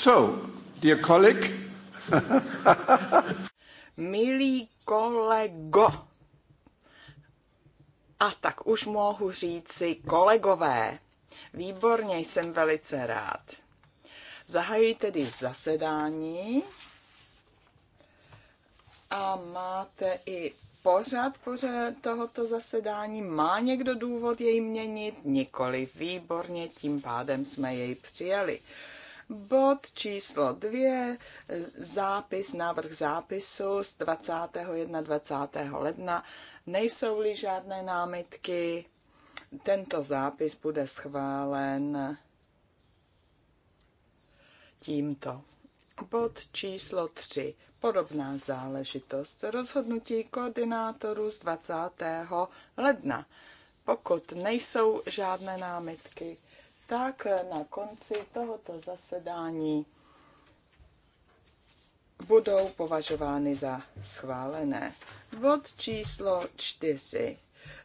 So, dear colleague. Milý kolego. A tak už mohu říci kolegové. Výborně, jsem velice rád. Zahajuji tedy zasedání a máte i pořád pořád tohoto zasedání. Má někdo důvod jej měnit? Nikoli. Výborně, tím pádem jsme jej přijali. Bod číslo dvě, zápis, návrh zápisu z 21. 20. ledna. Nejsou-li žádné námitky, tento zápis bude schválen tímto. Bod číslo 3. Podobná záležitost. Rozhodnutí koordinátorů z 20. ledna. Pokud nejsou žádné námitky, tak na konci tohoto zasedání budou považovány za schválené. Bod číslo čtyři.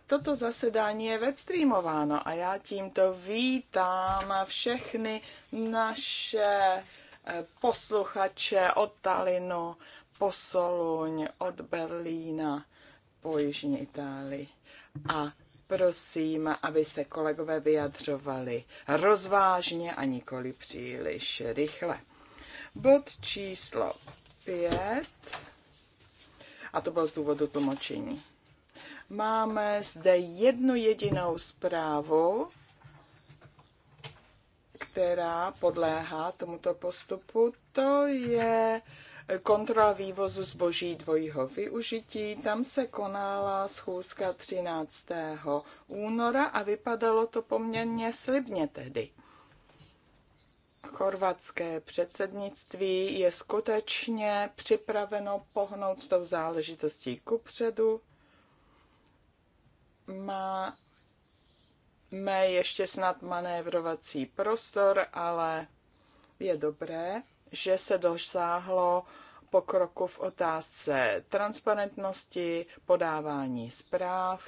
Toto zasedání je webstreamováno a já tímto vítám všechny naše eh, posluchače od Talinu, po Soluň, od Berlína, po Jižní Itálii. A Prosím, aby se kolegové vyjadřovali rozvážně a nikoli příliš rychle. Bod číslo pět, a to bylo z důvodu tlumočení. Máme zde jednu jedinou zprávu, která podléhá tomuto postupu. To je kontrola vývozu zboží dvojího využití. Tam se konala schůzka 13. února a vypadalo to poměrně slibně tehdy. Chorvatské předsednictví je skutečně připraveno pohnout s tou záležitostí kupředu. Má máme ještě snad manévrovací prostor, ale je dobré, že se dosáhlo pokroku v otázce transparentnosti, podávání zpráv,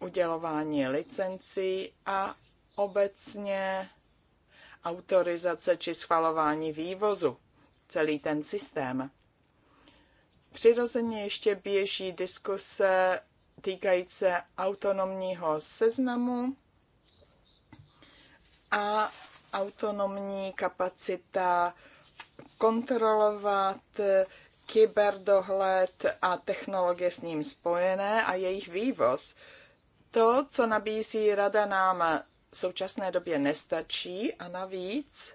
udělování licencí a obecně autorizace či schvalování vývozu. Celý ten systém. Přirozeně ještě běží diskuse týkající se autonomního seznamu a autonomní kapacita kontrolovat eh, kyberdohled a technologie s ním spojené a jejich vývoz. To, co nabízí rada nám v současné době nestačí a navíc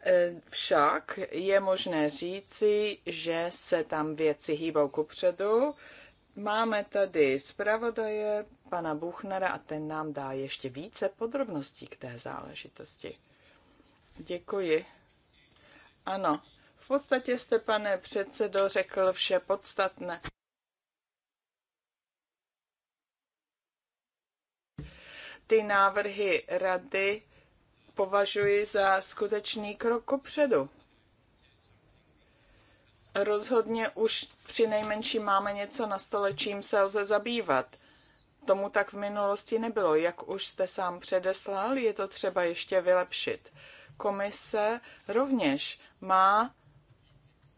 eh, však je možné říci, že se tam věci hýbou kupředu. Máme tady zpravodaje pana Buchnera a ten nám dá ještě více podrobností k té záležitosti. Děkuji. Ano, v podstatě jste, pane předsedo, řekl vše podstatné. Ty návrhy rady považuji za skutečný krok kopředu. Rozhodně už při nejmenší máme něco na stole, čím se lze zabývat. Tomu tak v minulosti nebylo. Jak už jste sám předeslal, je to třeba ještě vylepšit komise rovněž má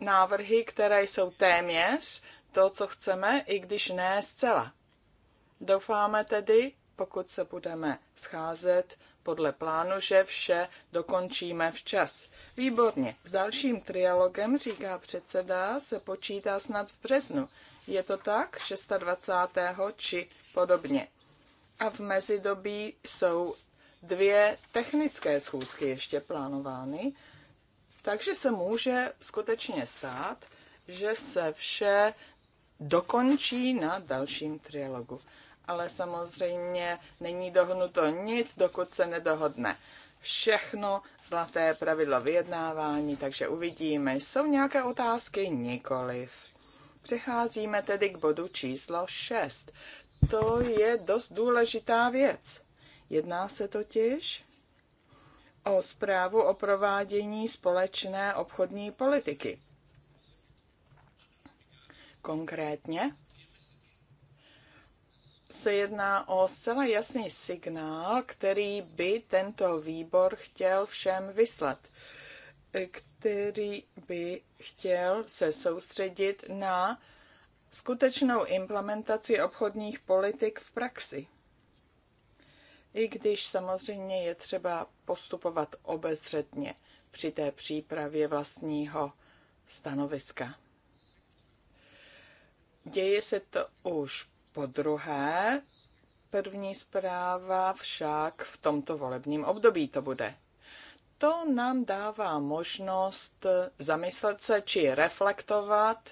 návrhy, které jsou téměř to, co chceme, i když ne zcela. Doufáme tedy, pokud se budeme scházet podle plánu, že vše dokončíme včas. Výborně. S dalším trialogem, říká předseda, se počítá snad v březnu. Je to tak? 26. či podobně. A v mezidobí jsou dvě technické schůzky ještě plánovány, takže se může skutečně stát, že se vše dokončí na dalším trialogu. Ale samozřejmě není dohnuto nic, dokud se nedohodne všechno zlaté pravidlo vyjednávání, takže uvidíme. Jsou nějaké otázky? Nikoliv. Přecházíme tedy k bodu číslo 6. To je dost důležitá věc. Jedná se totiž o zprávu o provádění společné obchodní politiky. Konkrétně se jedná o zcela jasný signál, který by tento výbor chtěl všem vyslat, který by chtěl se soustředit na skutečnou implementaci obchodních politik v praxi i když samozřejmě je třeba postupovat obezřetně při té přípravě vlastního stanoviska. Děje se to už po druhé. První zpráva však v tomto volebním období to bude. To nám dává možnost zamyslet se či reflektovat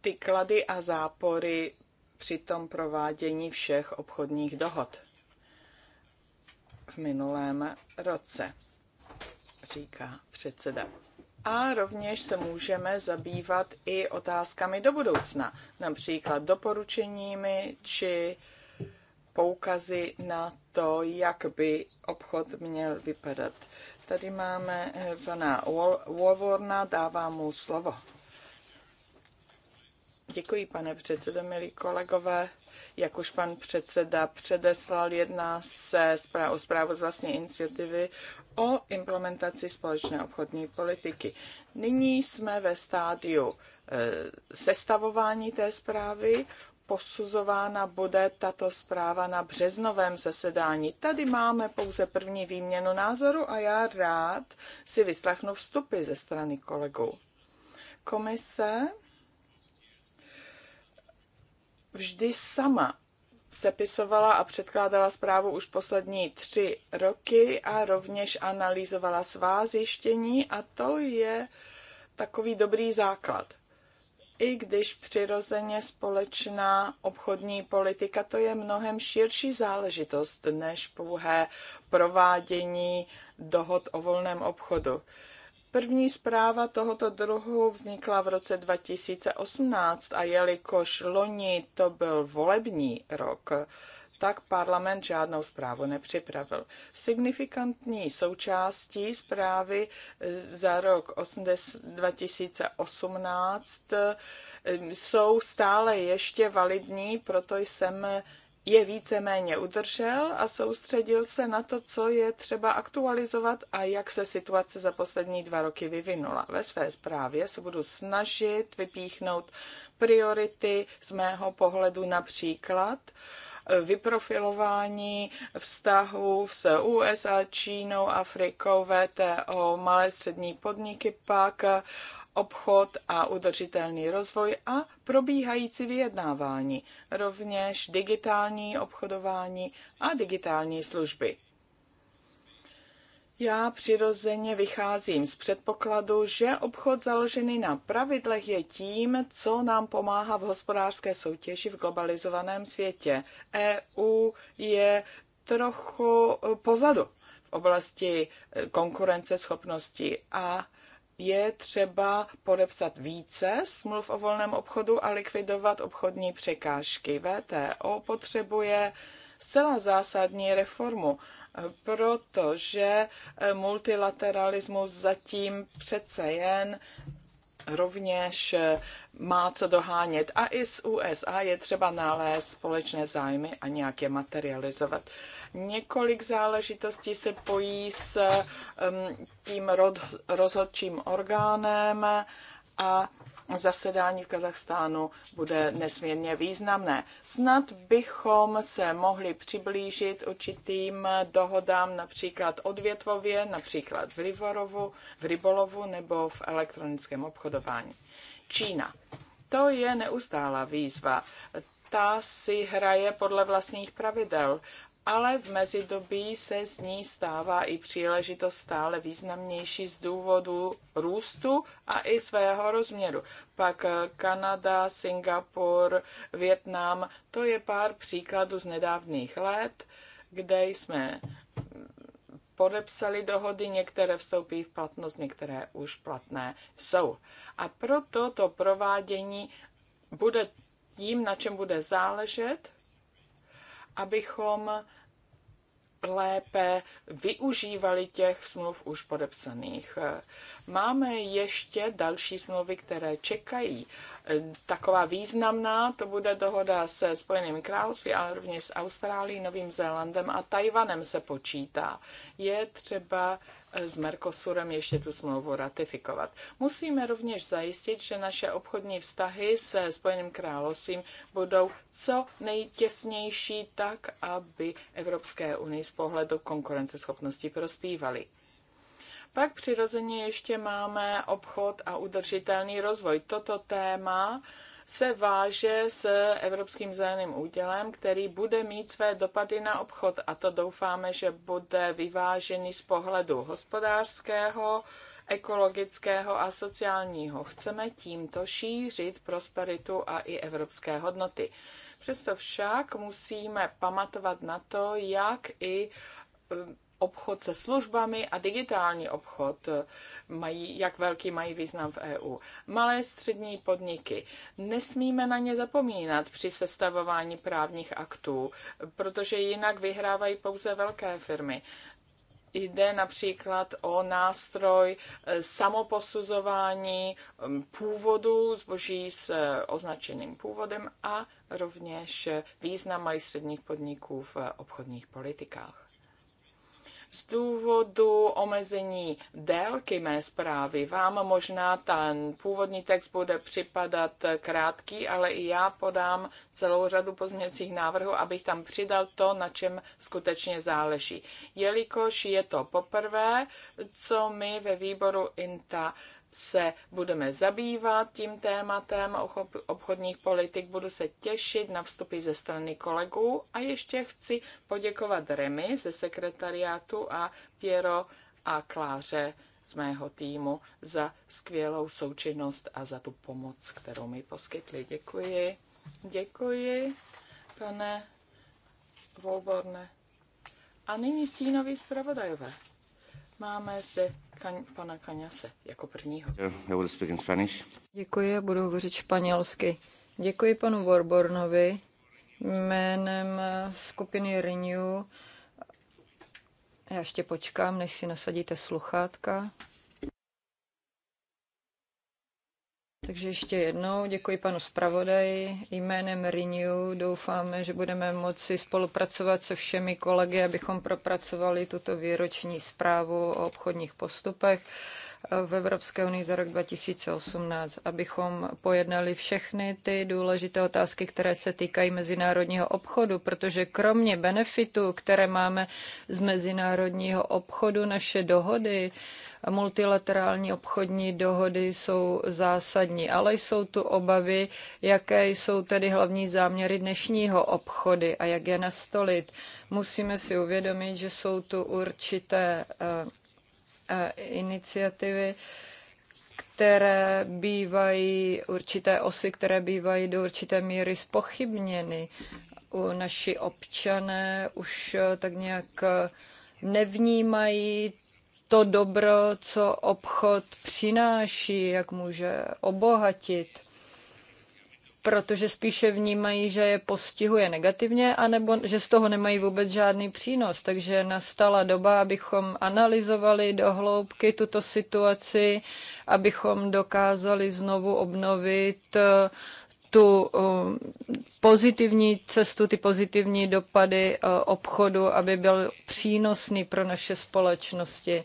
ty klady a zápory při tom provádění všech obchodních dohod v minulém roce, říká předseda. A rovněž se můžeme zabývat i otázkami do budoucna, například doporučeními či poukazy na to, jak by obchod měl vypadat. Tady máme pana Wolvorna, dávám mu slovo. Děkuji, pane předsedo, milí kolegové. Jak už pan předseda předeslal, jedná se o zprávu z vlastní iniciativy o implementaci společné obchodní politiky. Nyní jsme ve stádiu e, sestavování té zprávy. Posuzována bude tato zpráva na březnovém zasedání. Tady máme pouze první výměnu názoru a já rád si vyslechnu vstupy ze strany kolegů. Komise vždy sama sepisovala a předkládala zprávu už poslední tři roky a rovněž analyzovala svá zjištění a to je takový dobrý základ. I když přirozeně společná obchodní politika to je mnohem širší záležitost než pouhé provádění dohod o volném obchodu. První zpráva tohoto druhu vznikla v roce 2018 a jelikož loni to byl volební rok, tak parlament žádnou zprávu nepřipravil. Signifikantní součástí zprávy eh, za rok 2018 eh, jsou stále ještě validní, proto jsem je víceméně udržel a soustředil se na to, co je třeba aktualizovat a jak se situace za poslední dva roky vyvinula. Ve své zprávě se budu snažit vypíchnout priority z mého pohledu například vyprofilování vztahu s USA, Čínou, Afrikou, VTO, malé střední podniky, pak obchod a udržitelný rozvoj a probíhající vyjednávání, rovněž digitální obchodování a digitální služby. Já přirozeně vycházím z předpokladu, že obchod založený na pravidlech je tím, co nám pomáhá v hospodářské soutěži v globalizovaném světě. EU je trochu pozadu v oblasti konkurenceschopnosti a je třeba podepsat více smluv o volném obchodu a likvidovat obchodní překážky. VTO potřebuje zcela zásadní reformu, protože eh, multilateralismus zatím přece jen rovněž eh, má co dohánět. A i z USA je třeba nalézt společné zájmy a nějak je materializovat. Několik záležitostí se pojí s tím rozhodčím orgánem a zasedání v Kazachstánu bude nesmírně významné. Snad bychom se mohli přiblížit určitým dohodám například odvětvově, například v, Rivorovu, v rybolovu nebo v elektronickém obchodování. Čína. To je neustálá výzva. Ta si hraje podle vlastních pravidel ale v mezidobí se z ní stává i příležitost stále významnější z důvodu růstu a i svého rozměru. Pak Kanada, Singapur, Větnam, to je pár příkladů z nedávných let, kde jsme podepsali dohody, některé vstoupí v platnost, některé už platné jsou. A proto to provádění bude tím, na čem bude záležet, abychom lépe využívali těch smluv už podepsaných. Máme ještě další smlouvy, které čekají. Taková významná, to bude dohoda se Spojeným království, ale rovněž s Austrálií, Novým Zélandem a Tajvanem se počítá. Je třeba s Mercosurem ještě tu smlouvu ratifikovat. Musíme rovněž zajistit, že naše obchodní vztahy se Spojeným královstvím budou co nejtěsnější, tak aby Evropské unii z pohledu konkurenceschopnosti prospívaly. Pak přirozeně ještě máme obchod a udržitelný rozvoj. Toto téma se váže s Evropským zeleným údělem, který bude mít své dopady na obchod a to doufáme, že bude vyvážený z pohledu hospodářského, ekologického a sociálního. Chceme tímto šířit prosperitu a i evropské hodnoty. Přesto však musíme pamatovat na to, jak i obchod se službami a digitální obchod eh, mají, jak velký mají význam v EU. Malé střední podniky. Nesmíme na ně zapomínat při sestavování právních aktů, protože jinak vyhrávají pouze velké firmy. Jde například o nástroj eh, samoposuzování mm, původu zboží s eh, označeným původem a rovněž význam malých středních podniků v obchodních politikách. Z důvodu omezení délky mé zprávy vám možná ten původní text bude připadat krátký, ale i já podám celou řadu pozměcích návrhů, abych tam přidal to, na čem skutečně záleží. Jelikož je to poprvé, co my ve výboru INTA se budeme zabývat tím tématem obchodních politik. Budu se těšit na vstupy ze strany kolegů a ještě chci poděkovat Remy ze sekretariátu a Piero a Kláře z mého týmu za skvělou součinnost a za tu pomoc, kterou mi poskytli. Děkuji. Děkuji, pane Volborne. A nyní stínový zpravodajové. Máme zde kan- pana Kaňase jako prvního. Já budu speak in Spanish. Děkuji, budu hovořit španělsky. Děkuji panu Borbornovi jménem eh, skupiny Renew. Já ještě počkám, než si nasadíte sluchátka. Takže ještě jednou děkuji panu zpravodaji. Jménem Renew doufáme, že budeme moci spolupracovat se všemi kolegy, abychom propracovali tuto výroční zprávu o obchodních postupech v Evropské unii za rok 2018, abychom pojednali všechny ty důležité otázky, které se týkají mezinárodního obchodu, protože kromě benefitů, které máme z mezinárodního obchodu, naše dohody multilaterální obchodní dohody jsou zásadní, ale jsou tu obavy, jaké jsou tedy hlavní záměry dnešního obchody a jak je nastolit. Musíme si uvědomit, že jsou tu určité eh, eh, iniciativy, které bývají, určité osy, které bývají do určité míry spochybněny. U naši občané už eh, tak nějak nevnímají to dobro, co obchod přináší, jak může obohatit, protože spíše vnímají, že je postihuje negativně, anebo že z toho nemají vůbec žádný přínos. Takže nastala doba, abychom analyzovali do hloubky tuto situaci, abychom dokázali znovu obnovit eh, tu eh, pozitivní cestu, ty pozitivní dopady eh, obchodu, aby byl přínosný pro naše společnosti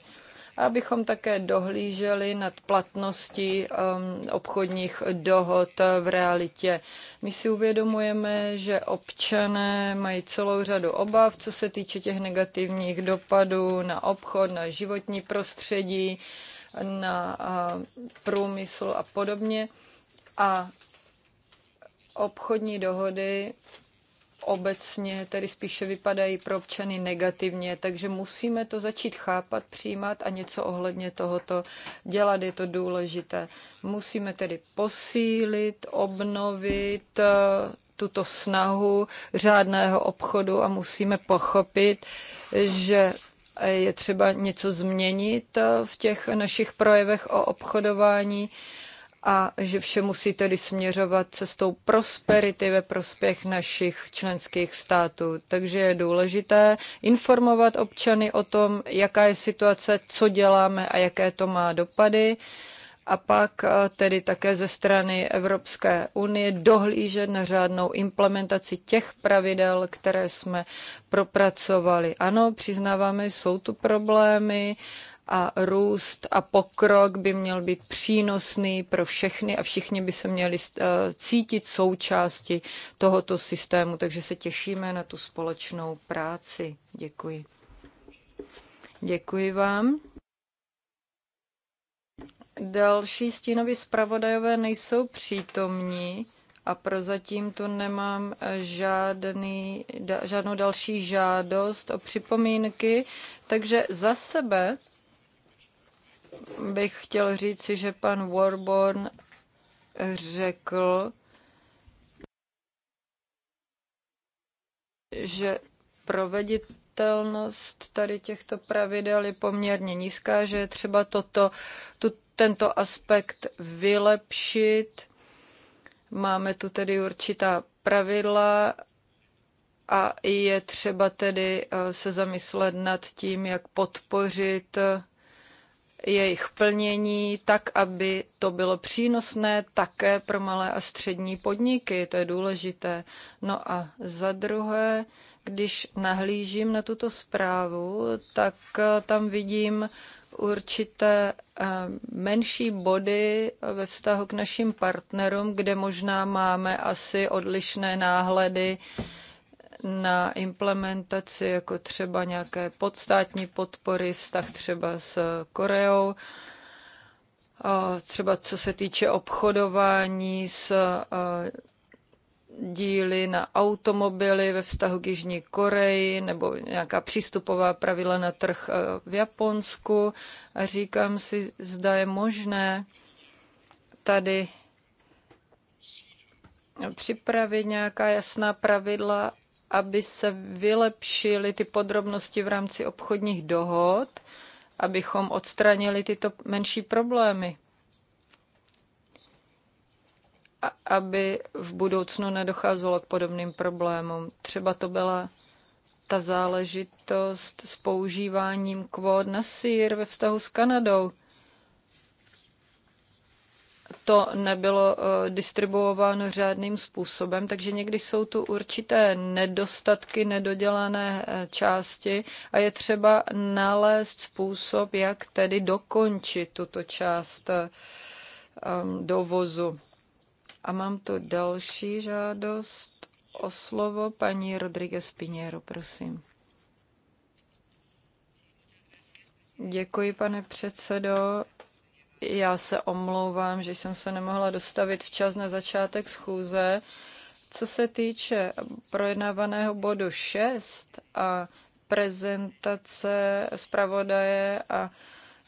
abychom také dohlíželi nad platností um, obchodních dohod v realitě. My si uvědomujeme, že občané mají celou řadu obav, co se týče těch negativních dopadů na obchod, na životní prostředí, na průmysl a podobně. A obchodní dohody obecně tedy spíše vypadají pro občany negativně, takže musíme to začít chápat, přijímat a něco ohledně tohoto dělat, je to důležité. Musíme tedy posílit, obnovit eh, tuto snahu řádného obchodu a musíme pochopit, že je třeba něco změnit eh, v těch našich projevech o obchodování a že vše musí tedy směřovat cestou prosperity ve prospěch našich členských států. Takže je důležité informovat občany o tom, jaká je situace, co děláme a jaké to má dopady. A pak eh, tedy také ze strany Evropské unie dohlížet na řádnou implementaci těch pravidel, které jsme propracovali. Ano, přiznáváme, jsou tu problémy, a růst a pokrok by měl být přínosný pro všechny a všichni by se měli eh, cítit součástí tohoto systému. Takže se těšíme na tu společnou práci. Děkuji. Děkuji vám. Další stínovi zpravodajové nejsou přítomní a prozatím tu nemám eh, žádný, žádnou další žádost o připomínky, takže za sebe bych chtěl říci, že pan Warborn řekl, že proveditelnost tady těchto pravidel je poměrně nízká, že je třeba toto, tu, tento aspekt vylepšit. Máme tu tedy určitá pravidla a je třeba tedy eh, se zamyslet nad tím, jak podpořit jejich plnění tak, aby to bylo přínosné také pro malé a střední podniky. To je důležité. No a za druhé, když nahlížím na tuto zprávu, tak eh, tam vidím určité eh, menší body ve vztahu k našim partnerům, kde možná máme asi odlišné náhledy na implementaci, jako třeba nějaké podstátní podpory, vztah třeba s Koreou, třeba co se týče obchodování s díly na automobily ve vztahu k Jižní Koreji nebo nějaká přístupová pravidla na trh v Japonsku. A říkám si, zda je možné tady připravit nějaká jasná pravidla aby se vylepšily ty podrobnosti v rámci obchodních dohod, abychom odstranili tyto menší problémy. A aby v budoucnu nedocházelo k podobným problémům. Třeba to byla ta záležitost s používáním kvót na sír ve vztahu s Kanadou to nebylo eh, distribuováno řádným způsobem, takže někdy jsou tu určité nedostatky, nedodělané eh, části a je třeba nalézt způsob, jak tedy dokončit tuto část eh, dovozu. A mám tu další žádost o slovo paní Rodriguez Pinheiro, prosím. Děkuji, pane předsedo. Já se omlouvám, že jsem se nemohla dostavit včas na začátek schůze. Co se týče projednávaného bodu 6 a prezentace zpravodaje a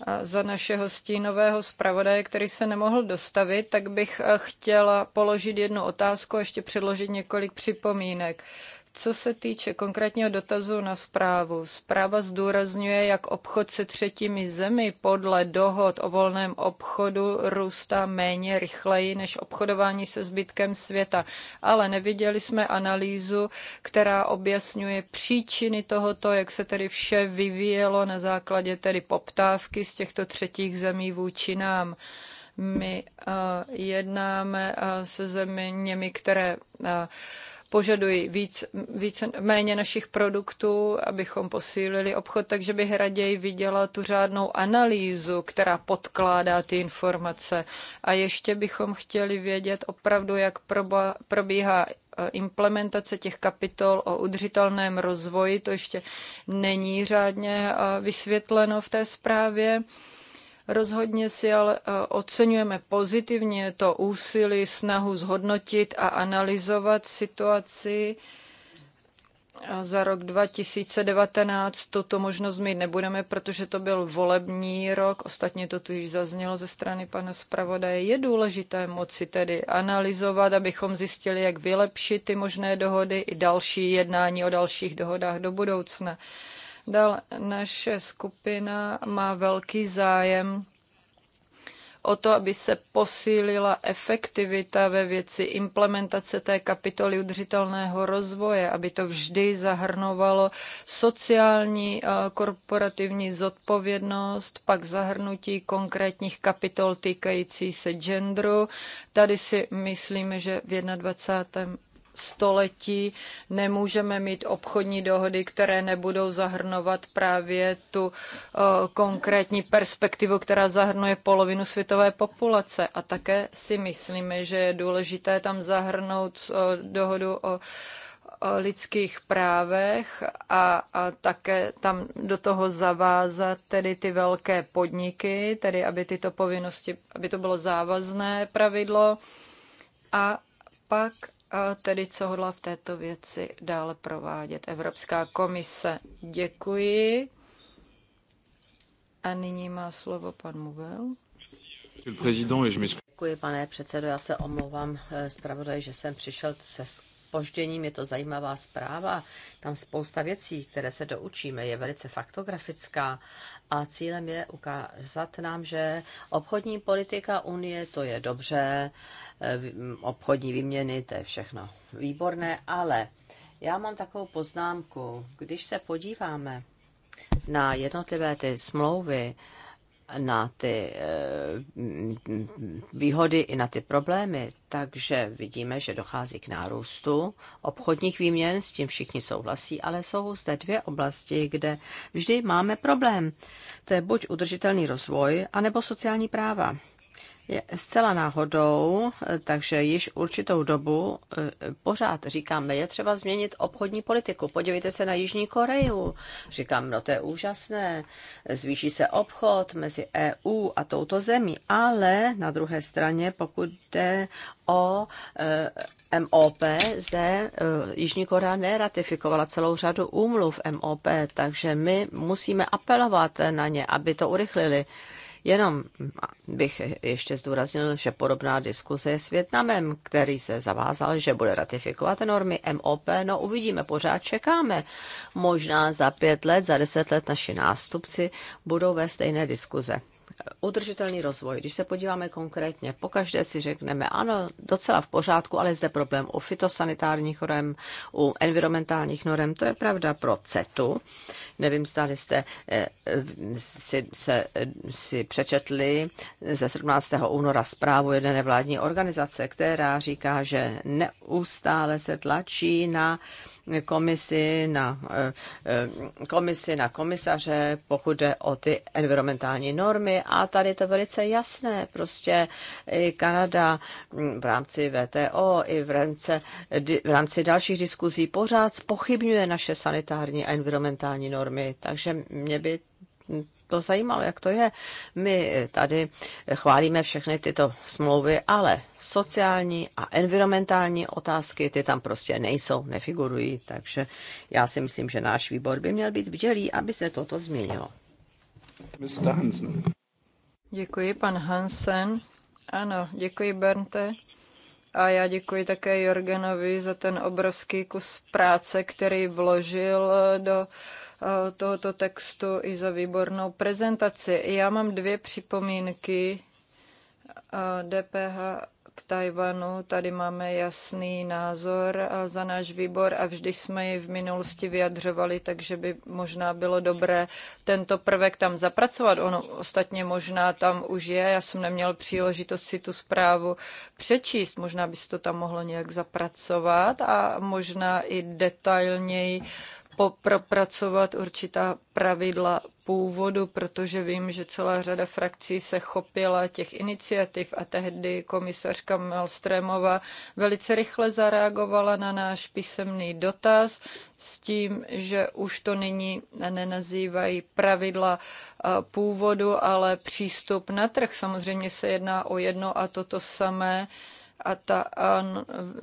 a za našeho stínového zpravodaje, který se nemohl dostavit, tak bych eh, chtěla položit jednu otázku a ještě předložit několik připomínek. Co se týče konkrétního dotazu na zprávu, zpráva zdůrazňuje, jak obchod se třetími zemi podle dohod o volném obchodu růstá méně rychleji než obchodování se zbytkem světa. Ale neviděli jsme analýzu, která objasňuje příčiny tohoto, jak se tedy vše vyvíjelo na základě tedy poptávky z těchto třetích zemí vůči nám my eh, jednáme eh, se zeměmi, které eh, požadují víc, víc, méně našich produktů, abychom posílili obchod, takže bych raději viděla tu řádnou analýzu, která podkládá ty informace. A ještě bychom chtěli vědět opravdu, jak proba, probíhá e, implementace těch kapitol o udržitelném rozvoji. To ještě není řádně e, vysvětleno v té zprávě. Rozhodně si ale eh, oceňujeme pozitivně to úsilí, snahu zhodnotit a analyzovat situaci. Za rok 2019 tuto možnost mít nebudeme, protože to byl volební rok. Ostatně to tu již zaznělo ze strany pana zpravodaje. Je důležité moci tedy analyzovat, abychom zjistili, jak vylepšit ty možné dohody i další jednání o dalších dohodách do budoucna. Dále naše skupina má velký zájem o to, aby se posílila efektivita ve věci implementace té kapitoly udržitelného rozvoje, aby to vždy zahrnovalo sociální a eh, korporativní zodpovědnost, pak zahrnutí konkrétních kapitol týkající se genderu. Tady si myslíme, že v 21 století nemůžeme mít obchodní dohody, které nebudou zahrnovat právě tu eh, konkrétní perspektivu, která zahrnuje polovinu světové populace. A také si myslíme, že je důležité tam zahrnout eh, dohodu o lidských právech a, a také tam do toho zavázat tedy ty velké podniky, tedy aby tyto povinnosti, aby to bylo závazné pravidlo a pak tedy co hodla v této věci dále provádět Evropská komise. Děkuji. A nyní má slovo pan Mubel. Děkuji, pane předsedo, já se omlouvám eh, zpravodaj, že jsem přišel se spožděním. Je to zajímavá zpráva. Tam spousta věcí, které se doučíme, je velice faktografická. A cílem je ukázat nám, že obchodní politika Unie to je dobře, eh, obchodní výměny to je všechno výborné, ale já mám takovou poznámku, když se podíváme na jednotlivé ty smlouvy, na ty eh, výhody i na ty problémy, takže vidíme, že dochází k nárůstu obchodních výměn, s tím všichni souhlasí, ale jsou zde dvě oblasti, kde vždy máme problém. To je buď udržitelný rozvoj, anebo sociální práva je zcela náhodou, takže již určitou dobu eh, pořád říkáme, je třeba změnit obchodní politiku. Podívejte se na Jižní Koreju. Říkám, no to je úžasné, zvýší se obchod mezi EU a touto zemí, ale na druhé straně, pokud jde o eh, MOP, zde eh, Jižní Korea neratifikovala celou řadu úmluv MOP, takže my musíme apelovat na ně, aby to urychlili. Jenom bych ještě zdůraznil, že podobná diskuse je s Větnamem, který se zavázal, že bude ratifikovat normy MOP. No uvidíme, pořád čekáme. Možná za pět let, za deset let naši nástupci budou ve stejné diskuze udržitelný rozvoj. Když se podíváme konkrétně, pokaždé si řekneme, ano, docela v pořádku, ale zde problém u fitosanitárních norem, u environmentálních norem, to je pravda pro CETu. Nevím, zda jste eh, si, se, si přečetli ze 17. února zprávu jedné nevládní organizace, která říká, že neustále se tlačí na komisi, na, eh, eh, komisi, na komisaře, pokud jde o ty environmentální normy a tady to velice jasné. Prostě i Kanada mm, v rámci VTO i v rámci, v rámci dalších diskuzí pořád pochybňuje naše sanitární a environmentální normy. Takže mě by to zajímalo, jak to je. My tady chválíme všechny tyto smlouvy, ale sociální a environmentální otázky, ty tam prostě nejsou, nefigurují, takže já si myslím, že náš výbor by měl být vdělý, aby se toto změnilo. Mr. Hansen. Děkuji, pan Hansen. Ano, děkuji, Bernte. A já děkuji také Jorgenovi za ten obrovský kus práce, který vložil eh, do eh, tohoto textu i za výbornou prezentaci. Já mám dvě připomínky. DPH eh, Tajvanu. Tady máme jasný názor za náš výbor a vždy jsme ji v minulosti vyjadřovali, takže by možná bylo dobré tento prvek tam zapracovat. Ono ostatně možná tam už je. Já jsem neměl příležitost si tu zprávu přečíst. Možná by se to tam mohlo nějak zapracovat a možná i detailněji uh, propracovat určitá pravidla původu, protože vím, že celá řada frakcí se chopila těch iniciativ a tehdy komisařka Malstrémová velice rychle zareagovala na náš písemný dotaz s tím, že už to nyní nenazývají pravidla původu, ale přístup na trh. Samozřejmě se jedná o jedno a toto samé a, ta, a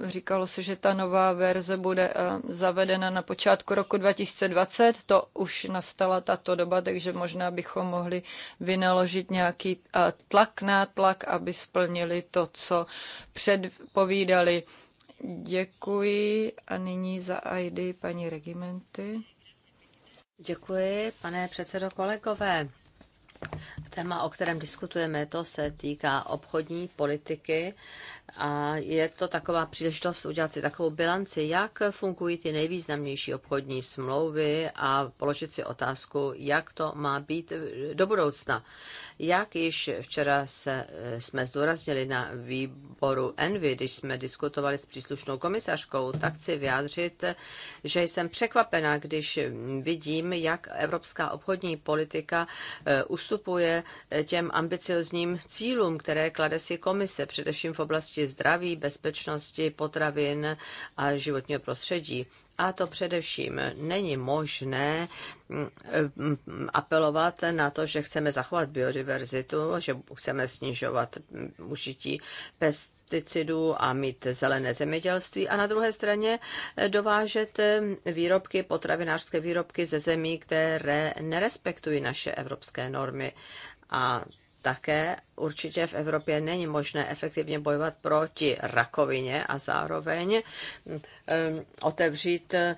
říkalo se, že ta nová verze bude zavedena na počátku roku 2020. To už nastala tato doba, takže možná bychom mohli vynaložit nějaký tlak, nátlak, aby splnili to, co předpovídali. Děkuji a nyní za ID paní Regimenty. Děkuji, pane předsedo kolegové téma, o kterém diskutujeme, to se týká obchodní politiky a je to taková příležitost udělat si takovou bilanci, jak fungují ty nejvýznamnější obchodní smlouvy a položit si otázku, jak to má být do budoucna. Jak již včera se, eh, jsme zdůraznili na výboru Envy, když jsme diskutovali s příslušnou komisařkou, tak chci vyjádřit, že jsem překvapena, když vidím, jak evropská obchodní politika eh, ustupuje těm ambiciozním cílům, které klade si komise, především v oblasti zdraví, bezpečnosti, potravin a životního prostředí. A to především není možné mm, mm, apelovat na to, že chceme zachovat biodiverzitu, že chceme snižovat mm, užití pesticidů a mít zelené zemědělství a na druhé straně dovážet výrobky, potravinářské výrobky ze zemí, které nerespektují naše evropské normy a také určitě v Evropě není možné efektivně bojovat proti rakovině a zároveň ehm, otevřít eh,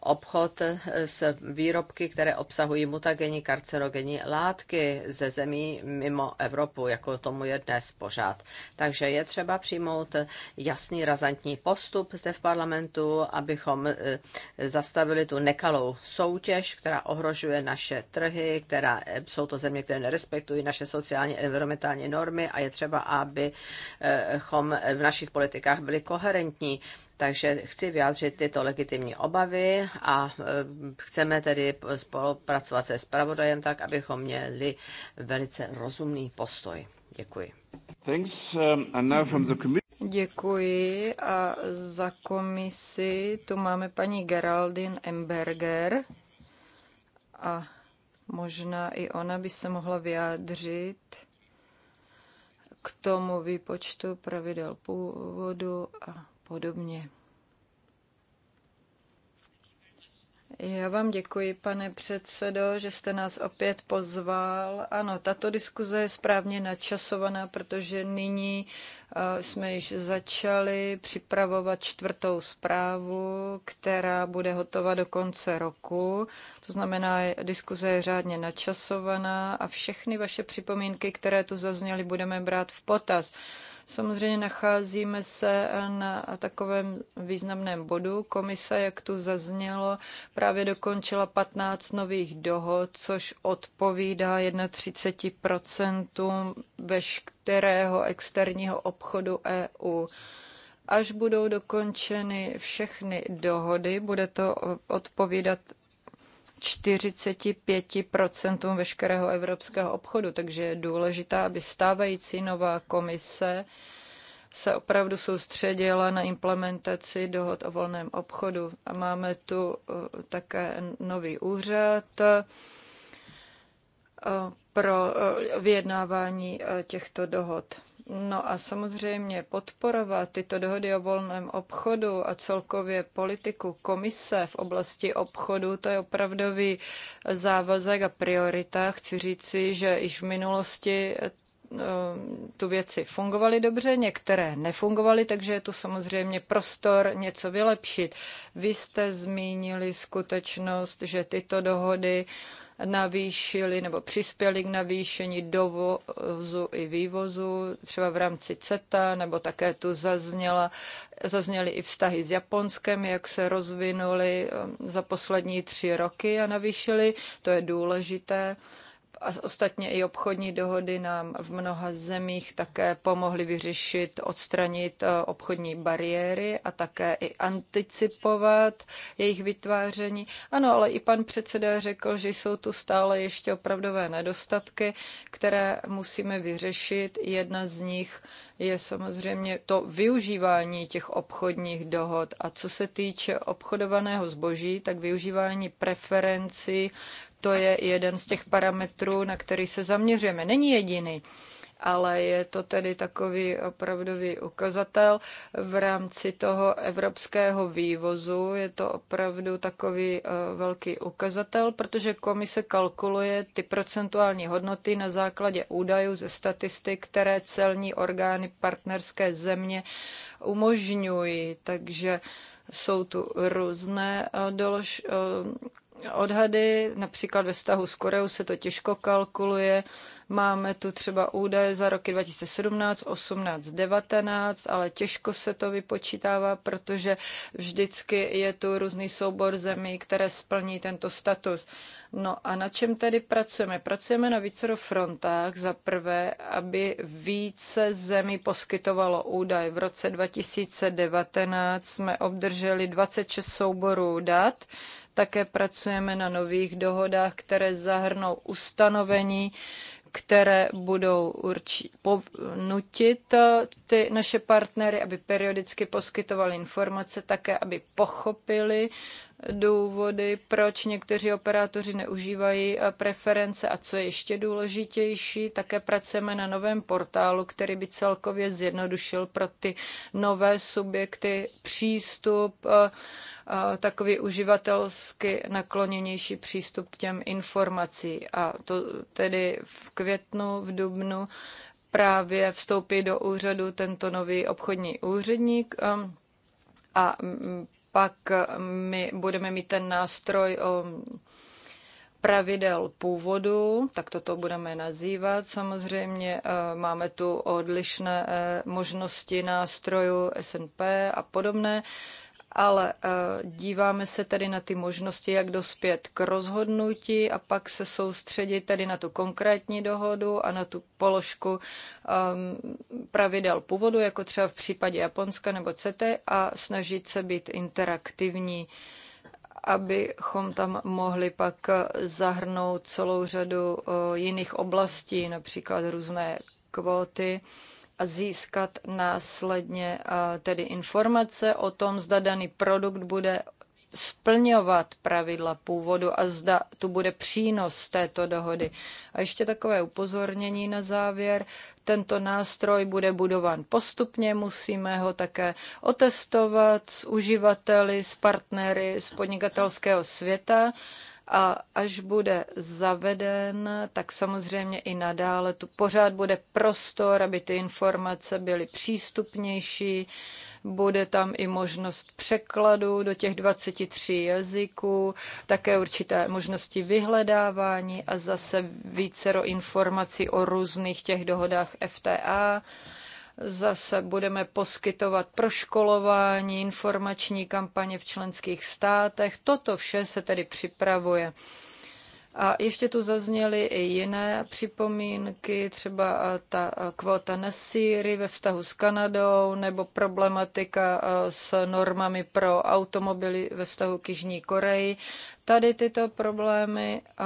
obchod s výrobky, které obsahují mutageny, karcerogenní látky ze zemí mimo Evropu, jako tomu je dnes pořád. Takže je třeba přijmout jasný razantní postup zde v parlamentu, abychom eh, zastavili tu nekalou soutěž, která ohrožuje naše trhy, která eh, jsou to země, které nerespektují naše sociální sociální environmentální normy a je třeba, abychom v našich politikách byli koherentní. Takže chci vyjádřit tyto legitimní obavy a e, chceme tedy spolupracovat se spravodajem tak, abychom měli velice rozumný postoj. Děkuji. Thanks, um, and now from the Děkuji a za komisi tu máme paní Geraldine Emberger a Možná i ona by se mohla vyjádřit k tomu výpočtu pravidel původu a podobně. Já vám děkuji, pane předsedo, že jste nás opět pozval. Ano, tato diskuze je správně načasovaná, protože nyní eh, jsme již začali připravovat čtvrtou zprávu, která bude hotova do konce roku. To znamená, diskuze je řádně načasovaná a všechny vaše připomínky, které tu zazněly, budeme brát v potaz. Samozřejmě nacházíme se na takovém významném bodu. Komise, jak tu zaznělo, právě dokončila 15 nových dohod, což odpovídá 31% veškerého externího obchodu EU. Až budou dokončeny všechny dohody, bude to odpovídat 45% veškerého evropského obchodu, takže je důležité, aby stávající nová komise se opravdu soustředila na implementaci dohod o volném obchodu. A máme tu uh, také nový úřad uh, pro uh, vyjednávání těchto dohod. No a samozřejmě podporovat tyto dohody o volném obchodu a celkově politiku komise v oblasti obchodu, to je opravdový závazek a priorita. Chci říci, že již v minulosti eh, tu věci fungovaly dobře, některé nefungovaly, takže je tu samozřejmě prostor něco vylepšit. Vy jste zmínili skutečnost, že tyto dohody uh, navýšili nebo přispěli k navýšení dovozu i vývozu, třeba v rámci CETA, nebo také tu zazněla, zazněly i vztahy s Japonskem, jak se rozvinuly um, za poslední tři roky a navýšili. To je důležité a ostatně i obchodní dohody nám v mnoha zemích také pomohly vyřešit, odstranit eh, obchodní bariéry a také i anticipovat jejich vytváření. Ano, ale i pan předseda řekl, že jsou tu stále ještě opravdové nedostatky, které musíme vyřešit. Jedna z nich je samozřejmě to využívání těch obchodních dohod. A co se týče obchodovaného zboží, tak využívání preferencí to je jeden z těch parametrů, na který se zaměřujeme. Není jediný, ale je to tedy takový opravdový ukazatel v rámci toho evropského vývozu. Je to opravdu takový eh, velký ukazatel, protože komise kalkuluje ty procentuální hodnoty na základě údajů ze statistik, které celní orgány partnerské země umožňují. Takže jsou tu různé eh, dolož, eh, odhady, například ve vztahu s Koreou se to těžko kalkuluje. Máme tu třeba údaje za roky 2017, 18, 19, ale těžko se to vypočítává, protože vždycky je tu různý soubor zemí, které splní tento status. No a na čem tedy pracujeme? Pracujeme na více frontách. Za prvé, aby více zemí poskytovalo údaj. V roce 2019 jsme obdrželi 26 souborů dat také pracujeme na nových dohodách, které zahrnou ustanovení, které budou urči- nutit eh, ty naše partnery, aby periodicky poskytovali informace, také aby pochopili důvody, proč někteří operátoři neužívají eh, preference a co je ještě důležitější, také pracujeme na novém portálu, který by celkově zjednodušil pro ty nové subjekty přístup, eh, eh, takový uživatelsky nakloněnější přístup k těm informacím. A to tedy v květnu, v dubnu právě vstoupí do úřadu tento nový obchodní úředník a mm, pak eh, my budeme mít ten nástroj ehm, pravidel původu, tak toto budeme nazývat. Samozřejmě eh, máme tu odlišné eh, možnosti nástrojů SNP a podobné ale eh, díváme se tedy na ty možnosti, jak dospět k rozhodnutí a pak se soustředit tedy na tu konkrétní dohodu a na tu položku ehm, pravidel původu, jako třeba v případě Japonska nebo CT a snažit se být interaktivní abychom tam mohli pak eh, zahrnout celou řadu eh, jiných oblastí, například různé kvóty získat následně tedy informace o tom, zda daný produkt bude splňovat pravidla původu a zda tu bude přínos této dohody. A ještě takové upozornění na závěr. Tento nástroj bude budován postupně, musíme ho také otestovat s uživateli, s partnery z podnikatelského světa a až bude zaveden, tak samozřejmě i nadále tu pořád bude prostor, aby ty informace byly přístupnější, bude tam i možnost překladu do těch 23 jazyků, také určité možnosti vyhledávání a zase vícero informací o různých těch dohodách FTA Zase budeme poskytovat proškolování, informační kampaně v členských státech. Toto vše se tedy připravuje. A ještě tu zazněly i jiné připomínky, třeba ta kvota na ve vztahu s Kanadou nebo problematika e, s normami pro automobily ve vztahu k Jižní Koreji. Tady tyto problémy e,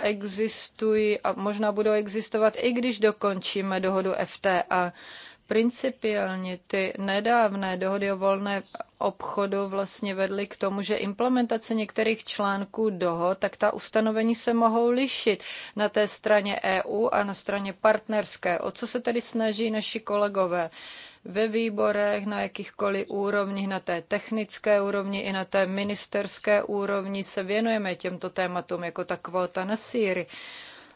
existují a možná budou existovat, i když dokončíme dohodu FTA. Principiálně ty nedávné dohody o volné obchodu vlastně vedly k tomu, že implementace některých článků dohod, tak ta ustanovení se mohou lišit na té straně EU a na straně partnerské. O co se tedy snaží naši kolegové? ve výborech, na jakýchkoliv úrovních, na té technické úrovni i na té ministerské úrovni se věnujeme těmto tématům, jako ta kvóta na síry.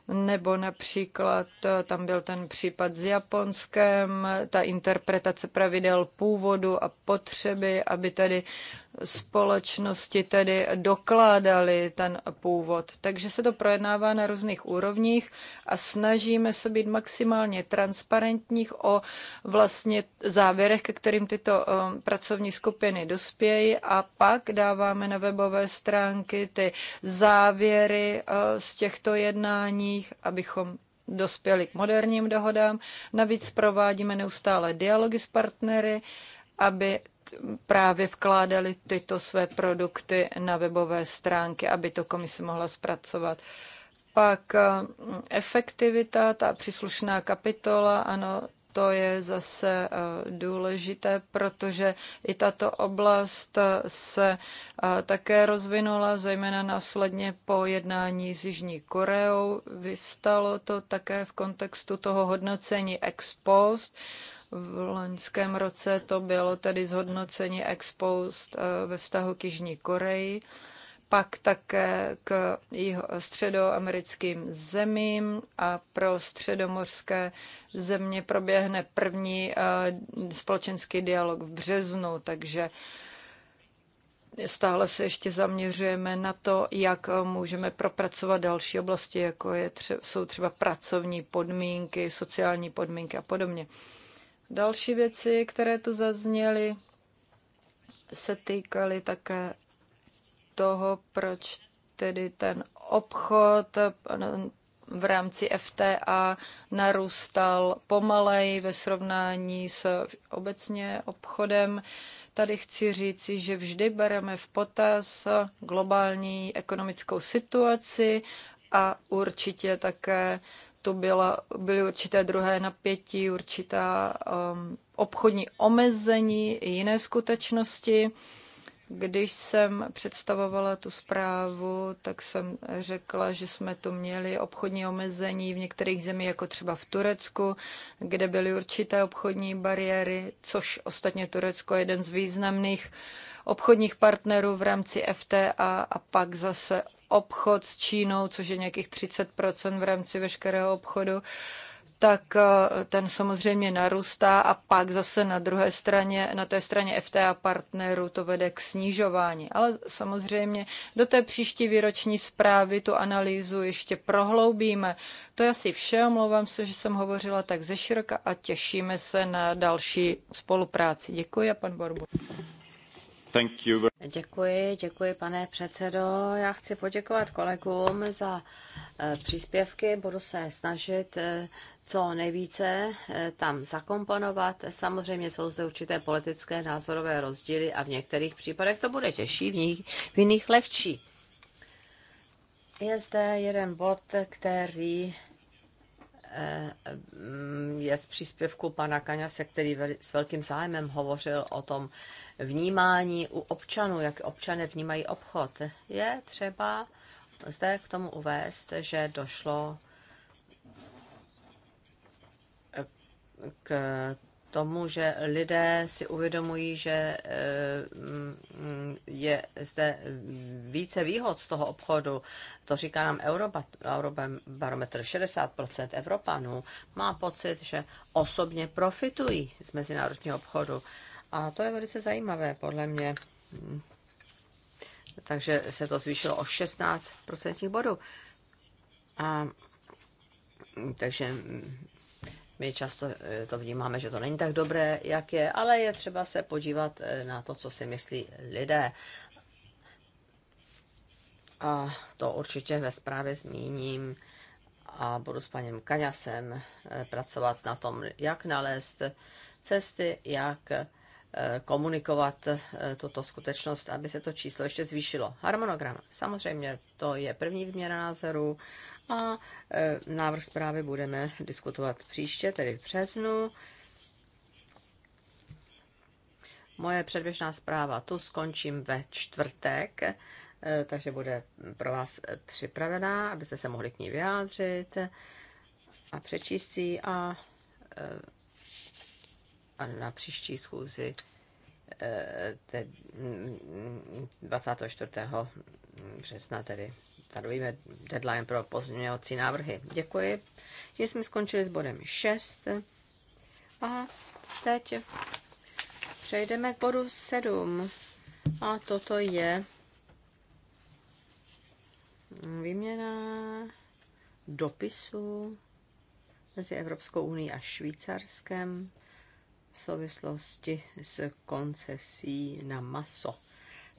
Nebo například eh, tam byl ten případ s Japonskem, ta interpretace pravidel původu a potřeby, aby tedy společnosti tedy dokládaly ten původ. Takže se to projednává na různých úrovních a snažíme se být maximálně transparentních o vlastně závěrech, ke kterým tyto eh, pracovní skupiny dospějí a pak dáváme na webové stránky ty závěry eh, z těchto jednáních, abychom dospěli k moderním dohodám. Navíc provádíme neustále dialogy s partnery, aby právě vkládali tyto své produkty na webové stránky, aby to komise mohla zpracovat. Pak eh, efektivita, ta příslušná kapitola, ano, to je zase eh, důležité, protože i tato oblast eh, se také rozvinula, zejména následně po jednání s Jižní Koreou. Vyvstalo to také v kontextu toho hodnocení ex post, v loňském roce to bylo tedy zhodnocení ex post eh, ve vztahu k Jižní Koreji, pak také k středoamerickým zemím a pro středomorské země proběhne první eh, společenský dialog v březnu, takže stále se ještě zaměřujeme na to, jak eh, můžeme propracovat další oblasti, jako je tře- jsou třeba pracovní podmínky, sociální podmínky a podobně. Další věci, které tu zazněly, se týkaly také toho, proč tedy ten obchod eh, v rámci FTA narůstal pomaleji ve srovnání s obecně obchodem. Tady chci říci, že vždy bereme v potaz globální ekonomickou situaci a určitě také to byla, byly určité druhé napětí, určitá um, obchodní omezení i jiné skutečnosti. Uh, když jsem představovala tu zprávu, tak jsem řekla, že jsme tu měli obchodní omezení v některých zemích, jako třeba v Turecku, kde byly určité obchodní bariéry, což ostatně Turecko je jeden z významných obchodních partnerů v rámci FTA a pak zase obchod s Čínou, což je nějakých 30 v rámci veškerého obchodu tak eh, ten samozřejmě narůstá a pak zase na druhé straně, na té straně FTA partnerů to vede k snižování. Ale samozřejmě do té příští výroční zprávy tu analýzu ještě prohloubíme. To je asi vše, omlouvám se, že jsem hovořila tak ze široka a těšíme se na další spolupráci. Děkuji a pan Borbu. Thank you. Děkuji, děkuji pane předsedo. Já chci poděkovat kolegům za eh, příspěvky. Budu se snažit eh, co nejvíce eh, tam zakomponovat. Samozřejmě jsou zde určité politické názorové rozdíly a v některých případech to bude těžší, v, nich, v jiných lehčí. Je zde jeden bod, který mm, je z příspěvku pana Kaňase, který s velkým zájmem hovořil o tom vnímání u občanů, jak občané vnímají obchod. Je třeba zde k tomu uvést, že došlo eh, k tomu, že lidé si uvědomují, že eh, mm, mm, je zde více výhod z toho obchodu. To říká nám Eurobarometr. 60% Evropanů má pocit, že osobně profitují z mezinárodního obchodu. A to je velice zajímavé, podle mě. Takže se to zvýšilo o 16% bodů. A, takže my často eh, to vnímáme, že to není tak dobré, jak je, ale je třeba se podívat eh, na to, co si myslí lidé. A to určitě ve zprávě zmíním a budu s panem Kaňasem eh, pracovat na tom, jak nalézt cesty, jak Eh, komunikovat eh, tuto skutečnost, aby se to číslo ještě zvýšilo. Harmonogram. Samozřejmě to je první výměna názoru. a eh, návrh zprávy budeme diskutovat příště, tedy v březnu. Moje předběžná zpráva tu skončím ve čtvrtek, takže bude pro vás připravená, abyste se mohli k ní vyjádřit a přečíst si a a na příští schůzi eh, te, 24. Mm, března tedy stanovíme deadline pro pozměňovací návrhy. Děkuji, že jsme skončili s bodem 6. A teď přejdeme k bodu 7. A toto je výměna dopisu mezi Evropskou unii a Švýcarskem v souvislosti s koncesí na maso.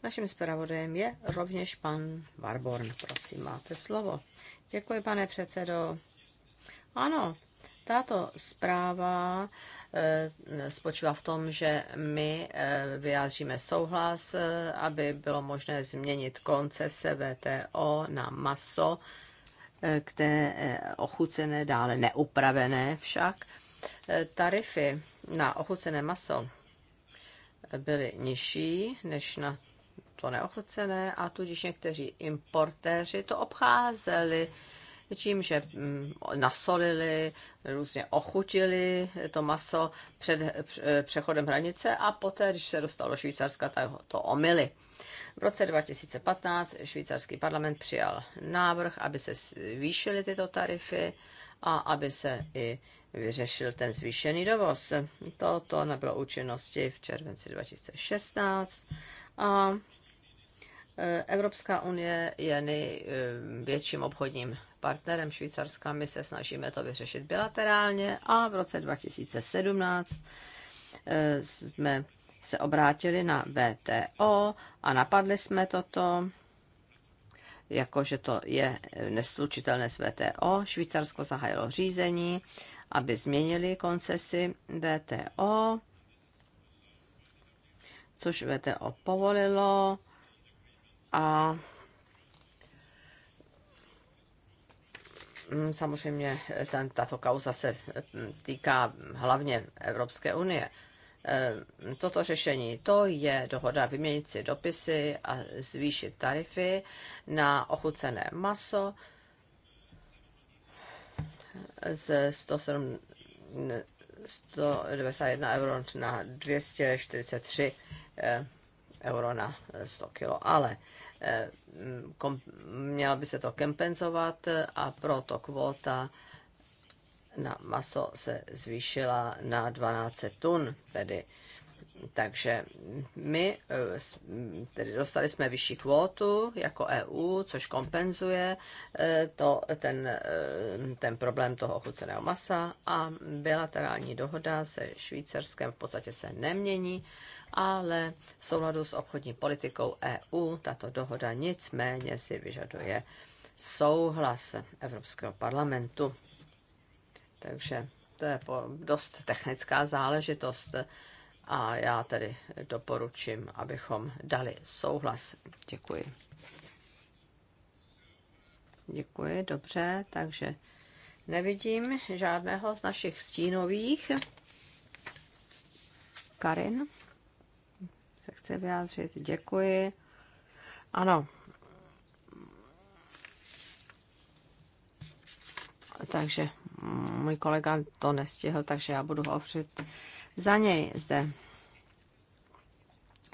Naším zpravodajem je rovněž pan Barborn. Prosím, máte slovo. Děkuji, pane předsedo. Ano, tato zpráva eh, spočívá v tom, že my eh, vyjádříme souhlas, eh, aby bylo možné změnit koncese VTO na maso, které ochucené, dále neupravené však, tarify na ochucené maso byly nižší než na to neochucené a tudíž někteří importéři to obcházeli tím, že mm, nasolili, různě ochutili to maso před přechodem hranice a poté, když se dostalo do Švýcarska, tak to omily. V roce 2015 švýcarský parlament přijal návrh, aby se zvýšily tyto tarify a aby se i vyřešil ten zvýšený dovoz. Toto nebylo účinnosti v červenci 2016 a e, Evropská unie je největším obchodním partnerem Švýcarska. My se snažíme to vyřešit bilaterálně a v roce 2017 e, jsme se obrátili na VTO a napadli jsme toto jako že to je neslučitelné s VTO. Švýcarsko zahájilo řízení, aby změnili koncesi VTO, což VTO povolilo a mm, samozřejmě ten, tato kauza se mm, týká hlavně Evropské unie. Eh, toto řešení. To je dohoda vyměnit si dopisy a zvýšit tarify na ochucené maso z 191 euro na 243 eh, euro na 100 kilo, ale eh, mělo by se to kompenzovat a proto kvóta na maso se zvýšila na 12 tun, tedy takže my eh, tedy dostali jsme vyšší kvótu jako EU, což kompenzuje eh, to, ten, eh, ten problém toho ochuceného masa a bilaterální dohoda se Švýcarskem v podstatě se nemění, ale v souladu s obchodní politikou EU tato dohoda nicméně si vyžaduje souhlas Evropského parlamentu. Takže to je dost technická záležitost a já tedy doporučím, abychom dali souhlas. Děkuji. Děkuji, dobře, takže nevidím žádného z našich stínových. Karin se chce vyjádřit, děkuji. Ano. Takže můj kolega to nestihl, takže já budu hovořit za něj zde.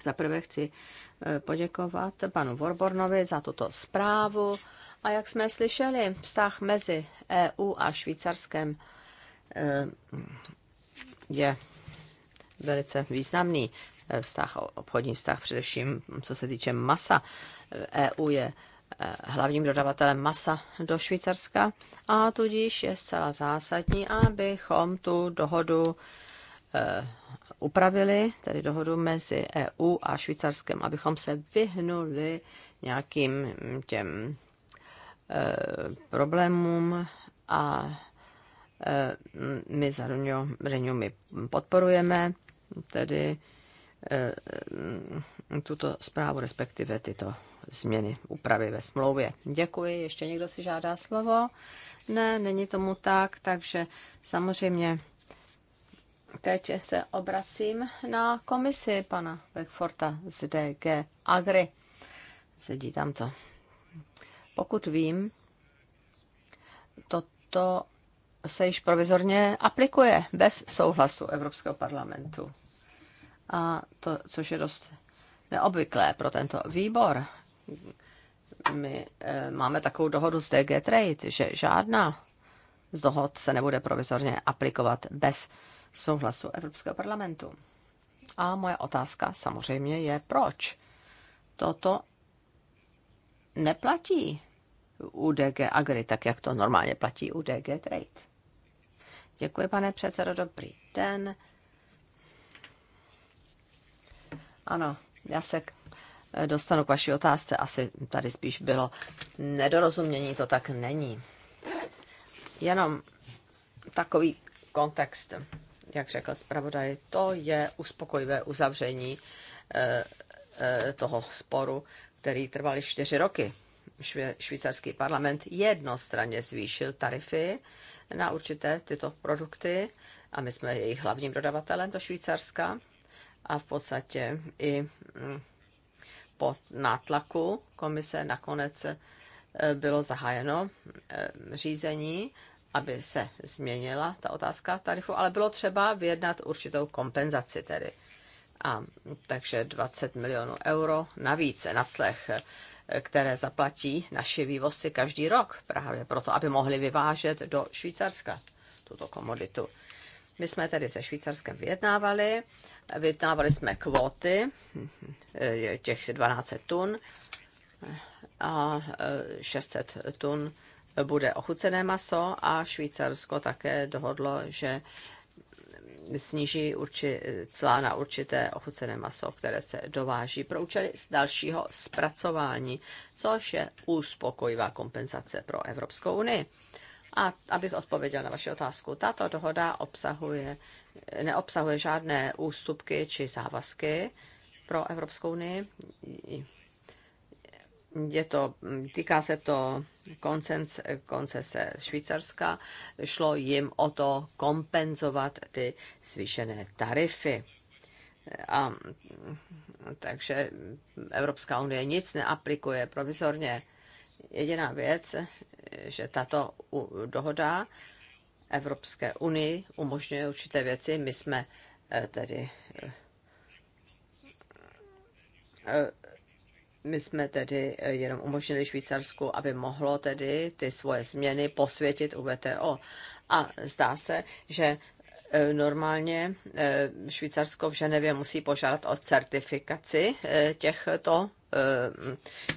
Za prvé chci e, poděkovat panu Vorbornovi za tuto zprávu a jak jsme slyšeli, vztah mezi EU a Švýcarskem e, je velice významný e, vztah, obchodní vztah především, co se týče masa. EU je hlavním dodavatelem masa do Švýcarska a tudíž je zcela zásadní, abychom tu dohodu eh, upravili, tedy dohodu mezi EU a Švýcarskem, abychom se vyhnuli nějakým těm eh, problémům a eh, my za Renew my podporujeme tedy tuto zprávu, respektive tyto změny úpravy ve smlouvě. Děkuji. Ještě někdo si žádá slovo? Ne, není tomu tak, takže samozřejmě teď se obracím na komisi pana Beckforta z DG Agri. Sedí tam to. Pokud vím, toto se již provizorně aplikuje bez souhlasu Evropského parlamentu. A to, což je dost neobvyklé pro tento výbor, my eh, máme takovou dohodu s DG Trade, že žádná z dohod se nebude provizorně aplikovat bez souhlasu Evropského parlamentu. A moje otázka samozřejmě je, proč toto neplatí u DG Agri, tak jak to normálně platí u DG Trade. Děkuji, pane předsedo, dobrý den. Ano, já se k dostanu k vaší otázce. Asi tady spíš bylo nedorozumění, to tak není. Jenom takový kontext, jak řekl zpravodaj, to je uspokojivé uzavření eh, eh, toho sporu, který trval čtyři roky. Švýcarský parlament jednostranně zvýšil tarify na určité tyto produkty a my jsme jejich hlavním dodavatelem do Švýcarska a v podstatě i mm, po nátlaku komise nakonec eh, bylo zahájeno eh, řízení, aby se změnila ta otázka tarifu, ale bylo třeba vyjednat určitou kompenzaci tedy. A, takže 20 milionů euro navíc clech, eh, které zaplatí naši vývozci každý rok právě proto, aby mohli vyvážet do Švýcarska tuto komoditu. My jsme tedy se Švýcarskem vyjednávali, vyjednávali jsme kvóty, těch 12 tun a 600 e, tun bude ochucené maso a Švýcarsko také dohodlo, že sníží urči, celá na určité ochucené maso, které se dováží pro účely z dalšího zpracování, což je uspokojivá kompenzace pro Evropskou unii. A abych odpověděl na vaši otázku, tato dohoda obsahuje, neobsahuje žádné ústupky či závazky pro Evropskou unii. Je to, týká se to koncens, koncese Švýcarska. Šlo jim o to kompenzovat ty zvýšené tarify. A, takže Evropská unie nic neaplikuje provizorně Jediná věc, že tato dohoda Evropské unii umožňuje určité věci. My jsme eh, tedy eh, my jsme tedy eh, jenom umožnili Švýcarsku, aby mohlo tedy ty svoje změny posvětit u VTO. A zdá se, že normálně Švýcarsko v Ženevě musí požádat o certifikaci těchto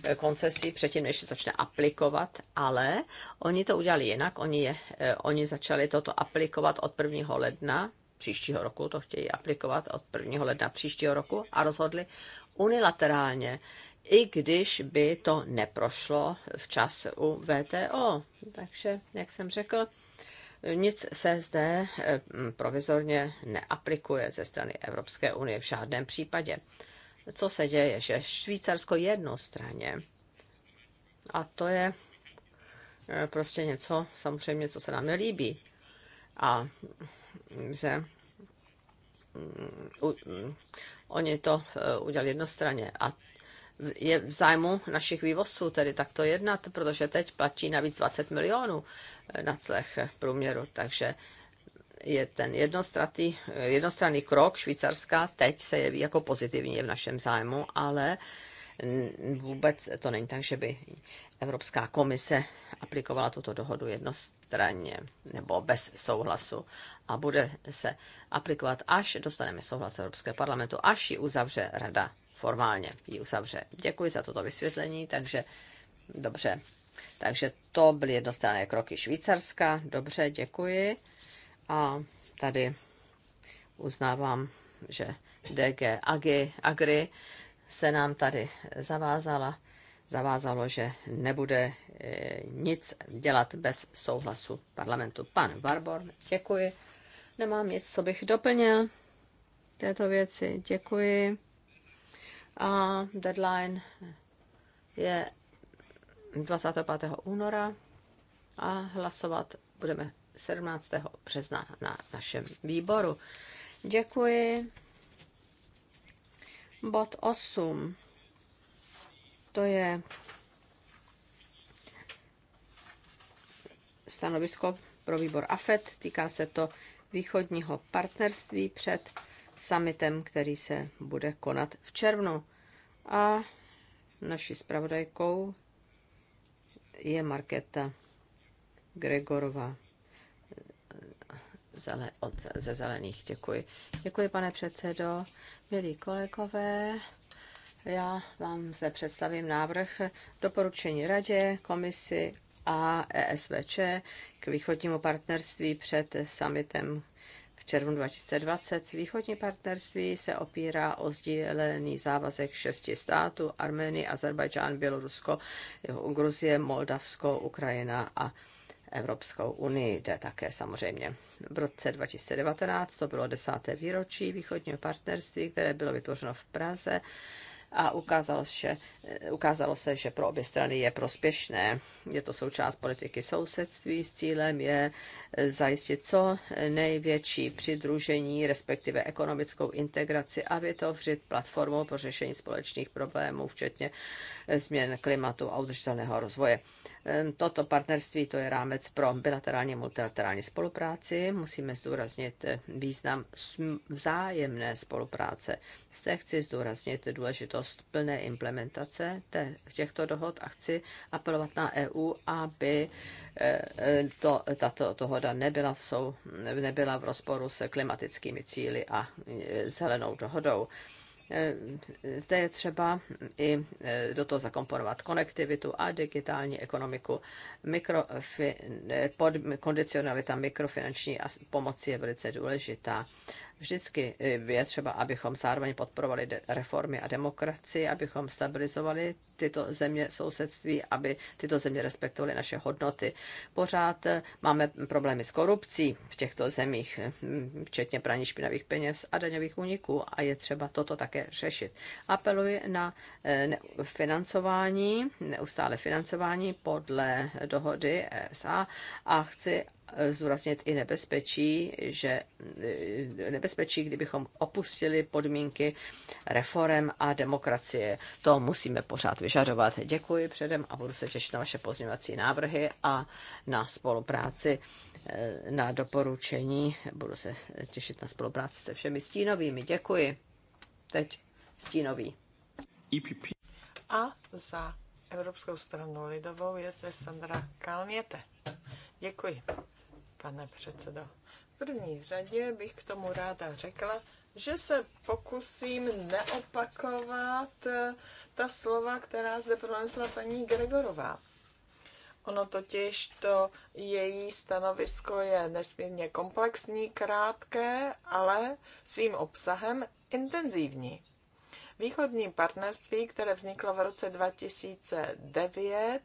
Eh, koncesí předtím, než začne aplikovat, ale oni to udělali jinak, oni, je, eh, oni začali toto aplikovat od 1. ledna příštího roku, to chtějí aplikovat od 1. ledna příštího roku a rozhodli unilaterálně, i když by to neprošlo včas u VTO. Takže, jak jsem řekl, nic se zde eh, provizorně neaplikuje ze strany Evropské unie v žádném případě co se děje, že Švýcarsko jednostranně. A to je e, prostě něco, samozřejmě, co se nám nelíbí. A mm, že mm, u, mm, oni to e, udělali jednostranně. A je v zájmu našich vývozců tedy takto jednat, protože teď platí navíc 20 milionů e, na clech průměru, takže je ten jednostranný krok Švýcarska teď se jeví jako pozitivní v našem zájmu, ale vůbec to není tak, že by Evropská komise aplikovala tuto dohodu jednostranně nebo bez souhlasu a bude se aplikovat, až dostaneme souhlas Evropského parlamentu, až ji uzavře rada formálně. Ji uzavře. Děkuji za toto vysvětlení, takže dobře. Takže to byly jednostranné kroky Švýcarska. Dobře, děkuji. A tady uznávám, že DG Agri, Agri se nám tady zavázala, zavázalo, že nebude eh, nic dělat bez souhlasu parlamentu. Pan Barbor, děkuji. Nemám nic, co bych doplnil této věci. Děkuji. A deadline je 25. února a hlasovat budeme 17. března na našem výboru. Děkuji. Bod 8. To je stanovisko pro výbor AFET. Týká se to východního partnerství před summitem, který se bude konat v červnu. A naší zpravodajkou je Markéta Gregorová zele, od, ze zelených. Děkuji. Děkuji, pane předsedo. Milí kolegové, já vám zde představím návrh doporučení radě, komisi a ESVČ k východnímu partnerství před summitem v červnu 2020. Východní partnerství se opírá o sdílený závazek šesti států, Armenii, Azerbajdžán, Bělorusko, Gruzie, Moldavsko, Ukrajina a Evropskou unii jde také samozřejmě. V roce 2019 to bylo desáté výročí východního partnerství, které bylo vytvořeno v Praze a ukázalo se, ukázalo se, že pro obě strany je prospěšné. Je to součást politiky sousedství s cílem je zajistit co největší přidružení, respektive ekonomickou integraci a vytvořit platformu pro řešení společných problémů, včetně změn klimatu a udržitelného rozvoje. Ehm, toto partnerství to je rámec pro bilaterální a multilaterální spolupráci. Musíme zdůraznit eh, význam vzájemné spolupráce. Zde chci zdůraznit důležitost plné implementace těchto dohod a chci apelovat na EU, aby eh, eh, to, tato dohoda nebyla v, sou, nebyla v rozporu s klimatickými cíly a zelenou dohodou. Eh, zde je třeba i eh, do toho zakomponovat konektivitu a digitální ekonomiku. Mikrofin, eh, pod, kondicionalita mikrofinanční pomoci je velice důležitá. Vždycky eh, je třeba, abychom zároveň podporovali reformy a demokracii, abychom stabilizovali tyto země sousedství, aby tyto země respektovaly naše hodnoty. Pořád eh, máme problémy s korupcí v těchto zemích, eh, včetně praní špinavých peněz a daňových úniků a je třeba toto také řešit. Apeluji na financování, neustále financování podle dohody ESA a chci, zúraznit i nebezpečí, že e, nebezpečí, kdybychom opustili podmínky reform a demokracie. To musíme pořád vyžadovat. Děkuji předem a budu se těšit na vaše pozměňovací návrhy a na spolupráci e, na doporučení. Budu se těšit na spolupráci se všemi stínovými. Děkuji. Teď stínový. EPP. A za Evropskou stranu lidovou je zde Sandra Kalněte. Děkuji pane předsedo. V první řadě bych k tomu ráda řekla, že se pokusím neopakovat eh, ta slova, která zde pronesla paní Gregorová. Ono totiž to její stanovisko je nesmírně komplexní, krátké, ale svým obsahem intenzivní. Východní partnerství, které vzniklo v roce 2009,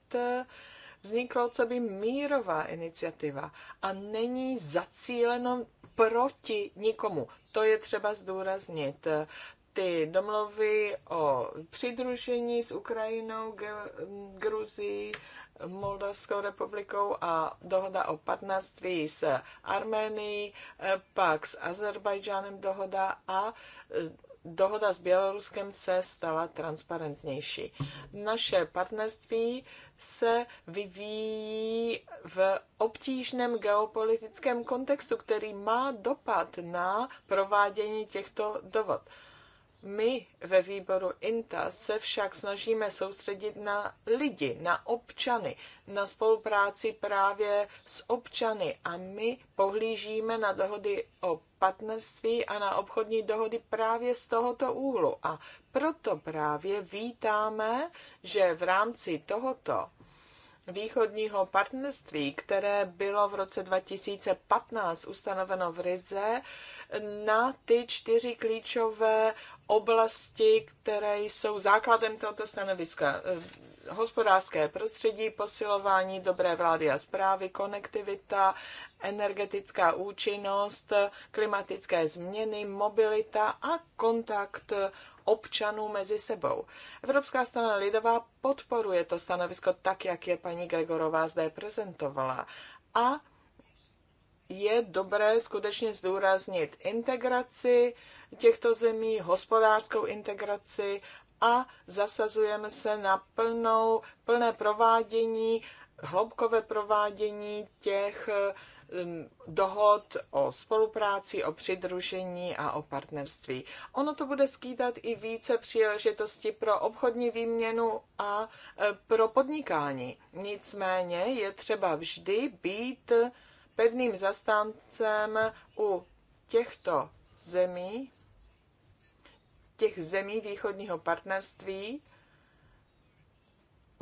vzniklo co by mírová iniciativa a není zacíleno proti nikomu. To je třeba zdůraznit ty domluvy o přidružení s Ukrajinou, Gruzií, Moldavskou republikou a dohoda o partnerství s Arménií, pak s Azerbajdžánem dohoda a dohoda s Běloruskem se stala transparentnější. Naše partnerství se vyvíjí v obtížném geopolitickém kontextu, který má dopad na provádění těchto dohod. My ve výboru INTA se však snažíme soustředit na lidi, na občany, na spolupráci právě s občany a my pohlížíme na dohody o partnerství a na obchodní dohody právě z tohoto úhlu. A proto právě vítáme, že v rámci tohoto východního partnerství, které bylo v roce 2015 ustanoveno v Rize, na ty čtyři klíčové oblasti, které jsou základem tohoto stanoviska. Eh, hospodářské prostředí, posilování dobré vlády a zprávy, konektivita, energetická účinnost, klimatické změny, mobilita a kontakt občanů mezi sebou. Evropská strana lidová podporuje to stanovisko tak, jak je paní Gregorová zde prezentovala. A je dobré skutečně zdůraznit integraci těchto zemí, hospodářskou integraci a zasazujeme se na plnou, plné provádění, hloubkové provádění těch Um, dohod o spolupráci, o přidružení a o partnerství. Ono to bude skýtat i více příležitostí pro obchodní výměnu a e, pro podnikání. Nicméně je třeba vždy být pevným zastáncem u těchto zemí, těch zemí východního partnerství,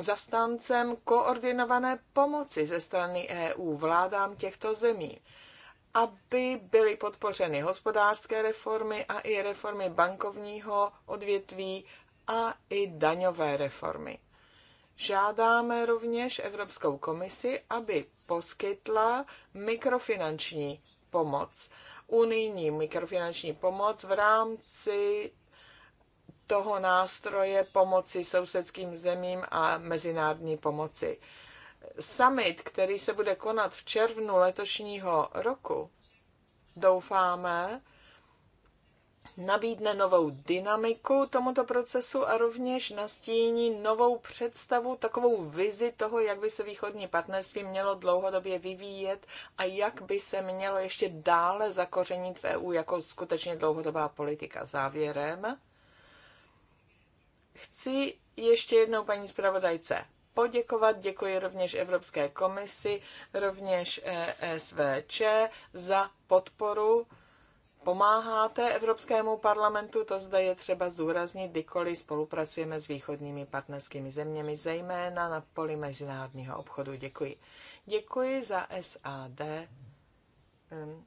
zastáncem koordinované pomoci ze strany EU vládám těchto zemí, aby byly podpořeny hospodářské reformy a i reformy bankovního odvětví a i daňové reformy. Žádáme rovněž Evropskou komisi, aby poskytla mikrofinanční pomoc, unijní mikrofinanční pomoc v rámci toho nástroje pomoci sousedským zemím a mezinárodní pomoci. Summit, který se bude konat v červnu letošního roku, doufáme, nabídne novou dynamiku tomuto procesu a rovněž nastíní novou představu, takovou vizi toho, jak by se východní partnerství mělo dlouhodobě vyvíjet a jak by se mělo ještě dále zakořenit v EU jako skutečně dlouhodobá politika. Závěrem Chci ještě jednou paní zpravodajce poděkovat. Děkuji rovněž Evropské komisi, rovněž eh, SVČ za podporu. Pomáháte Evropskému parlamentu, to zde je třeba zdůraznit, kdykoliv spolupracujeme s východními partnerskými zeměmi, zejména na poli mezinárodního obchodu. Děkuji. Děkuji za SAD. Ehm,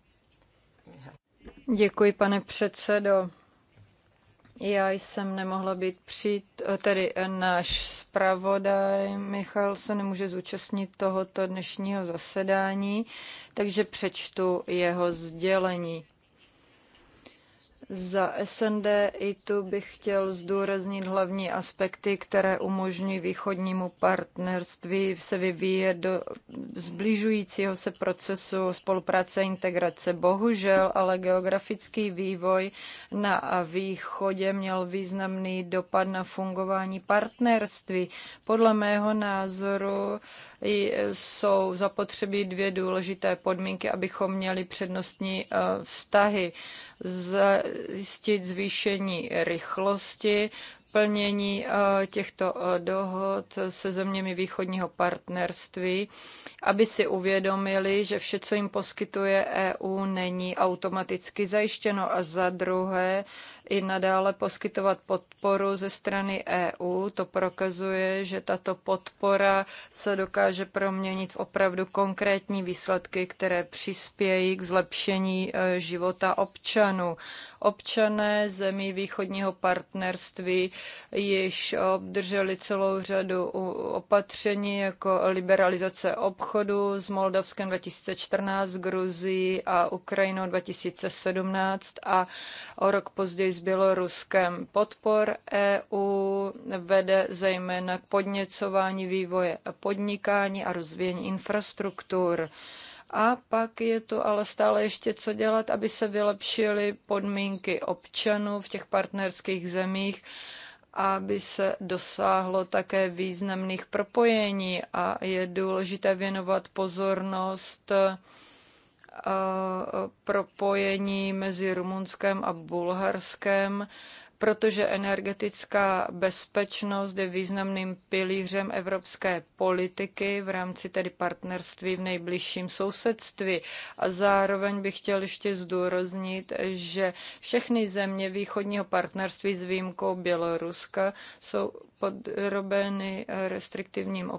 Děkuji, pane předsedo. Já jsem nemohla být přijít, tedy náš zpravodaj Michal se nemůže zúčastnit tohoto dnešního zasedání, takže přečtu jeho sdělení. Za SND i tu bych chtěl zdůraznit hlavní aspekty, které umožňují východnímu partnerství se vyvíjet do zbližujícího se procesu spolupráce a integrace. Bohužel, ale geografický vývoj na východě měl významný dopad na fungování partnerství. Podle mého názoru jsou zapotřebí dvě důležité podmínky, abychom měli přednostní eh, vztahy. Zjistit zvýšení rychlosti, plnění eh, těchto eh, dohod se zeměmi východního partnerství, aby si uvědomili, že vše, co jim poskytuje EU, není automaticky zajištěno. A za druhé, i nadále poskytovat podporu ze strany EU. To prokazuje, že tato podpora se dokáže proměnit v opravdu konkrétní výsledky, které přispějí k zlepšení e, života občanů. Občané zemí východního partnerství již obdrželi celou řadu opatření jako liberalizace obchodu s Moldavskem 2014, Gruzií a Ukrajinou 2017 a o rok později s Běloruskem. Podpor EU vede zejména k podněcování vývoje a podnikání a rozvíjení infrastruktur. A pak je tu ale stále ještě co dělat, aby se vylepšily podmínky občanů v těch partnerských zemích, aby se dosáhlo také významných propojení a je důležité věnovat pozornost propojení mezi Rumunskem a Bulharskem, protože energetická bezpečnost je významným pilířem evropské politiky v rámci tedy partnerství v nejbližším sousedství. A zároveň bych chtěl ještě zdůraznit, že všechny země východního partnerství s výjimkou Běloruska jsou podrobeny restriktivním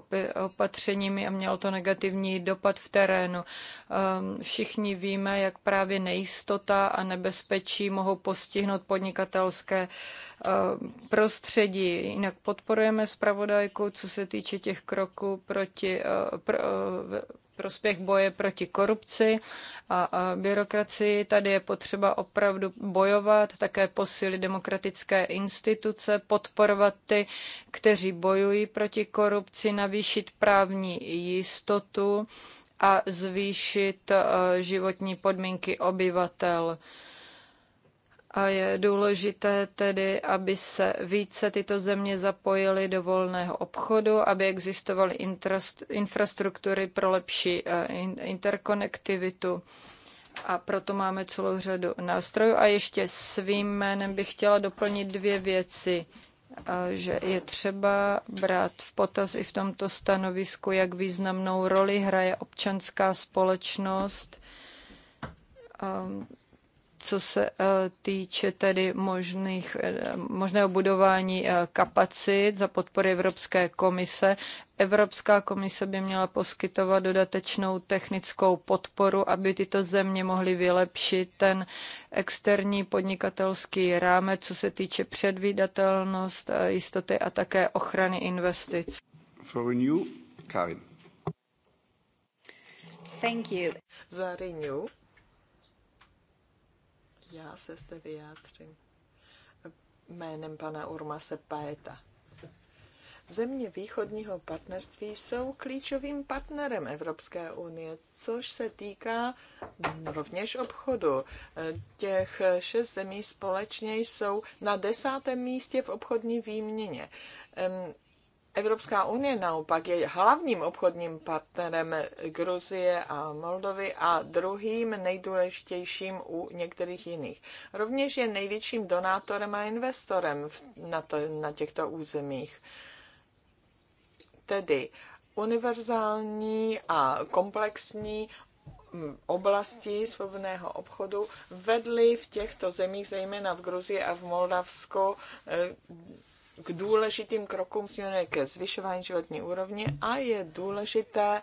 opatřením a mělo to negativní dopad v terénu. Ehm, všichni víme, jak právě nejistota a nebezpečí mohou postihnout podnikatelské ehm, prostředí. Jinak podporujeme zpravodajku, co se týče těch kroků proti eh, pro, eh, prospěch boje proti korupci a, a byrokracii. Tady je potřeba opravdu bojovat, také posílit demokratické instituce, podporovat ty, kteří bojují proti korupci, navýšit právní jistotu a zvýšit eh, životní podmínky obyvatel. Uh, a je důležité tedy, aby se více tyto země zapojily do volného obchodu, aby existovaly infrastruktury pro lepší eh, interkonektivitu. A proto máme celou řadu nástrojů. A ještě svým jménem bych chtěla doplnit dvě věci eh, že je třeba brát v potaz i v tomto stanovisku, jak významnou roli hraje občanská společnost ehm, co se eh, týče tedy možných, eh, možného budování eh, kapacit za podpory Evropské komise. Evropská komise by měla poskytovat dodatečnou technickou podporu, aby tyto země mohly vylepšit ten externí podnikatelský rámec, co se týče předvídatelnost, jistoty a také ochrany investic. For renew, Karin. Thank you. Za renew. Já se zde vyjádřím jménem pana Urmase Paeta. Země východního partnerství jsou klíčovým partnerem Evropské unie, což se týká rovněž obchodu. Těch šest zemí společně jsou na desátém místě v obchodní výměně. Evropská unie naopak je hlavním obchodním partnerem Gruzie a Moldovy a druhým nejdůležitějším u některých jiných. Rovněž je největším donátorem a investorem na, to, na těchto územích. Tedy univerzální a komplexní mm, oblasti svobodného obchodu vedly v těchto zemích, zejména v Gruzii a v Moldavsku, eh, k důležitým krokům směrem ke zvyšování životní úrovně a je důležité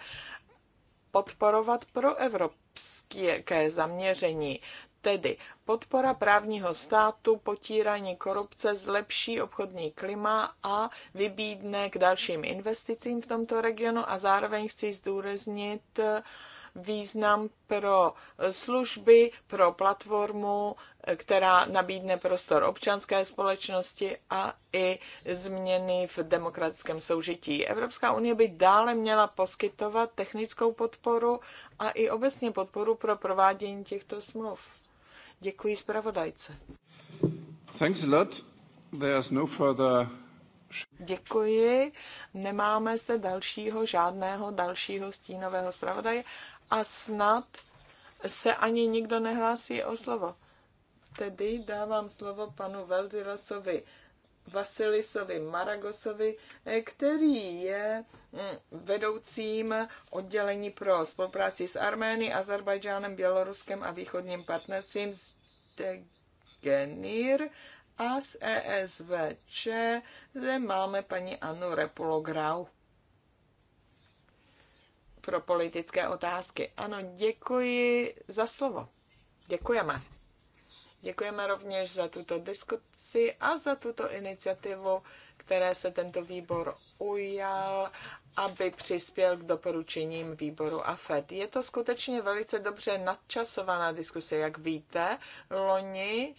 podporovat pro evropské zaměření, tedy podpora právního státu, potírání korupce, zlepší obchodní klima a vybídne k dalším investicím v tomto regionu a zároveň chci zdůraznit význam pro služby, pro platformu která nabídne prostor občanské společnosti a i změny v demokratickém soužití. Evropská unie by dále měla poskytovat technickou podporu a i obecně podporu pro provádění těchto smluv. Děkuji zpravodajce. Thanks a lot. There's no further... Děkuji. Nemáme zde dalšího, žádného dalšího stínového zpravodaje a snad se ani nikdo nehlásí o slovo tedy dávám slovo panu Veldirasovi Vasilisovi Maragosovi, eh, který je mm, vedoucím oddělení pro spolupráci s Arménií, Azerbajdžánem, Běloruskem a východním partnerstvím z Degenir a z ESVČ. Zde máme paní Anu Repulograu pro politické otázky. Ano, děkuji za slovo. Děkujeme. Děkujeme rovněž za tuto diskuci a za tuto iniciativu, které se tento výbor ujal, aby přispěl k doporučením výboru A FED. Je to skutečně velice dobře nadčasovaná diskuse, jak víte. Loni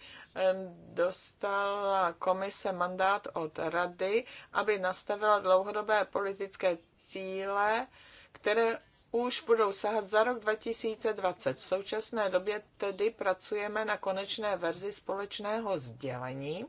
dostala komise mandát od rady, aby nastavila dlouhodobé politické cíle, které už budou sahat za rok 2020. V současné době tedy pracujeme na konečné verzi společného sdělení,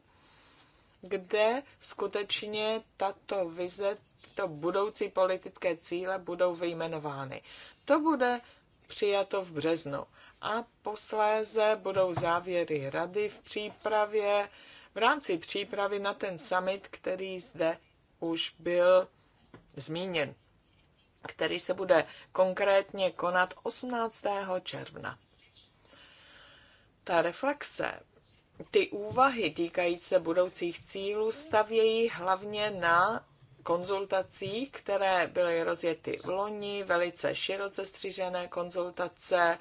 kde skutečně tato vize, to budoucí politické cíle budou vyjmenovány. To bude přijato v březnu a posléze budou závěry rady v přípravě, v rámci přípravy na ten summit, který zde už byl zmíněn který se bude konkrétně konat 18. června. Ta reflexe, ty úvahy týkající se budoucích cílů stavějí hlavně na konzultací, které byly rozjety v loni, velice široce střížené konzultace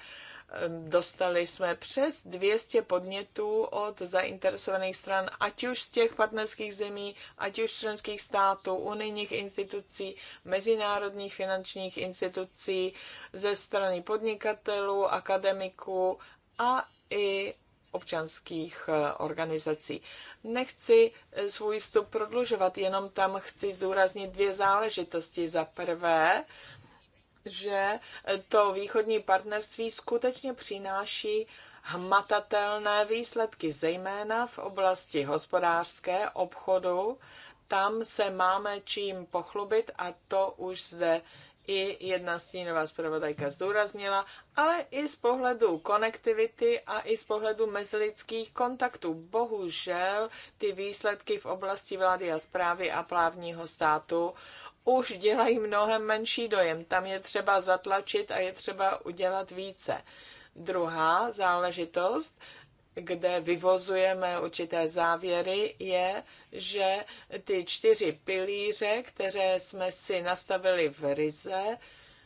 Dostali jsme přes 200 podnětů od zainteresovaných stran, ať už z těch partnerských zemí, ať už členských států, unijních institucí, mezinárodních finančních institucí, ze strany podnikatelů, akademiků a i občanských eh, organizací. Nechci eh, svůj vstup prodlužovat, jenom tam chci zdůraznit dvě záležitosti. Za prvé, že to východní partnerství skutečně přináší hmatatelné výsledky, zejména v oblasti hospodářské, obchodu. Tam se máme čím pochlubit a to už zde i jedna stínová zpravodajka zdůraznila, ale i z pohledu konektivity a i z pohledu mezilidských kontaktů. Bohužel ty výsledky v oblasti vlády a zprávy a právního státu už dělají mnohem menší dojem. Tam je třeba zatlačit a je třeba udělat více. Druhá záležitost, kde vyvozujeme určité závěry, je, že ty čtyři pilíře, které jsme si nastavili v ryze,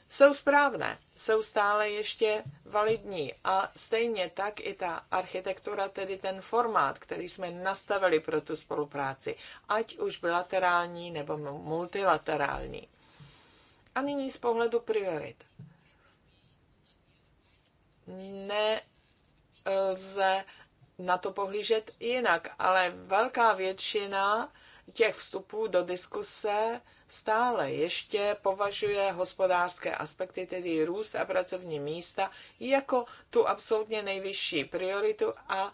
jsou správné, jsou stále ještě validní a stejně tak i ta architektura, tedy ten formát, který jsme nastavili pro tu spolupráci, ať už bilaterální nebo multilaterální. A nyní z pohledu priorit. Nelze na to pohlížet jinak, ale velká většina těch vstupů do diskuse stále ještě považuje hospodářské aspekty, tedy růst a pracovní místa, jako tu absolutně nejvyšší prioritu a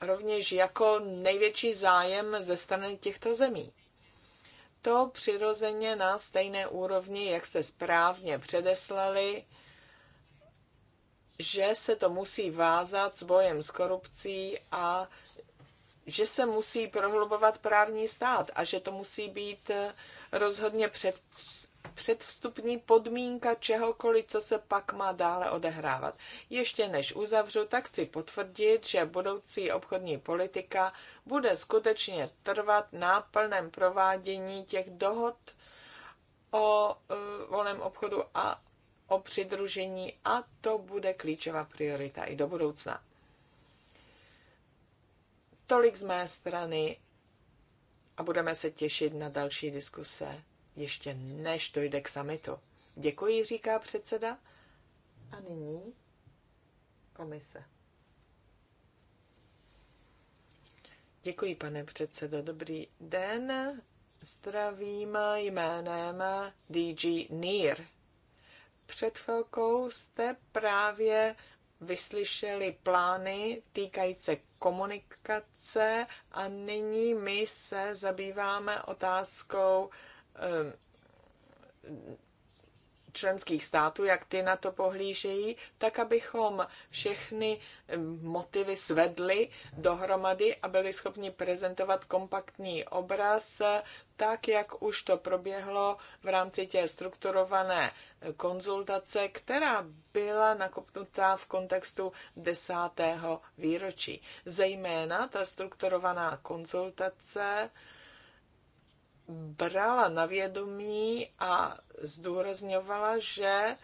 rovněž jako největší zájem ze strany těchto zemí. To přirozeně na stejné úrovni, jak jste správně předeslali, že se to musí vázat s bojem s korupcí a že se musí prohlubovat právní stát a že to musí být eh, rozhodně před, předvstupní podmínka čehokoliv, co se pak má dále odehrávat. Ještě než uzavřu, tak chci potvrdit, že budoucí obchodní politika bude skutečně trvat na plném provádění těch dohod o eh, volném obchodu a o přidružení a to bude klíčová priorita i do budoucna. Tolik z mé strany a budeme se těšit na další diskuse, ještě než dojde k samitu. Děkuji, říká předseda. A nyní komise. Děkuji, pane předsedo. Dobrý den. Zdravím jménem DG NIR. Před chvilkou jste právě vyslyšeli plány týkající komunikace a nyní my se zabýváme otázkou eh, členských států, jak ty na to pohlížejí, tak abychom všechny motivy svedli dohromady a byli schopni prezentovat kompaktní obraz, eh, tak jak už to proběhlo v rámci té strukturované eh, konzultace, která byla nakopnutá v kontextu desátého výročí. Zejména ta strukturovaná konzultace brala na vědomí a zdůrazňovala, že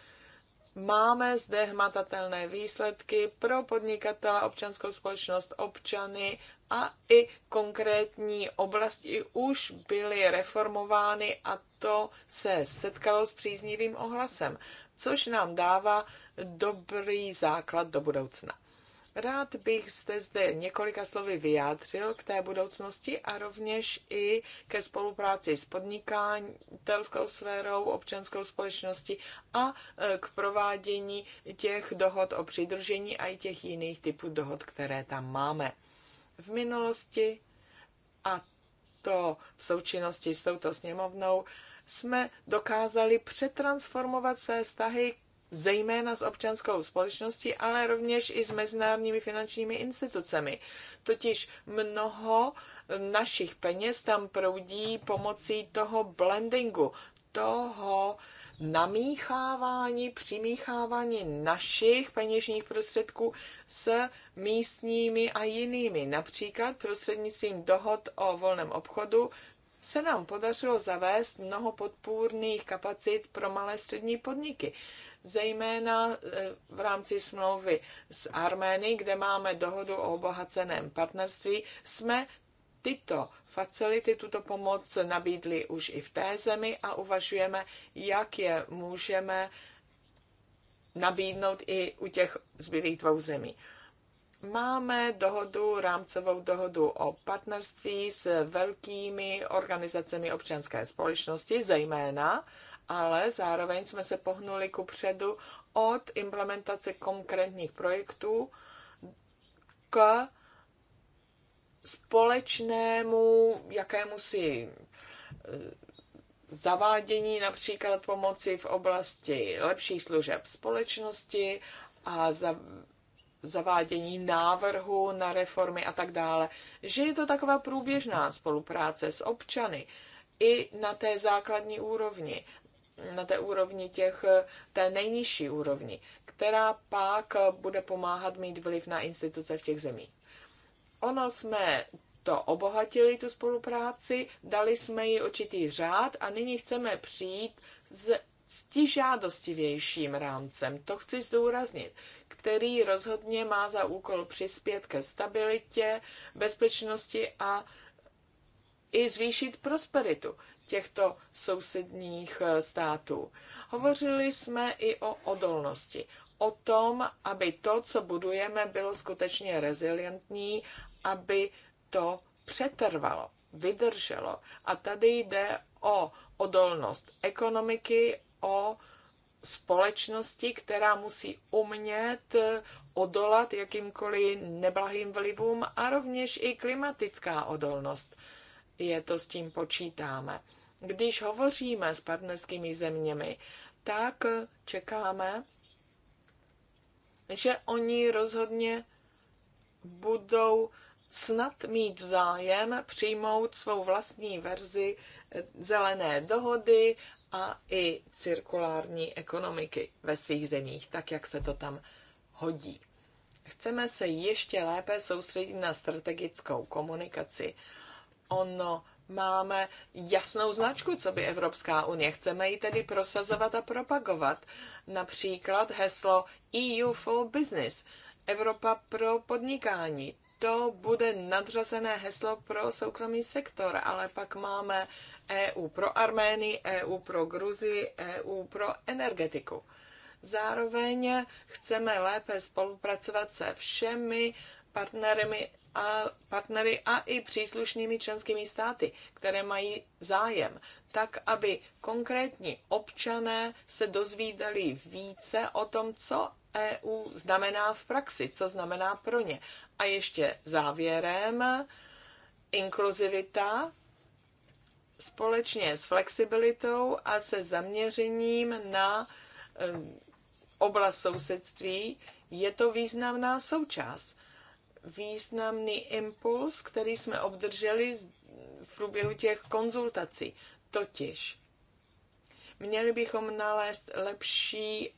máme zde hmatatelné výsledky pro podnikatele, občanskou společnost, občany a i konkrétní oblasti už byly reformovány a to se setkalo s příznivým ohlasem, což nám dává dobrý základ do budoucna. Rád bych zde zde několika slovy vyjádřil k té budoucnosti a rovněž i ke spolupráci s podnikatelskou sférou, občanskou společností a e, k provádění těch dohod o přidružení a i těch jiných typů dohod, které tam máme. V minulosti a to v součinnosti s touto sněmovnou jsme dokázali přetransformovat své vztahy zejména s občanskou společností, ale rovněž i s mezinárodními finančními institucemi. Totiž mnoho našich peněz tam proudí pomocí toho blendingu, toho namíchávání, přimíchávání našich peněžních prostředků s místními a jinými. Například prostřednictvím dohod o volném obchodu se nám podařilo zavést mnoho podpůrných kapacit pro malé střední podniky zejména eh, v rámci smlouvy s Arménií, kde máme dohodu o obohaceném partnerství, jsme tyto facility, tuto pomoc nabídli už i v té zemi a uvažujeme, jak je můžeme nabídnout i u těch zbylých dvou zemí. Máme dohodu, rámcovou dohodu o partnerství s velkými organizacemi občanské společnosti, zejména ale zároveň jsme se pohnuli ku předu od implementace konkrétních projektů k společnému jakémusi eh, zavádění například pomoci v oblasti lepších služeb společnosti a za, zavádění návrhu na reformy a tak dále. Že je to taková průběžná spolupráce s občany i na té základní úrovni na té úrovni těch, té nejnižší úrovni, která pak bude pomáhat mít vliv na instituce v těch zemích. Ono jsme to obohatili, tu spolupráci, dali jsme ji určitý řád a nyní chceme přijít s stižádostivějším rámcem, to chci zdůraznit, který rozhodně má za úkol přispět ke stabilitě, bezpečnosti a i zvýšit prosperitu těchto sousedních eh, států. Hovořili jsme i o odolnosti, o tom, aby to, co budujeme, bylo skutečně rezilientní, aby to přetrvalo, vydrželo. A tady jde o odolnost ekonomiky, o společnosti, která musí umět eh, odolat jakýmkoliv neblahým vlivům a rovněž i klimatická odolnost je to s tím počítáme. Když hovoříme s partnerskými zeměmi, tak čekáme, že oni rozhodně budou snad mít zájem přijmout svou vlastní verzi zelené dohody a i cirkulární ekonomiky ve svých zemích, tak jak se to tam hodí. Chceme se ještě lépe soustředit na strategickou komunikaci ono máme jasnou značku, co by Evropská unie. Chceme ji tedy prosazovat a propagovat. Například heslo EU for Business, Evropa pro podnikání. To bude nadřazené heslo pro soukromý sektor, ale pak máme EU pro Arménii, EU pro Gruzi, EU pro energetiku. Zároveň chceme lépe spolupracovat se všemi partnery a partnery a i příslušnými členskými státy, které mají zájem, tak aby konkrétní občané se dozvídali více o tom, co EU znamená v praxi, co znamená pro ně. A ještě závěrem, inkluzivita společně s flexibilitou a se zaměřením na eh, oblast sousedství je to významná součást významný impuls, který jsme obdrželi v průběhu těch konzultací. Totiž měli bychom nalézt lepší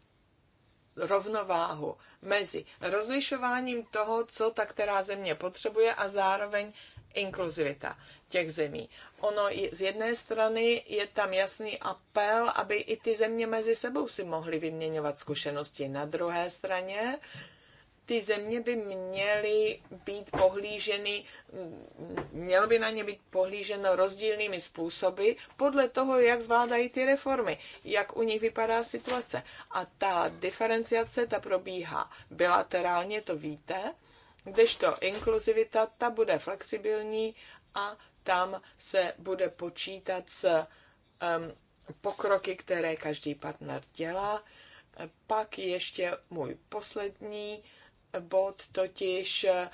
rovnováhu mezi rozlišováním toho, co ta která země potřebuje a zároveň inkluzivita těch zemí. Ono z jedné strany je tam jasný apel, aby i ty země mezi sebou si mohly vyměňovat zkušenosti. Na druhé straně ty země by měly být pohlíženy, mělo by na ně být pohlíženo rozdílnými způsoby podle toho, jak zvládají ty reformy, jak u nich vypadá situace. A ta diferenciace, ta probíhá bilaterálně, to víte, kdežto inkluzivita, ta bude flexibilní a tam se bude počítat s um, pokroky, které každý partner dělá. Pak ještě můj poslední bod totiž eh,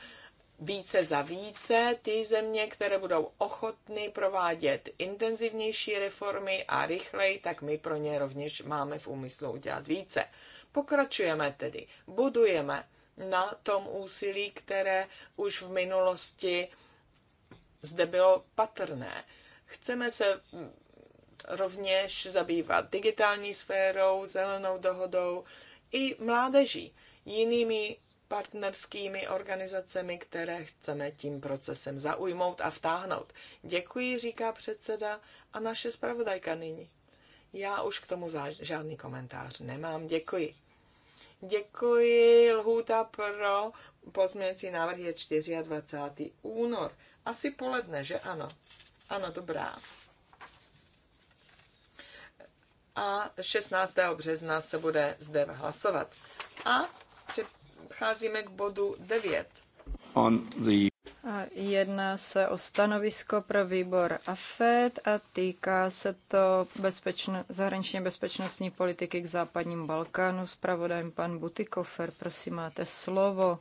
více za více ty země, které budou ochotny provádět intenzivnější reformy a rychleji, tak my pro ně rovněž máme v úmyslu udělat více. Pokračujeme tedy, budujeme na tom úsilí, které už v minulosti zde bylo patrné. Chceme se mm, rovněž zabývat digitální sférou, zelenou dohodou i mládeží, jinými partnerskými organizacemi, které chceme tím procesem zaujmout a vtáhnout. Děkuji, říká předseda a naše zpravodajka nyní. Já už k tomu žádný komentář nemám. Děkuji. Děkuji. Lhůta pro pozměňující návrh je 24. únor. Asi poledne, že ano? Ano, dobrá. A 16. března se bude zde hlasovat. A před Přecházíme k bodu 9. On the... A jedná se o stanovisko pro výbor AFED a týká se to bezpečno, zahraničně bezpečnostní politiky k západním Balkánu. Spravodajem pan Butikofer, prosím, máte slovo.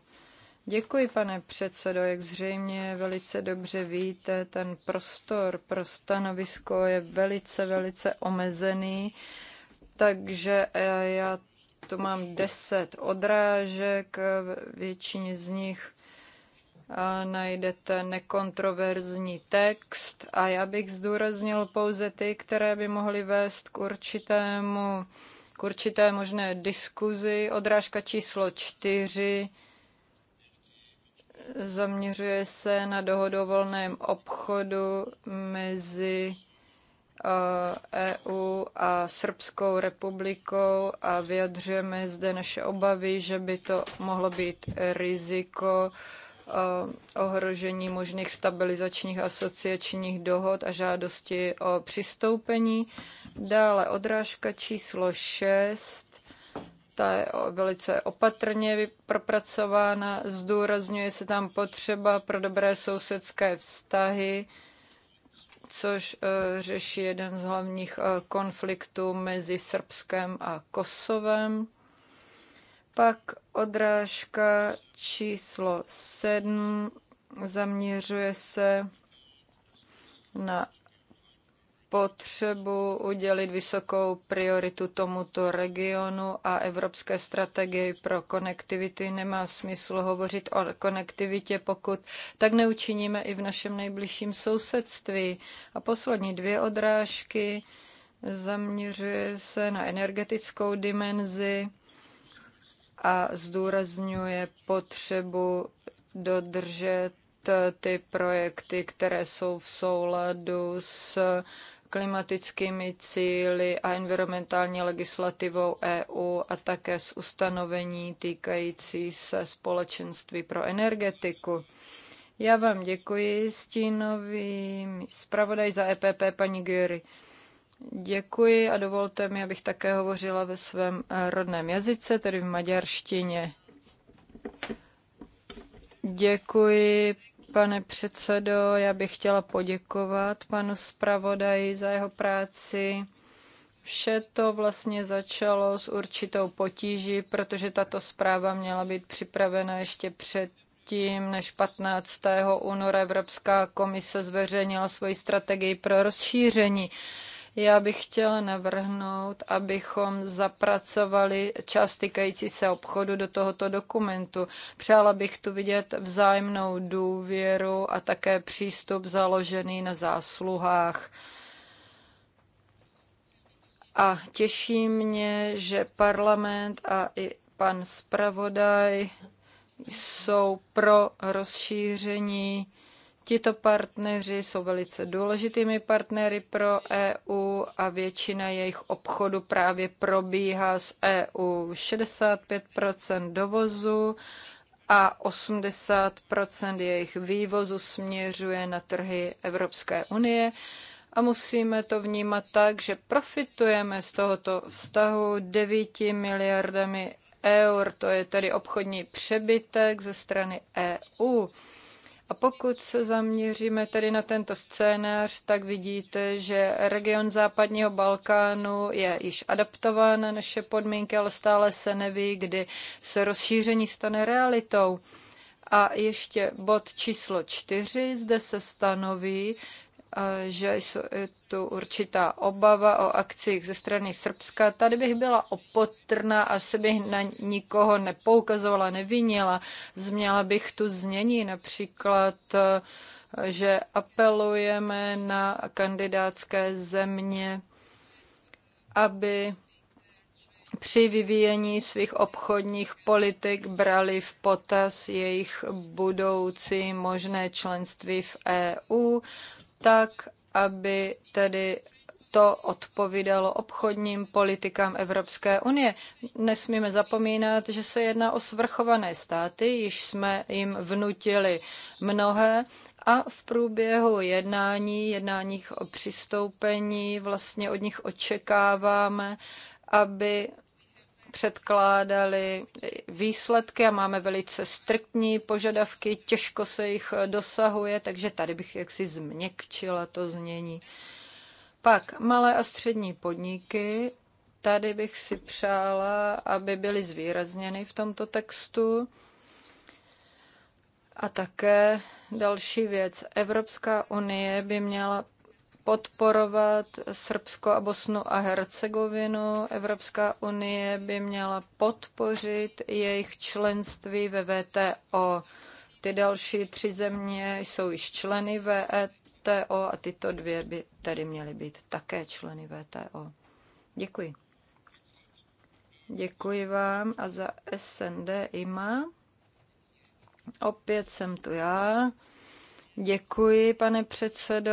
Děkuji, pane předsedo. Jak zřejmě velice dobře víte, ten prostor pro stanovisko je velice, velice omezený. Takže já to mám deset odrážek, většině z nich najdete nekontroverzní text a já bych zdůraznil pouze ty, které by mohly vést k určitému, k určité možné diskuzi. Odrážka číslo čtyři zaměřuje se na dohodu o volném obchodu mezi EU e a Srbskou republikou a vyjadřujeme zde naše obavy, že by to mohlo být riziko e, ohrožení možných stabilizačních asociačních dohod a žádosti o přistoupení. Dále odrážka číslo 6 ta je velice opatrně propracována, zdůrazňuje se tam potřeba pro dobré sousedské vztahy, což eh, řeší jeden z hlavních eh, konfliktů mezi Srbskem a Kosovem. Pak odrážka číslo 7 zaměřuje se na potřebu udělit vysokou prioritu tomuto regionu a evropské strategii pro konektivity. Nemá smysl hovořit o konektivitě, pokud tak neučiníme i v našem nejbližším sousedství. A poslední dvě odrážky zaměřuje se na energetickou dimenzi a zdůrazňuje potřebu dodržet ty projekty, které jsou v souladu s klimatickými cíly a environmentální legislativou EU a také s ustanovení týkající se společenství pro energetiku. Já vám děkuji, stínový zpravodaj za EPP, paní Gyri. Děkuji a dovolte mi, abych také hovořila ve svém rodném jazyce, tedy v maďarštině. Děkuji, Pane předsedo, já bych chtěla poděkovat panu zpravodaji za jeho práci. Vše to vlastně začalo s určitou potíží, protože tato zpráva měla být připravena ještě před tím, než 15. února Evropská komise zveřejnila svoji strategii pro rozšíření. Já bych chtěla navrhnout, abychom zapracovali část týkající se obchodu do tohoto dokumentu. Přála bych tu vidět vzájemnou důvěru a také přístup založený na zásluhách. A těší mě, že parlament a i pan zpravodaj jsou pro rozšíření Tito partneři jsou velice důležitými partnery pro EU a většina jejich obchodu právě probíhá z EU. 65 dovozu a 80 jejich vývozu směřuje na trhy Evropské unie. A musíme to vnímat tak, že profitujeme z tohoto vztahu 9 miliardami eur, to je tedy obchodní přebytek ze strany EU. A pokud se zaměříme tedy na tento scénář, tak vidíte, že region západního Balkánu je již adaptován na naše podmínky, ale stále se neví, kdy se rozšíření stane realitou. A ještě bod číslo čtyři, zde se stanoví, Eh, že je tu určitá obava o akcích ze strany Srbska. Tady bych byla opatrná, asi bych na nikoho nepoukazovala, nevinila. Změla bych tu znění například eh, že apelujeme na kandidátské země, aby při vyvíjení svých obchodních politik brali v potaz jejich budoucí možné členství v EU, tak, aby tedy to odpovídalo obchodním politikám Evropské unie. Nesmíme zapomínat, že se jedná o svrchované státy, již jsme jim vnutili mnohé a v průběhu jednání, jednáních o přistoupení vlastně od nich očekáváme, aby předkládali výsledky a máme velice striktní požadavky, těžko se jich dosahuje, takže tady bych jaksi změkčila to znění. Pak malé a střední podniky, tady bych si přála, aby byly zvýrazněny v tomto textu. A také další věc. Evropská unie by měla podporovat Srbsko a Bosnu a Hercegovinu. Evropská unie by měla podpořit jejich členství ve VTO. Ty další tři země jsou již členy VTO a tyto dvě by tedy měly být také členy VTO. Děkuji. Děkuji vám a za SND IMA. Opět jsem tu já. Děkuji, pane předsedo.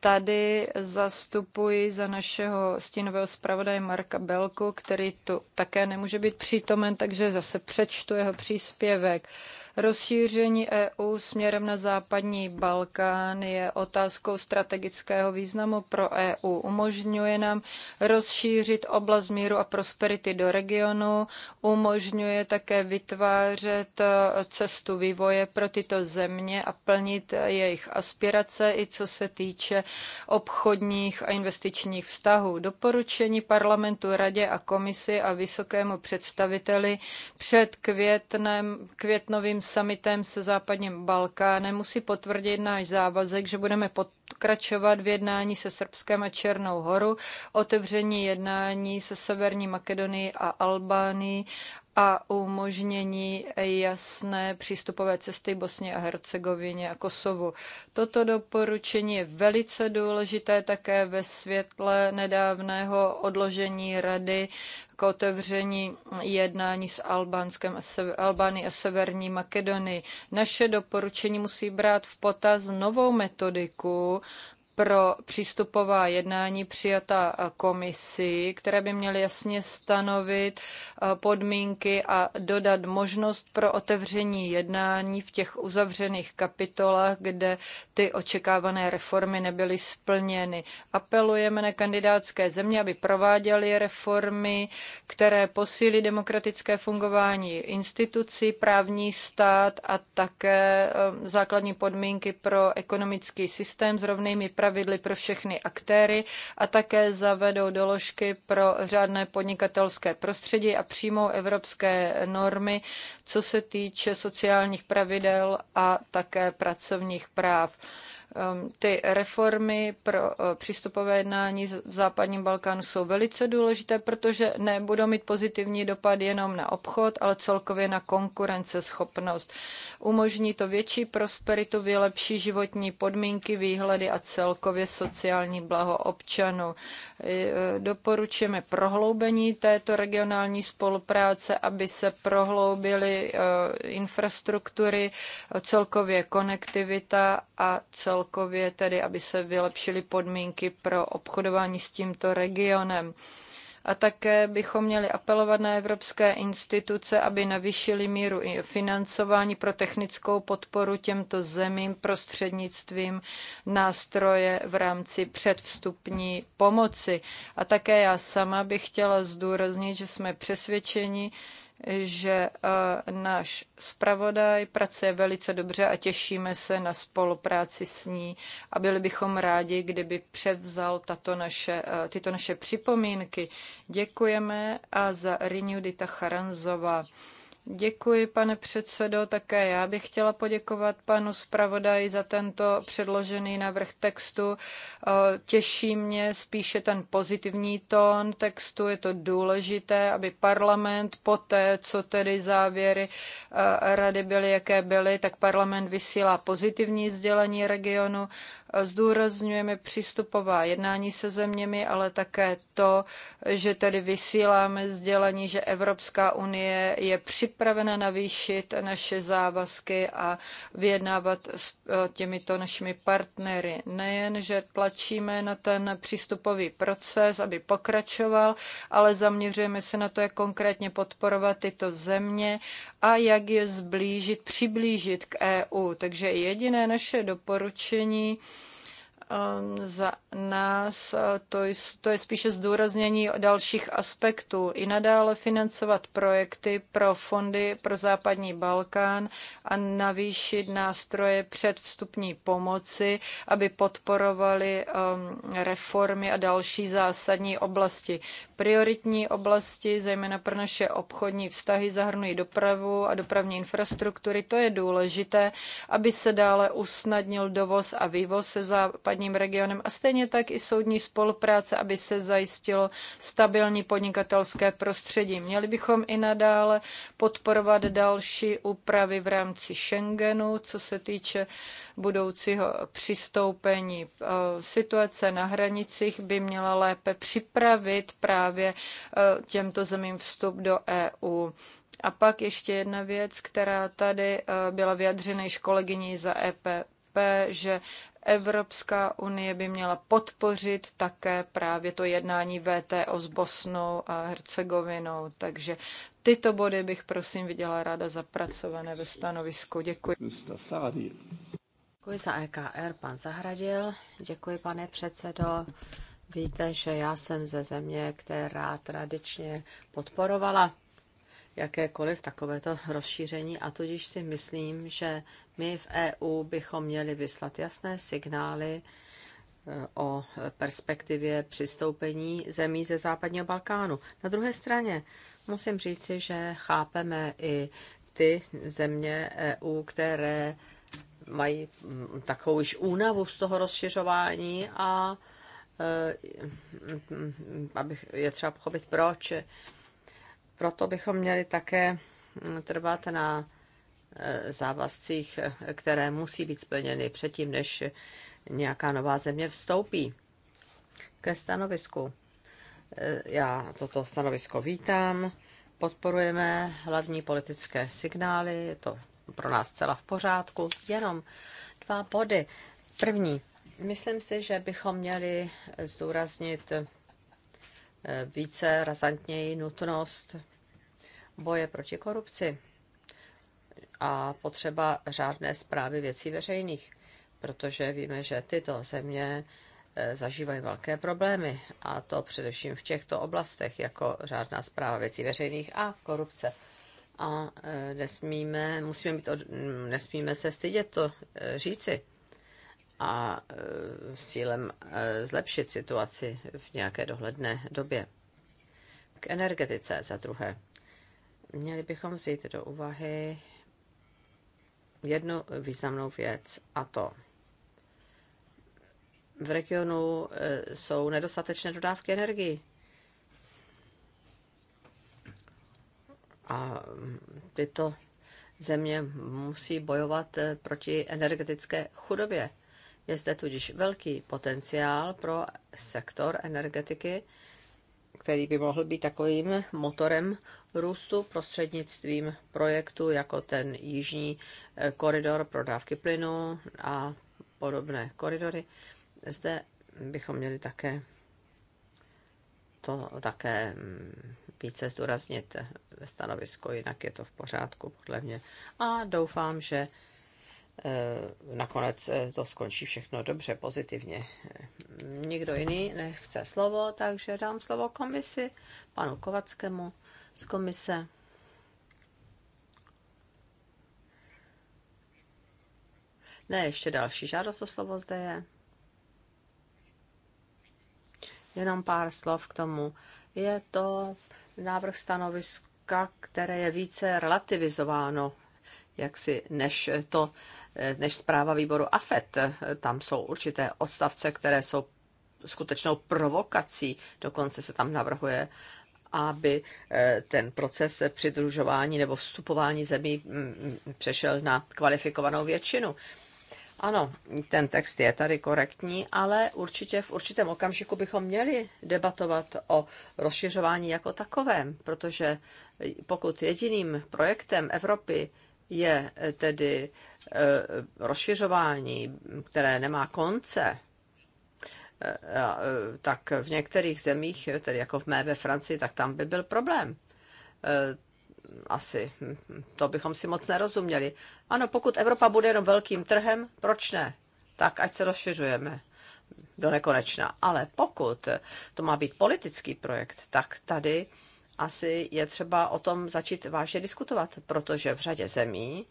Tady zastupuji za našeho stínového zpravodaje Marka Belku, který tu také nemůže být přítomen, takže zase přečtu jeho příspěvek. Rozšíření EU směrem na západní Balkán je otázkou strategického významu pro EU. Umožňuje nám rozšířit oblast míru a prosperity do regionu, umožňuje také vytvářet eh, cestu vývoje pro tyto země a plnit jejich aspirace, i co se týče obchodních a investičních vztahů. Doporučení parlamentu, radě a komisi a vysokému představiteli před květnem, květnovým summitem se západním Balkánem musí potvrdit náš závazek, že budeme pokračovat v jednání se Srbskem a Černou horu, otevření jednání se Severní Makedonii a Albánií a umožnění jasné přístupové cesty Bosně a Hercegovině a Kosovu. Toto doporučení je velice důležité také ve světle nedávného odložení Rady k otevření jednání s Albánskem a Albány a Severní Makedonii. Naše doporučení musí brát v potaz novou metodiku pro přístupová jednání přijata komisí, které by měly jasně stanovit eh, podmínky a dodat možnost pro otevření jednání v těch uzavřených kapitolách, kde ty očekávané reformy nebyly splněny. Apelujeme na kandidátské země, aby prováděly reformy, které posílí demokratické fungování institucí, právní stát a také eh, základní podmínky pro ekonomický systém s rovnými právy pravidly pro všechny aktéry a také zavedou doložky pro řádné podnikatelské prostředí a přijmou evropské normy, co se týče sociálních pravidel a také pracovních práv. Ehm, ty reformy pro eh, přístupové jednání v západním Balkánu jsou velice důležité, protože nebudou mít pozitivní dopad jenom na obchod, ale celkově na konkurenceschopnost. Umožní to větší prosperitu, vylepší životní podmínky, výhledy a celkově sociální blaho občanů. Eh, doporučujeme prohloubení této regionální spolupráce, aby se prohloubily eh, infrastruktury, celkově konektivita a celkově celkově tedy, aby se vylepšily podmínky pro obchodování s tímto regionem. A také bychom měli apelovat na evropské instituce, aby navýšili míru financování pro technickou podporu těmto zemím prostřednictvím nástroje v rámci předvstupní pomoci. A také já sama bych chtěla zdůraznit, že jsme přesvědčeni, že e, náš zpravodaj pracuje velice dobře a těšíme se na spolupráci s ní a byli bychom rádi, kdyby převzal tato naše, e, tyto naše připomínky. Děkujeme a za Rinudita Charanzova. Děkuji, pane předsedo. Také já bych chtěla poděkovat panu zpravodaji za tento předložený návrh textu. Eh, Těší mě spíše ten pozitivní tón textu. Je to důležité, aby parlament poté, co tedy závěry eh, rady byly, jaké byly, tak parlament vysílá pozitivní sdělení regionu Zdůrazňujeme přístupová jednání se zeměmi, ale také to, že tady vysíláme sdělení, že Evropská unie je připravena navýšit naše závazky a vyjednávat s e, těmito našimi partnery. Nejen, že tlačíme na ten přístupový proces, aby pokračoval, ale zaměřujeme se na to, jak konkrétně podporovat tyto země a jak je zblížit, přiblížit k EU. Takže jediné naše doporučení Um, za nás uh, to je, to je spíše zdůraznění dalších aspektů. I nadále financovat projekty pro fondy pro západní Balkán a navýšit nástroje předvstupní pomoci, aby podporovali um, reformy a další zásadní oblasti. Prioritní oblasti, zejména pro naše obchodní vztahy, zahrnují dopravu a dopravní infrastruktury. To je důležité, aby se dále usnadnil dovoz a vývoz se západním regionem a stejně tak i soudní spolupráce, aby se zajistilo stabilní podnikatelské prostředí. Měli bychom i nadále podporovat další úpravy v rámci Schengenu, co se týče budoucího přistoupení. E, situace na hranicích by měla lépe připravit právě e, těmto zemím vstup do EU. A pak ještě jedna věc, která tady e, byla vyjadřena již kolegyní za EPP, že Evropská unie by měla podpořit také právě to jednání VTO s Bosnou a Hercegovinou. Takže tyto body bych prosím viděla ráda zapracované ve stanovisku. Děkuji. Děkuji za EKR, pan Zahradil. Děkuji, pane předsedo. Víte, že já jsem ze země, která tradičně podporovala jakékoliv takovéto rozšíření a tudíž si myslím, že my v EU bychom měli vyslat jasné signály eh, o perspektivě přistoupení zemí ze západního Balkánu. Na druhé straně musím říci, že chápeme i ty země EU, které mají mm, takovou již únavu z toho rozšiřování a eh, mm, abych, je třeba pochopit proč. Proto bychom měli také mm, trvat na eh, závazcích, které musí být splněny předtím, než nějaká nová země vstoupí. Ke stanovisku. Eh, já toto stanovisko vítám, podporujeme hlavní politické signály, je to pro nás celá v pořádku. Jenom dva body. První, myslím si, že bychom měli zdůraznit eh, více razantněji nutnost boje proti korupci a potřeba řádné zprávy věcí veřejných, protože víme, že tyto země eh, zažívají velké problémy, a to především v těchto oblastech, jako řádná zpráva věcí veřejných a korupce a e, nesmíme, musíme být, nesmíme se stydět to e, říci a e, s cílem zlepšit situaci v nějaké dohledné době. K energetice za druhé. Měli bychom vzít do úvahy jednu významnou věc a to v regionu jsou nedostatečné dodávky energii A tyto země musí bojovat eh, proti energetické chudobě. Je zde tudíž velký potenciál pro sektor energetiky, který by mohl být takovým motorem růstu prostřednictvím projektu jako ten jižní eh, koridor pro dávky plynu a podobné koridory. Zde bychom měli také to také mm, více zdůraznit ve stanovisku, jinak je to v pořádku, podle mě. A doufám, že eh, nakonec eh, to skončí všechno dobře, pozitivně. Nikdo jiný nechce slovo, takže dám slovo komisi, panu Kovackému z komise. Ne, ještě další žádost o slovo zde je. Jenom pár slov k tomu. Je to návrh stanoviska, které je více relativizováno, jaksi než to, než zpráva výboru AFET. Tam jsou určité odstavce, které jsou skutečnou provokací. Dokonce se tam navrhuje aby eh, ten proces přidružování nebo vstupování zemí mm, mm, přešel na kvalifikovanou většinu. Ano, ten text je tady korektní, ale určitě v určitém okamžiku bychom měli debatovat o rozšiřování jako takovém, protože pokud jediným projektem Evropy je tedy e, rozšiřování, které nemá konce, e, e, tak v některých zemích, tedy jako v mé ve Francii, tak tam by byl problém asi hm, to bychom si moc nerozuměli. Ano, pokud Evropa bude jenom velkým trhem, proč ne? Tak ať se rozšiřujeme do nekonečna. Ale pokud to má být politický projekt, tak tady asi je třeba o tom začít vážně diskutovat, protože v řadě zemí,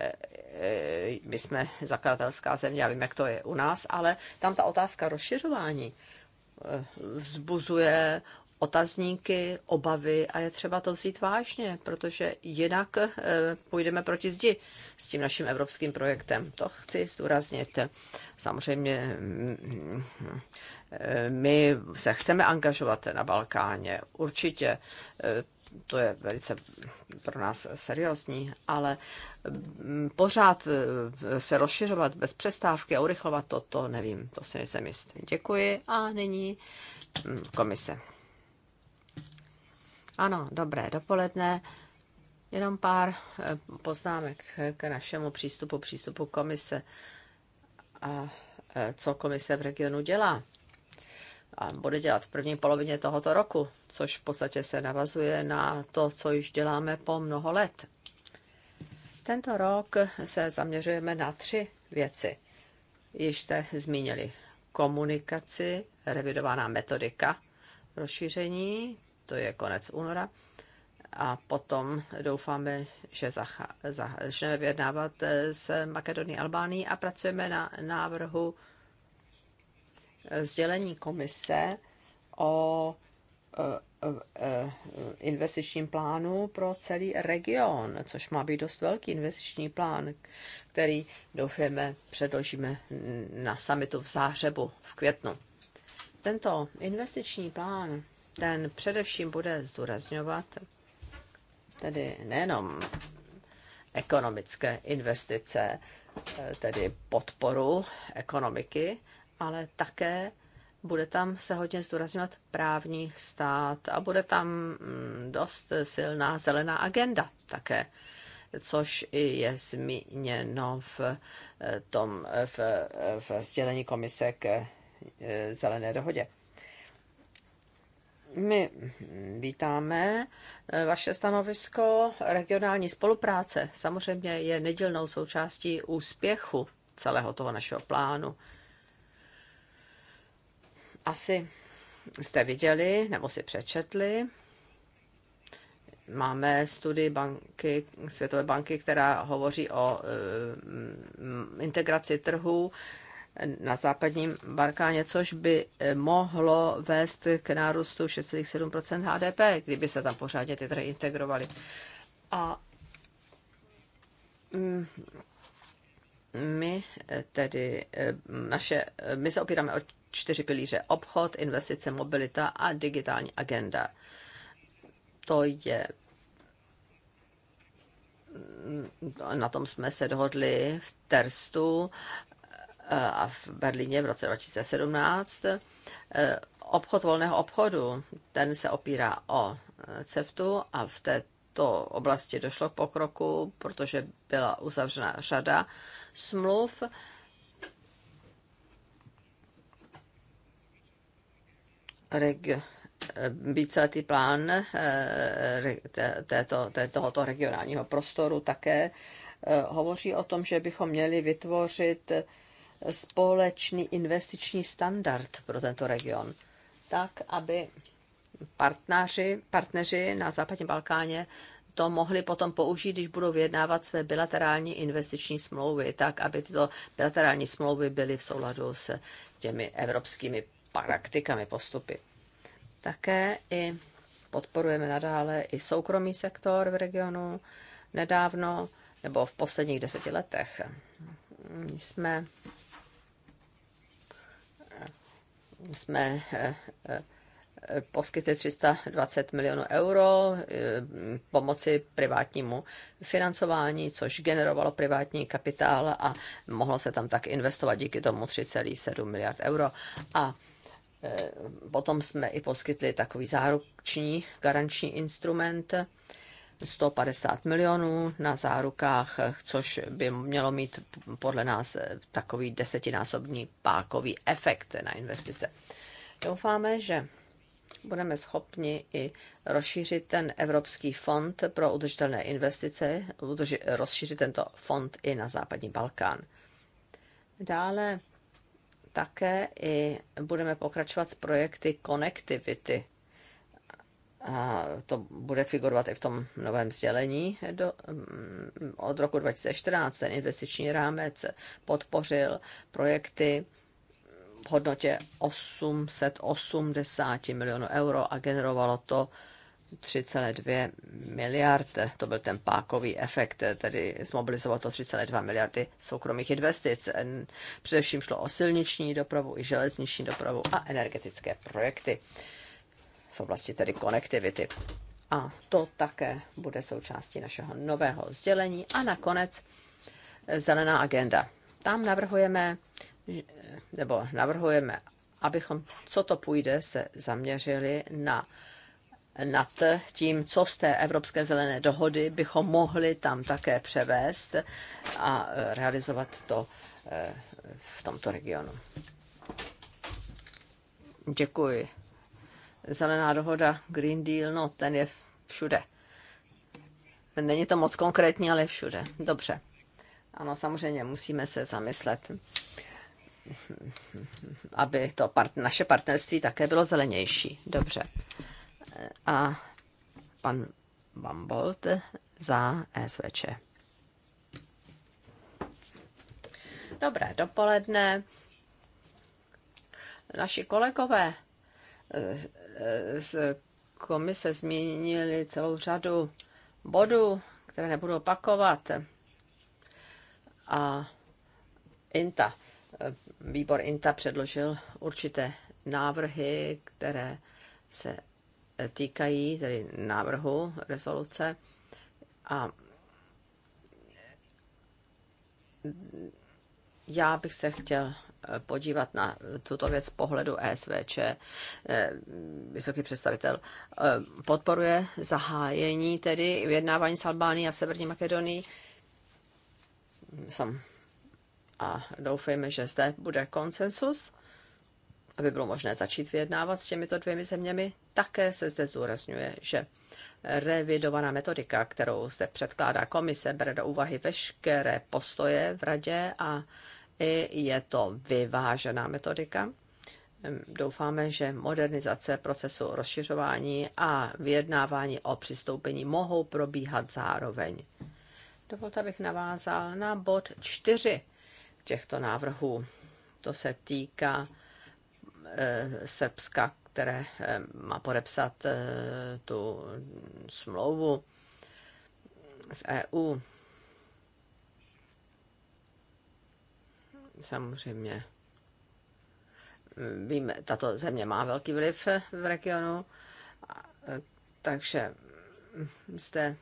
eh, eh, my jsme zakladatelská země, já vím, jak to je u nás, ale tam ta otázka rozšiřování eh, vzbuzuje otazníky, obavy a je třeba to vzít vážně, protože jinak eh, půjdeme proti zdi s tím naším evropským projektem. To chci zdůraznit. Samozřejmě mm, mm, eh, my se chceme angažovat na Balkáně, určitě eh, to je velice pro nás seriózní, ale mm, pořád se rozšiřovat bez přestávky a urychlovat to, to nevím, to si nejsem jist. Děkuji a nyní komise. Ano, dobré dopoledne. Jenom pár eh, poznámek k našemu přístupu, přístupu komise a eh, co komise v regionu dělá. A bude dělat v první polovině tohoto roku, což v podstatě se navazuje na to, co již děláme po mnoho let. Tento rok se zaměřujeme na tři věci. Již jste zmínili komunikaci, revidovaná metodika rozšíření, to je konec února. A potom doufáme, že začneme vyjednávat eh, s Makedonií Albánií a pracujeme na návrhu sdělení komise o eh, eh, investičním plánu pro celý region, což má být dost velký investiční plán, který doufujeme předložíme na samitu v Zářebu v květnu. Tento investiční plán ten především bude zdůrazňovat tedy nejenom ekonomické investice, eh, tedy podporu ekonomiky, ale také bude tam se hodně zdůrazňovat právní stát a bude tam mm, dost silná zelená agenda také, což je zmíněno v eh, tom v, eh, v sdělení komise k zelené dohodě. My vítáme eh, vaše stanovisko. Regionální spolupráce samozřejmě je nedílnou součástí úspěchu celého toho našeho plánu. Asi jste viděli nebo si přečetli, máme studii banky, Světové banky, která hovoří o eh, integraci trhu na západním Balkáně, což by eh, mohlo vést k nárůstu 6,7 HDP, kdyby se tam pořádně ty trhy integrovaly. A mm, my eh, tedy eh, naše, my se opíráme o čtyři pilíře. Obchod, investice, mobilita a digitální agenda. To je mm, na tom jsme se dohodli v Terstu a v Berlíně v roce 2017. Eh, obchod volného obchodu, ten se opírá o eh, CEFTu a v této oblasti došlo k pokroku, protože byla uzavřena řada smluv. Reg- eh, víceletý plán tohoto regionálního prostoru také hovoří o tom, že bychom měli vytvořit společný investiční standard pro tento region, tak aby partnáři, partneři na západním Balkáně to mohli potom použít, když budou vyjednávat své bilaterální investiční smlouvy, tak aby tyto bilaterální smlouvy byly v souladu s těmi evropskými praktikami, postupy. Také i podporujeme nadále i soukromý sektor v regionu. Nedávno nebo v posledních deseti letech jsme jsme eh, eh, poskytli 320 milionů euro eh, pomoci privátnímu financování, což generovalo privátní kapitál a mohlo se tam tak investovat díky tomu 3,7 miliard euro. A potom jsme i poskytli takový záruční garanční instrument, 150 milionů na zárukách, což by mělo mít podle nás takový desetinásobný pákový efekt na investice. Doufáme, že budeme schopni i rozšířit ten Evropský fond pro udržitelné investice, rozšířit tento fond i na západní Balkán. Dále také i budeme pokračovat s projekty konektivity a to bude figurovat i v tom novém sdělení do, mm, od roku 2014, ten investiční rámec podpořil projekty v hodnotě 880 milionů euro a generovalo to 3,2 miliard, to byl ten pákový efekt, tedy zmobilizovalo to 3,2 miliardy soukromých investic. Především šlo o silniční dopravu i železniční dopravu a energetické projekty v oblasti tedy konektivity. A to také bude součástí našeho nového sdělení. A nakonec eh, zelená agenda. Tam navrhujeme, eh, nebo navrhujeme, abychom, co to půjde, se zaměřili na nad tím, co z té Evropské zelené dohody bychom mohli tam také převést a eh, realizovat to v tomto regionu. Děkuji zelená dohoda, Green Deal, no ten je všude. Není to moc konkrétní, ale je všude. Dobře. Ano, samozřejmě musíme se zamyslet, aby to part, naše partnerství také bylo zelenější. Dobře. A pan Bambolt za SVČ. Dobré dopoledne. Naši kolegové z komise zmínili celou řadu bodů, které nebudu opakovat. A INTA, výbor INTA předložil určité návrhy, které se týkají tedy návrhu rezoluce a já bych se chtěl podívat na tuto věc z pohledu ESVČ. Eh, vysoký představitel eh, podporuje zahájení tedy vyjednávání s Albánií a Severní Makedonii. Sam. A doufejme, že zde bude konsensus, aby bylo možné začít vyjednávat s těmito dvěmi zeměmi. Také se zde zdůrazňuje, že revidovaná metodika, kterou zde předkládá komise, bere do úvahy veškeré postoje v radě a je to vyvážená metodika. Doufáme, že modernizace procesu rozšiřování a vyjednávání o přistoupení mohou probíhat zároveň. Dovolte, abych navázal na bod čtyři těchto návrhů. To se týká eh, Srbska, které má podepsat eh, tu smlouvu z EU. samozřejmě Vím, tato země má velký vliv v regionu, takže jste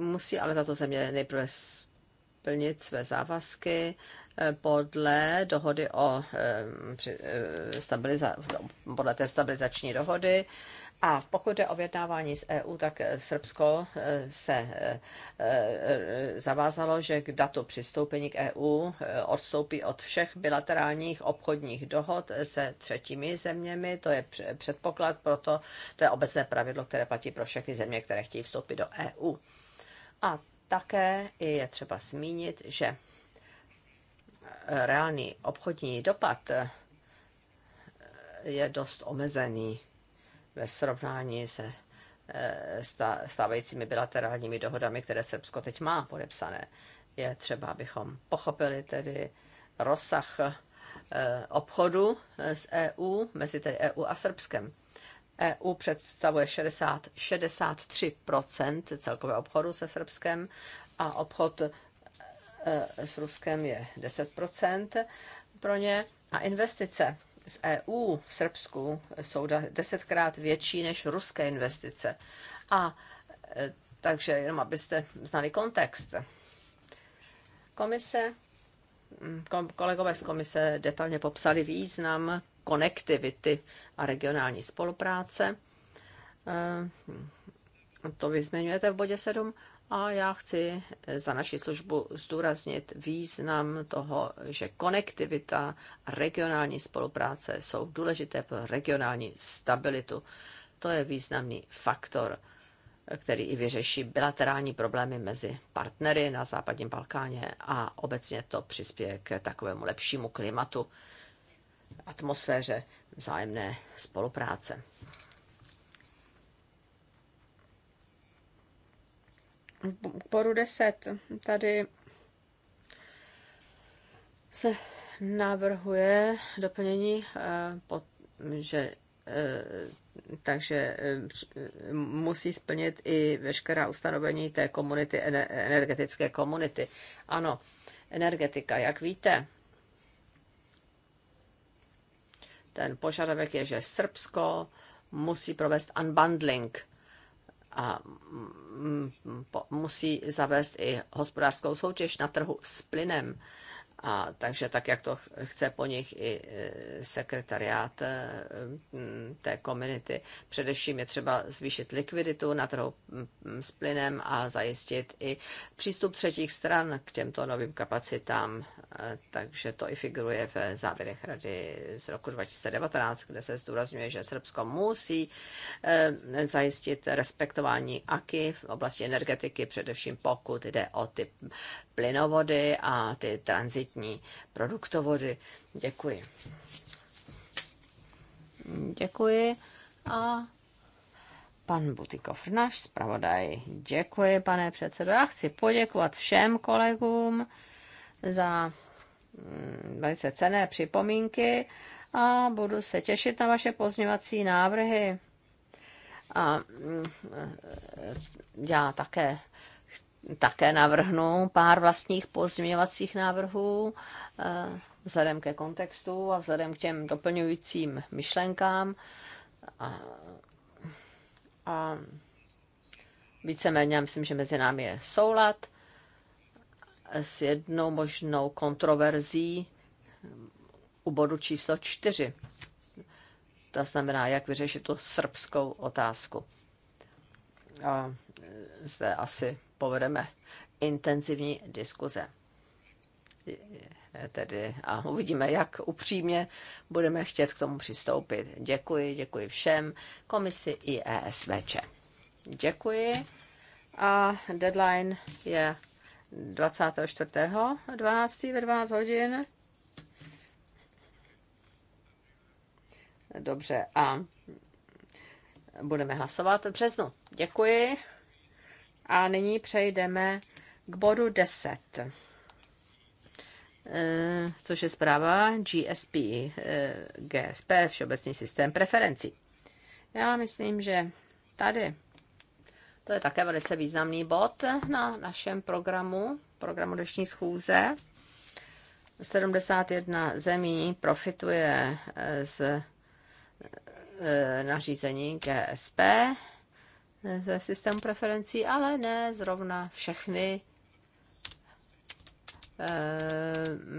musí ale tato země nejprve splnit své závazky e, podle dohody o, e, e, podle té stabilizační dohody a pokud jde o vyjednávání z EU, tak eh, Srbsko eh, se eh, zavázalo, že k datu přistoupení k EU odstoupí od všech bilaterálních obchodních dohod se třetími zeměmi. To je předpoklad pro to, to je obecné pravidlo, které platí pro všechny země, které chtějí vstoupit do EU. A také je třeba zmínit, že reálný obchodní dopad je dost omezený ve srovnání se eh, stávajícími bilaterálními dohodami, které Srbsko teď má podepsané. Je třeba, abychom pochopili tedy rozsah eh, obchodu eh, s EU, mezi tedy EU a Srbskem. EU představuje 60, 63 celkového obchodu se Srbskem a obchod s Ruskem je 10 pro ně. A investice z EU v Srbsku jsou desetkrát větší než ruské investice. A e, takže jenom abyste znali kontext. Komise, kolegové z komise detailně popsali význam konektivity a regionální spolupráce. E, to vy zmiňujete v bodě 7 a já chci eh, za naši službu zdůraznit význam toho, že konektivita a regionální spolupráce jsou důležité pro regionální stabilitu. To je významný faktor, který i vyřeší bilaterální problémy mezi partnery na západním Balkáně a obecně to přispěje k takovému lepšímu klimatu, atmosféře vzájemné spolupráce. Poru 10 tady se navrhuje doplnění, eh, že eh, takže eh, musí splnit i veškerá ustanovení té komunity, energetické komunity. Ano, energetika, jak víte, ten požadavek je, že Srbsko musí provést unbundling a mm, musí zavést i hospodářskou soutěž na trhu s plynem. A takže tak, jak to chce po nich i e, sekretariát e, té komunity. Především je třeba zvýšit likviditu na trhu s plynem a zajistit i přístup třetích stran k těmto novým kapacitám Eh, takže to i figuruje v závěrech rady z roku 2019, kde se zdůrazňuje, že Srbsko musí eh, zajistit respektování AKI v oblasti energetiky, především pokud jde o ty plynovody a ty transitní produktovody. Děkuji. Děkuji. A pan Butikov, náš zpravodaj. Děkuji, pane předsedo. Já chci poděkovat všem kolegům, za mm, velice cené připomínky a budu se těšit na vaše pozněvací návrhy. A mm, já také, také navrhnu pár vlastních pozměňovacích návrhů eh, vzhledem ke kontextu a vzhledem k těm doplňujícím myšlenkám. A, a víceméně myslím, že mezi námi je soulad s jednou možnou kontroverzí u bodu číslo čtyři. To znamená, jak vyřešit tu srbskou otázku. A zde asi povedeme intenzivní diskuze. Tedy a uvidíme, jak upřímně budeme chtět k tomu přistoupit. Děkuji, děkuji všem komisi i ESVČ. Děkuji a deadline je 24.12. ve 12 hodin. Dobře, a budeme hlasovat v březnu. Děkuji. A nyní přejdeme k bodu 10, eh, což je zpráva GSP, eh, GSP, Všeobecný systém preferencí. Já myslím, že tady to je také velice významný bod na našem programu, programu dnešní schůze. 71 zemí profituje eh, z eh, nařízení GSP, eh, ze systému preferencí, ale ne zrovna všechny,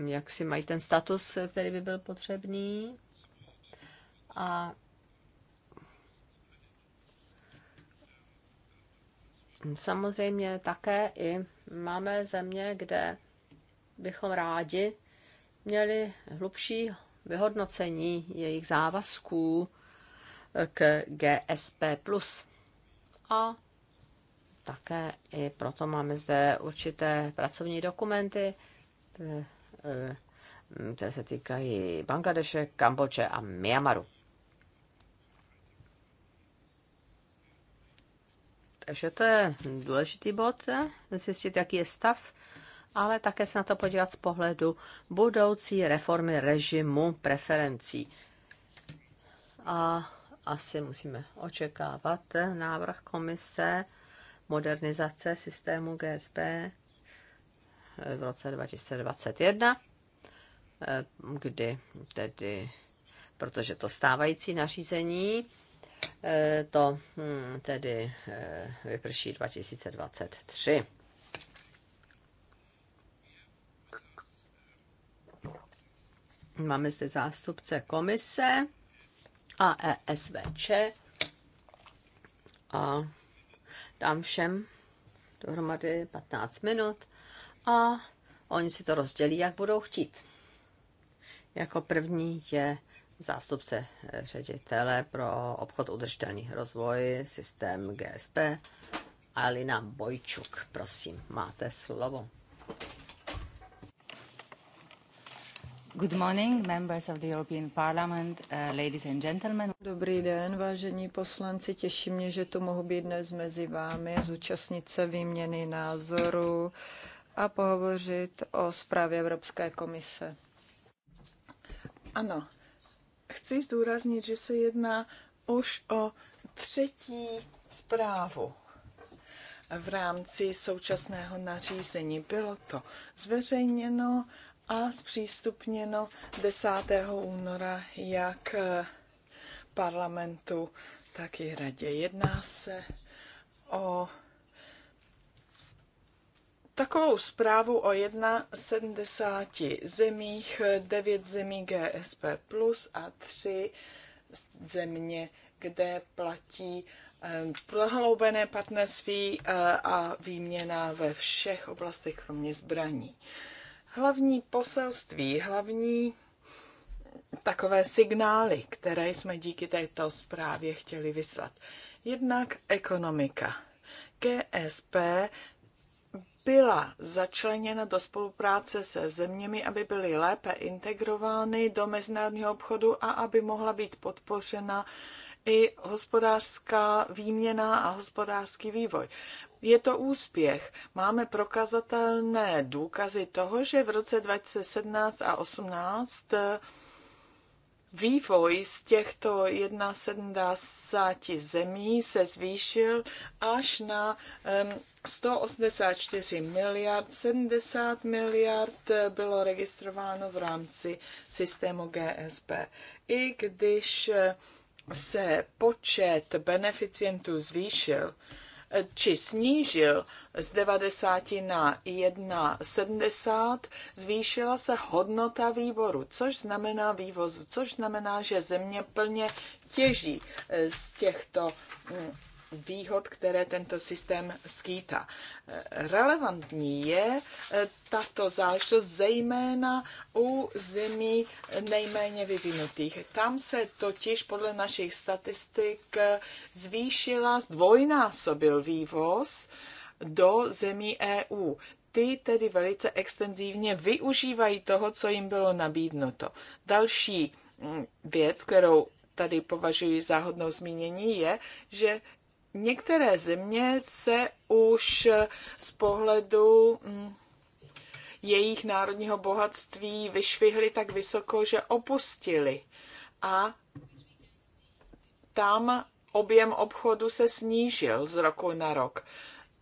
jak si mají ten status, který by byl potřebný. A Samozřejmě také i máme země, kde bychom rádi měli hlubší vyhodnocení jejich závazků k GSP+. A také i proto máme zde určité pracovní dokumenty, které eh, se týkají Bangladeše, Kambodže a Myanmaru. Takže to je důležitý bod, eh, zjistit, jaký je stav, ale také se na to podívat z pohledu budoucí reformy režimu preferencí. A asi musíme očekávat eh, návrh komise modernizace systému GSP eh, v roce 2021, kdy tedy, protože to stávající nařízení Eh, to hm, tedy eh, vyprší 2023. Máme zde zástupce komise a ESVČ a dám všem dohromady 15 minut a oni si to rozdělí, jak budou chtít. Jako první je zástupce eh, ředitele pro obchod udržitelný rozvoj, systém GSP, Alina Bojčuk. Prosím, máte slovo. Good morning, members of the European Parliament, uh, ladies and gentlemen. Dobrý den, vážení poslanci. Těší mě, že tu mohu být dnes mezi vámi, zúčastnit se výměny názoru a pohovořit o zprávě Evropské komise. Ano, Chci zdůraznit, že se jedná už o třetí zprávu v rámci současného nařízení. Bylo to zveřejněno a zpřístupněno 10. února jak eh, parlamentu, tak i radě. Jedná se o Takovou zprávu o 1,70 zemích, 9 zemí GSP plus a 3 země, kde platí eh, prohloubené partnerství eh, a výměna ve všech oblastech, kromě zbraní. Hlavní poselství, hlavní takové signály, které jsme díky této zprávě chtěli vyslat. Jednak ekonomika. GSP byla začleněna do spolupráce se zeměmi, aby byly lépe integrovány do mezinárodního obchodu a aby mohla být podpořena i hospodářská výměna a hospodářský vývoj. Je to úspěch. Máme prokazatelné důkazy toho, že v roce 2017 a 2018 eh, vývoj z těchto 1,70 zemí se zvýšil až na 184 miliard, 70 miliard bylo registrováno v rámci systému GSP. I když se počet beneficientů zvýšil, či snížil z 90 na 1,70, zvýšila se hodnota vývoru, což znamená vývozu, což znamená, že země plně těží z těchto výhod, které tento systém skýtá. Relevantní je eh, tato záležitost zejména u zemí nejméně vyvinutých. Tam se totiž podle našich statistik eh, zvýšila, zdvojnásobil vývoz do zemí EU ty tedy velice extenzívně využívají toho, co jim bylo nabídnuto. Další mm, věc, kterou tady považuji za hodnou zmínění, je, že Některé země se už z pohledu mm, jejich národního bohatství vyšvihly tak vysoko, že opustili. A tam objem obchodu se snížil z roku na rok.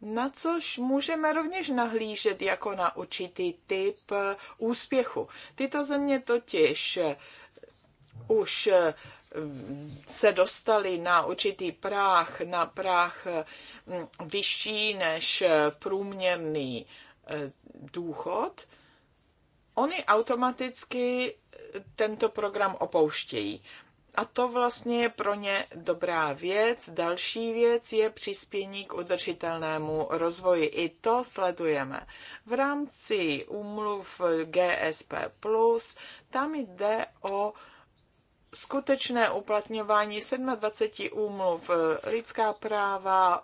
Na což můžeme rovněž nahlížet jako na určitý typ eh, úspěchu. Tyto země totiž eh, už eh, se dostali na určitý práh, na práh mm, vyšší než průměrný e, důchod, oni automaticky tento program opouštějí. A to vlastně je pro ně dobrá věc. Další věc je přispění k udržitelnému rozvoji. I to sledujeme. V rámci úmluv GSP, tam jde o skutečné uplatňování 27 úmluv, lidská práva,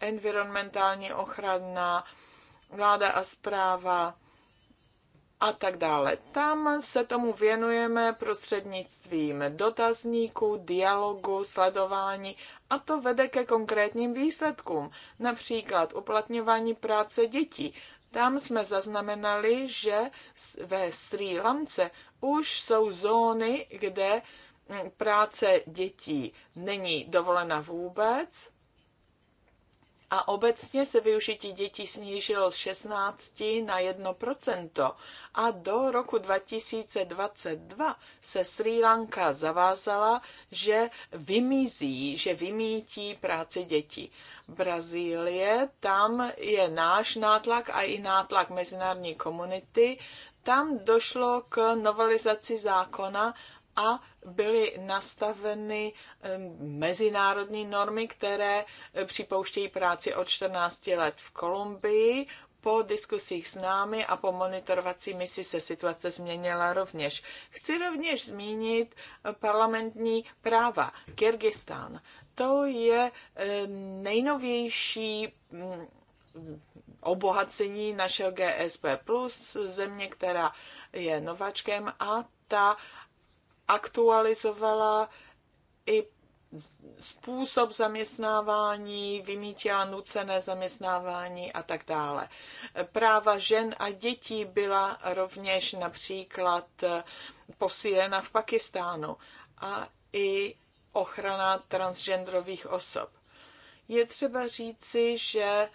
environmentální ochrana, vláda a zpráva a tak dále. Tam se tomu věnujeme prostřednictvím dotazníků, dialogu, sledování a to vede ke konkrétním výsledkům, například uplatňování práce dětí. Tam jsme zaznamenali, že ve Sri Lance už jsou zóny, kde mm, práce dětí není dovolena vůbec a obecně se využití dětí snížilo z 16 na 1% a do roku 2022 se Sri Lanka zavázala, že vymizí, že vymítí práci dětí. Brazílie, tam je náš nátlak a i nátlak mezinárodní komunity tam došlo k novelizaci zákona a byly nastaveny mezinárodní normy, které eh, připouštějí práci od 14 let v Kolumbii. Po diskusích s námi a po monitorovací misi se situace změnila rovněž. Chci rovněž zmínit eh, parlamentní práva. Kyrgyzstán. To je eh, nejnovější mm, obohacení našeho GSP+, plus země, která je nováčkem a ta aktualizovala i způsob zaměstnávání, vymítila nucené zaměstnávání a tak dále. Práva žen a dětí byla rovněž například posílena v Pakistánu a i ochrana transgenderových osob. Je třeba říci, že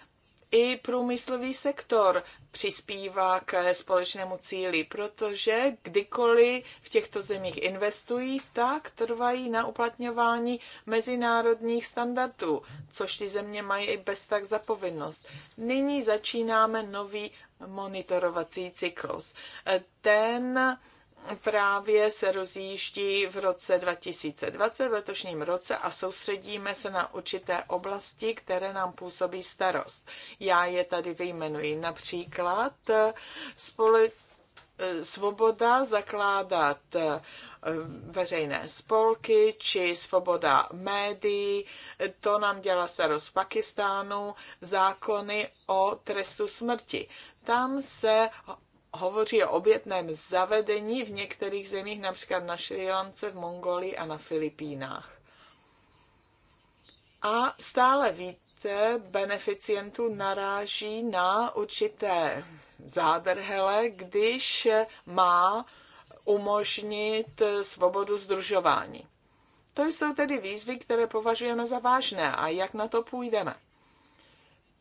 i průmyslový sektor přispívá k společnému cíli, protože kdykoliv v těchto zemích investují, tak trvají na uplatňování mezinárodních standardů, což ty země mají i bez tak za povinnost. Nyní začínáme nový monitorovací cyklus. Ten právě se rozjíždí v roce 2020, v letošním roce, a soustředíme se na určité oblasti, které nám působí starost. Já je tady vyjmenuji. Například eh, spole- eh, svoboda zakládat eh, veřejné spolky či svoboda médií. To nám dělá starost v Pakistánu, zákony o trestu smrti. Tam se hovoří o obětném zavedení v některých zemích, například na Šri v Mongolii a na Filipínách. A stále více beneficientů naráží na určité zádrhele, když má umožnit svobodu združování. To jsou tedy výzvy, které považujeme za vážné a jak na to půjdeme.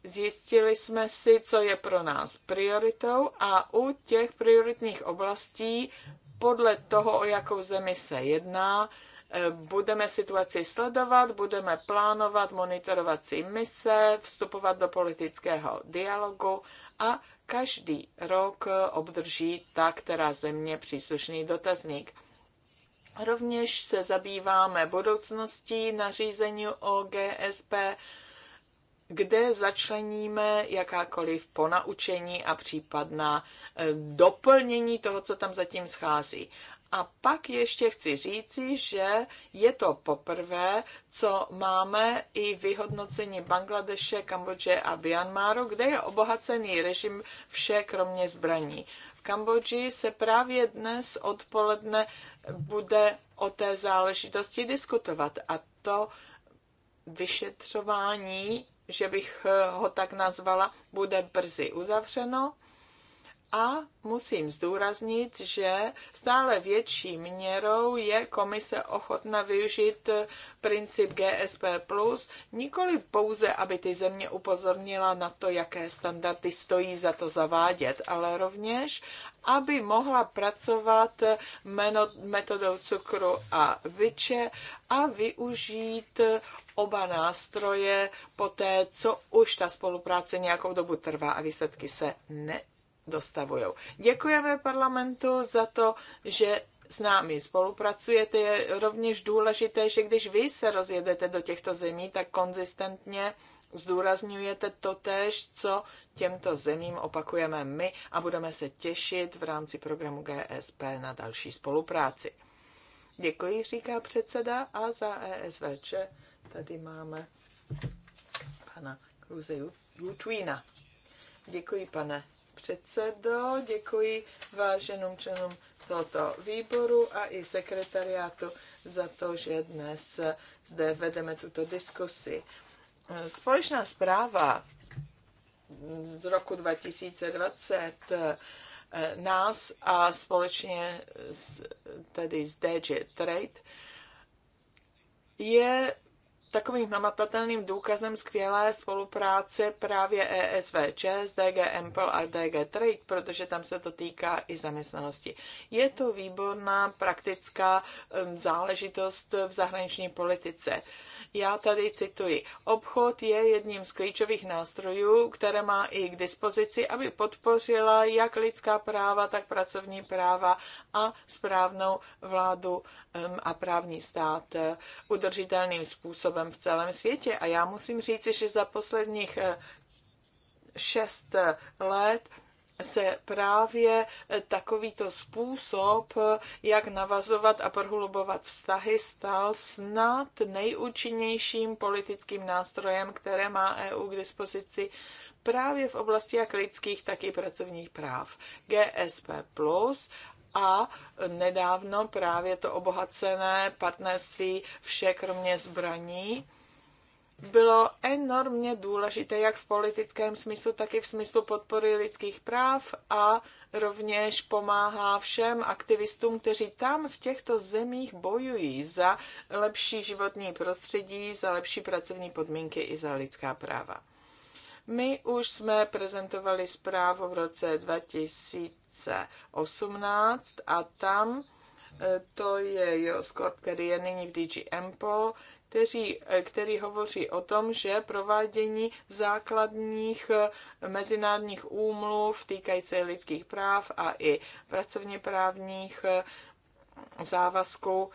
Zjistili jsme si, co je pro nás prioritou a u těch prioritních oblastí podle toho, o jakou zemi se jedná, eh, budeme situaci sledovat, budeme plánovat monitorovací mise, vstupovat do politického dialogu a každý rok obdrží ta, která země příslušný dotazník. Rovněž se zabýváme budoucností nařízení o GSP, kde začleníme jakákoliv ponaučení a případná eh, doplnění toho, co tam zatím schází. A pak ještě chci říci, že je to poprvé, co máme i vyhodnocení Bangladeše, Kambodže a Myanmaru, kde je obohacený režim vše kromě zbraní. V Kambodži se právě dnes odpoledne bude o té záležitosti diskutovat a to vyšetřování, že bych ho tak nazvala, bude brzy uzavřeno a musím zdůraznit, že stále větší měrou je komise ochotna využít princip GSP+, nikoli pouze, aby ty země upozornila na to, jaké standardy stojí za to zavádět, ale rovněž, aby mohla pracovat metodou cukru a vyče a využít oba nástroje po té, co už ta spolupráce nějakou dobu trvá a výsledky se ne, dostavují. Děkujeme parlamentu za to, že s námi spolupracujete. Je rovněž důležité, že když vy se rozjedete do těchto zemí, tak konzistentně zdůrazňujete to tež, co těmto zemím opakujeme my a budeme se těšit v rámci programu GSP na další spolupráci. Děkuji, říká předseda a za ESVČ tady máme pana Kruze Jutvína. Děkuji, pane předsedo, děkuji váženým členům tohoto výboru a i sekretariátu za to, že dnes zde vedeme tuto diskusi. Společná zpráva z roku 2020 eh, nás a společně s, tedy s DG Trade je Takovým hmatatelným důkazem skvělé spolupráce právě ESVČ s DG a DG Trade, protože tam se to týká i zaměstnanosti. Je to výborná praktická um, záležitost v zahraniční politice. Já tady cituji. Obchod je jedním z klíčových nástrojů, které má i k dispozici, aby podpořila jak lidská práva, tak pracovní práva a správnou vládu a právní stát eh, udržitelným způsobem v celém světě. A já musím říci, že za posledních eh, šest eh, let se právě eh, takovýto způsob, eh, jak navazovat a prohlubovat vztahy, stal snad nejúčinnějším politickým nástrojem, které má EU k dispozici právě v oblasti jak lidských, tak i pracovních práv. GSP Plus a nedávno právě to obohacené partnerství vše kromě zbraní bylo enormně důležité, jak v politickém smyslu, tak i v smyslu podpory lidských práv a rovněž pomáhá všem aktivistům, kteří tam v těchto zemích bojují za lepší životní prostředí, za lepší pracovní podmínky i za lidská práva. My už jsme prezentovali zprávu v roce 2018 a tam eh, to je Joskot, který je nyní v DG Empol, kteří, eh, který hovoří o tom, že provádění základních eh, mezinárodních úmluv týkající lidských práv a i pracovně právních eh, závazků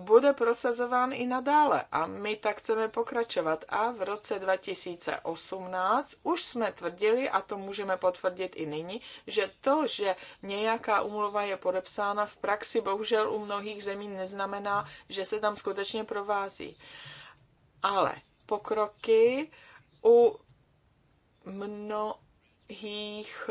bude prosazován i nadále a my tak chceme pokračovat. A v roce 2018 už jsme tvrdili, a to můžeme potvrdit i nyní, že to, že nějaká umluva je podepsána v praxi, bohužel u mnohých zemí neznamená, že se tam skutečně provází. Ale pokroky u mnohých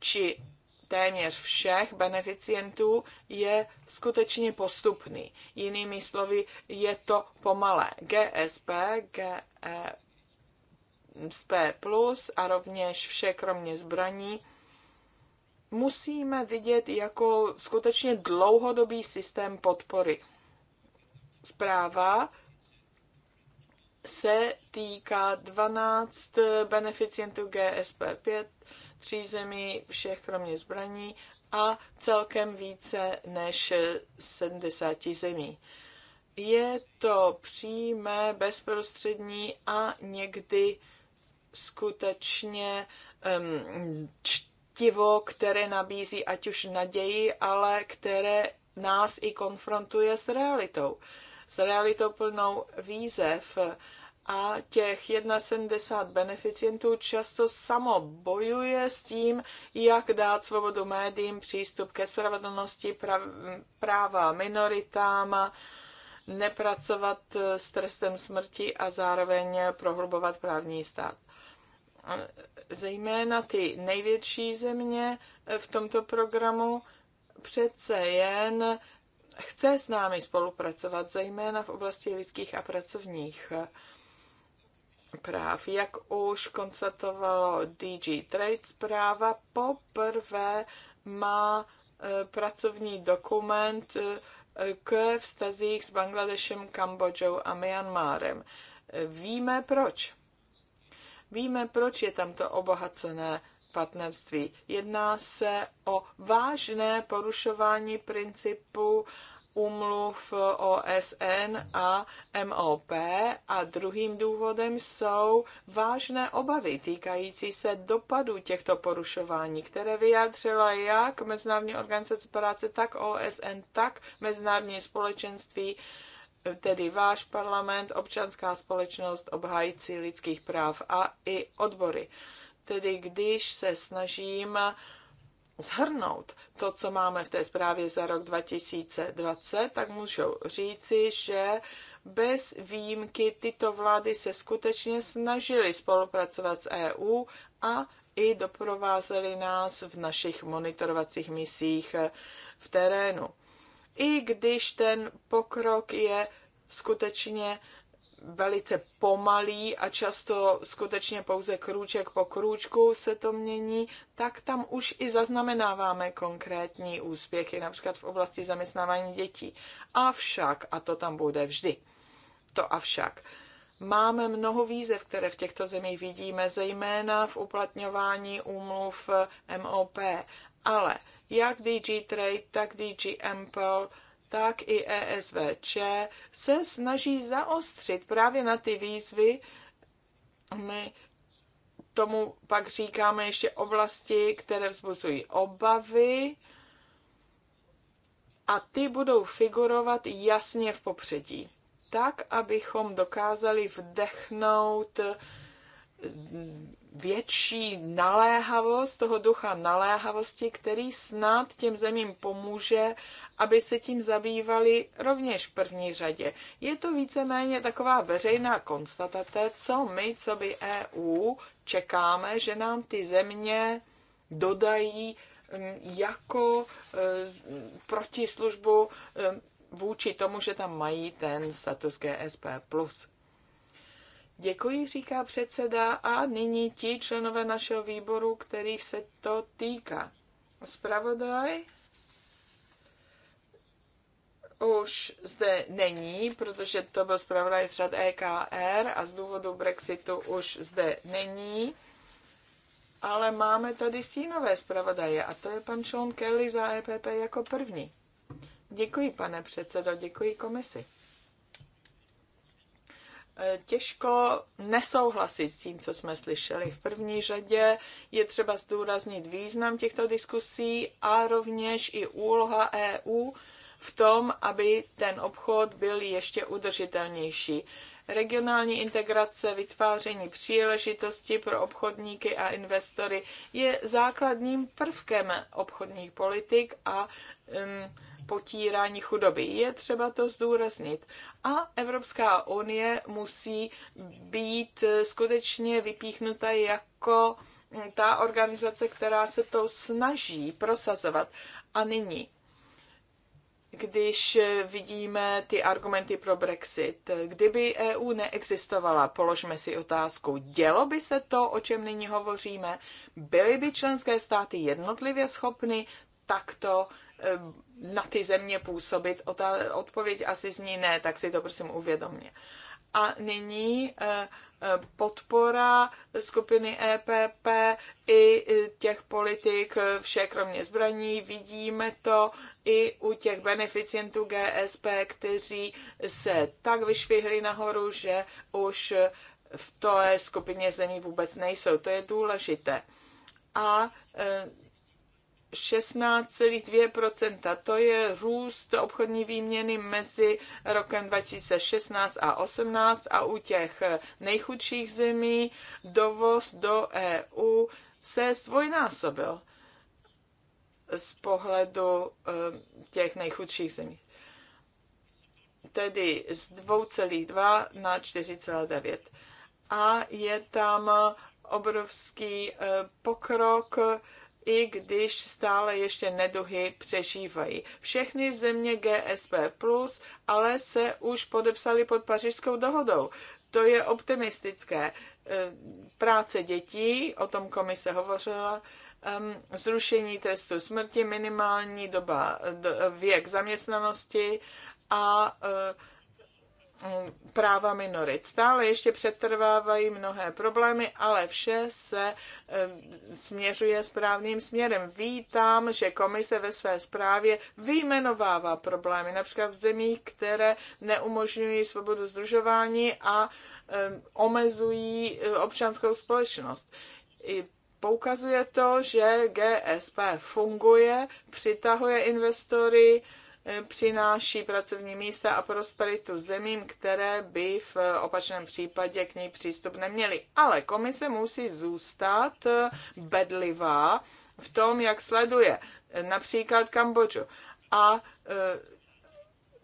či téměř všech beneficientů je skutečně postupný. Jinými slovy, je to pomalé. GSP, GSP e plus a rovněž vše kromě zbraní musíme vidět jako skutečně dlouhodobý systém podpory. Zpráva se týká 12 beneficientů GSP 5, tří zemí, všech kromě zbraní, a celkem více než 70 zemí. Je to přímé, bezprostřední a někdy skutečně um, čtivo, které nabízí ať už naději, ale které nás i konfrontuje s realitou. S realitou plnou výzev, a těch 71 beneficientů často samo bojuje s tím, jak dát svobodu médiím, přístup ke spravedlnosti, práva minoritám, nepracovat s trestem smrti a zároveň prohlubovat právní stát. Zejména ty největší země v tomto programu přece jen chce s námi spolupracovat, zejména v oblasti lidských a pracovních práv. Jak už konstatovalo DG Trade zpráva, poprvé má e, pracovní dokument e, k vztazích s Bangladešem, Kambodžou a Myanmarem. E, víme proč. Víme, proč je tam to obohacené partnerství. Jedná se o vážné porušování principu umluv OSN a MOP a druhým důvodem jsou vážné obavy týkající se dopadů těchto porušování, které vyjádřila jak Mezinárodní organizace práce, tak OSN, tak Mezinárodní společenství, tedy váš parlament, občanská společnost, obhájci lidských práv a i odbory. Tedy když se snažím zhrnout to, co máme v té zprávě za rok 2020, tak můžu říci, že bez výjimky tyto vlády se skutečně snažily spolupracovat s EU a i doprovázely nás v našich monitorovacích misích v terénu. I když ten pokrok je skutečně velice pomalý a často skutečně pouze krůček po krůčku se to mění, tak tam už i zaznamenáváme konkrétní úspěchy, například v oblasti zaměstnávání dětí. Avšak, a to tam bude vždy, to avšak, Máme mnoho výzev, které v těchto zemích vidíme, zejména v uplatňování úmluv MOP, ale jak DG Trade, tak DG Ample tak i ESVČ se snaží zaostřit právě na ty výzvy. My tomu pak říkáme ještě oblasti, které vzbuzují obavy a ty budou figurovat jasně v popředí. Tak, abychom dokázali vdechnout větší naléhavost, toho ducha naléhavosti, který snad těm zemím pomůže, aby se tím zabývali rovněž v první řadě. Je to víceméně taková veřejná konstatace, co my, co by EU, čekáme, že nám ty země dodají mm, jako e, protislužbu e, vůči tomu, že tam mají ten status GSP+. Děkuji, říká předseda, a nyní ti členové našeho výboru, kterých se to týká. Spravodaj? už zde není, protože to byl zpravodaj z řad EKR a z důvodu Brexitu už zde není. Ale máme tady stínové zpravodaje a to je pan Sean Kelly za EPP jako první. Děkuji, pane předsedo, děkuji komisi. E, těžko nesouhlasit s tím, co jsme slyšeli. V první řadě je třeba zdůraznit význam těchto diskusí a rovněž i úloha EU v tom, aby ten obchod byl ještě udržitelnější. Regionální integrace, vytváření příležitosti pro obchodníky a investory je základním prvkem obchodních politik a um, potírání chudoby. Je třeba to zdůraznit. A Evropská unie musí být skutečně vypíchnuta jako um, ta organizace, která se to snaží prosazovat. A nyní když vidíme ty argumenty pro Brexit. Kdyby EU neexistovala, položme si otázku, dělo by se to, o čem nyní hovoříme? Byly by členské státy jednotlivě schopny takto eh, na ty země působit? Odpověď asi zní ne, tak si to prosím uvědomně. A nyní uh, podpora skupiny EPP i těch politik vše kromě zbraní. Vidíme to i u těch beneficientů GSP, kteří se tak vyšvihli nahoru, že už v té skupině zemí vůbec nejsou. To je důležité. A e, 16,2%. To je růst obchodní výměny mezi rokem 2016 a 18 a u těch nejchudších zemí dovoz do EU se zdvojnásobil z pohledu eh, těch nejchudších zemí. Tedy z 2,2 na 4,9. A je tam obrovský eh, pokrok i když stále ještě neduhy přežívají. Všechny země GSP+, ale se už podepsali pod pařížskou dohodou. To je optimistické. E, práce dětí, o tom komise hovořila, zrušení trestu smrti, minimální doba, e, věk zaměstnanosti a uh, Mm, práva minorit. Stále ještě přetrvávají mnohé problémy, ale vše se mm, směřuje správným směrem. Vítám, že komise ve své zprávě vyjmenovává problémy, například v zemích, které neumožňují svobodu združování a mm, omezují e, občanskou společnost. I poukazuje to, že GSP funguje, přitahuje investory, přináší pracovní místa a prosperitu zemím, které by v opačném případě k ní přístup neměly. Ale komise musí zůstat bedlivá v tom, jak sleduje například Kambodžu. A e,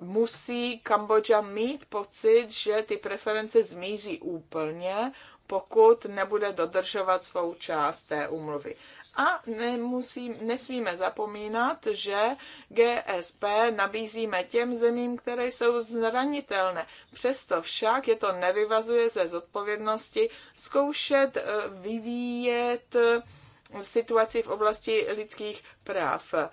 musí Kambodža mít pocit, že ty preference zmizí úplně, pokud nebude dodržovat svou část té umluvy. A nemusí, nesmíme zapomínat, že GSP nabízíme těm zemím, které jsou zranitelné. Přesto však je to nevyvazuje ze zodpovědnosti zkoušet eh, vyvíjet situaci v oblasti lidských práv. E,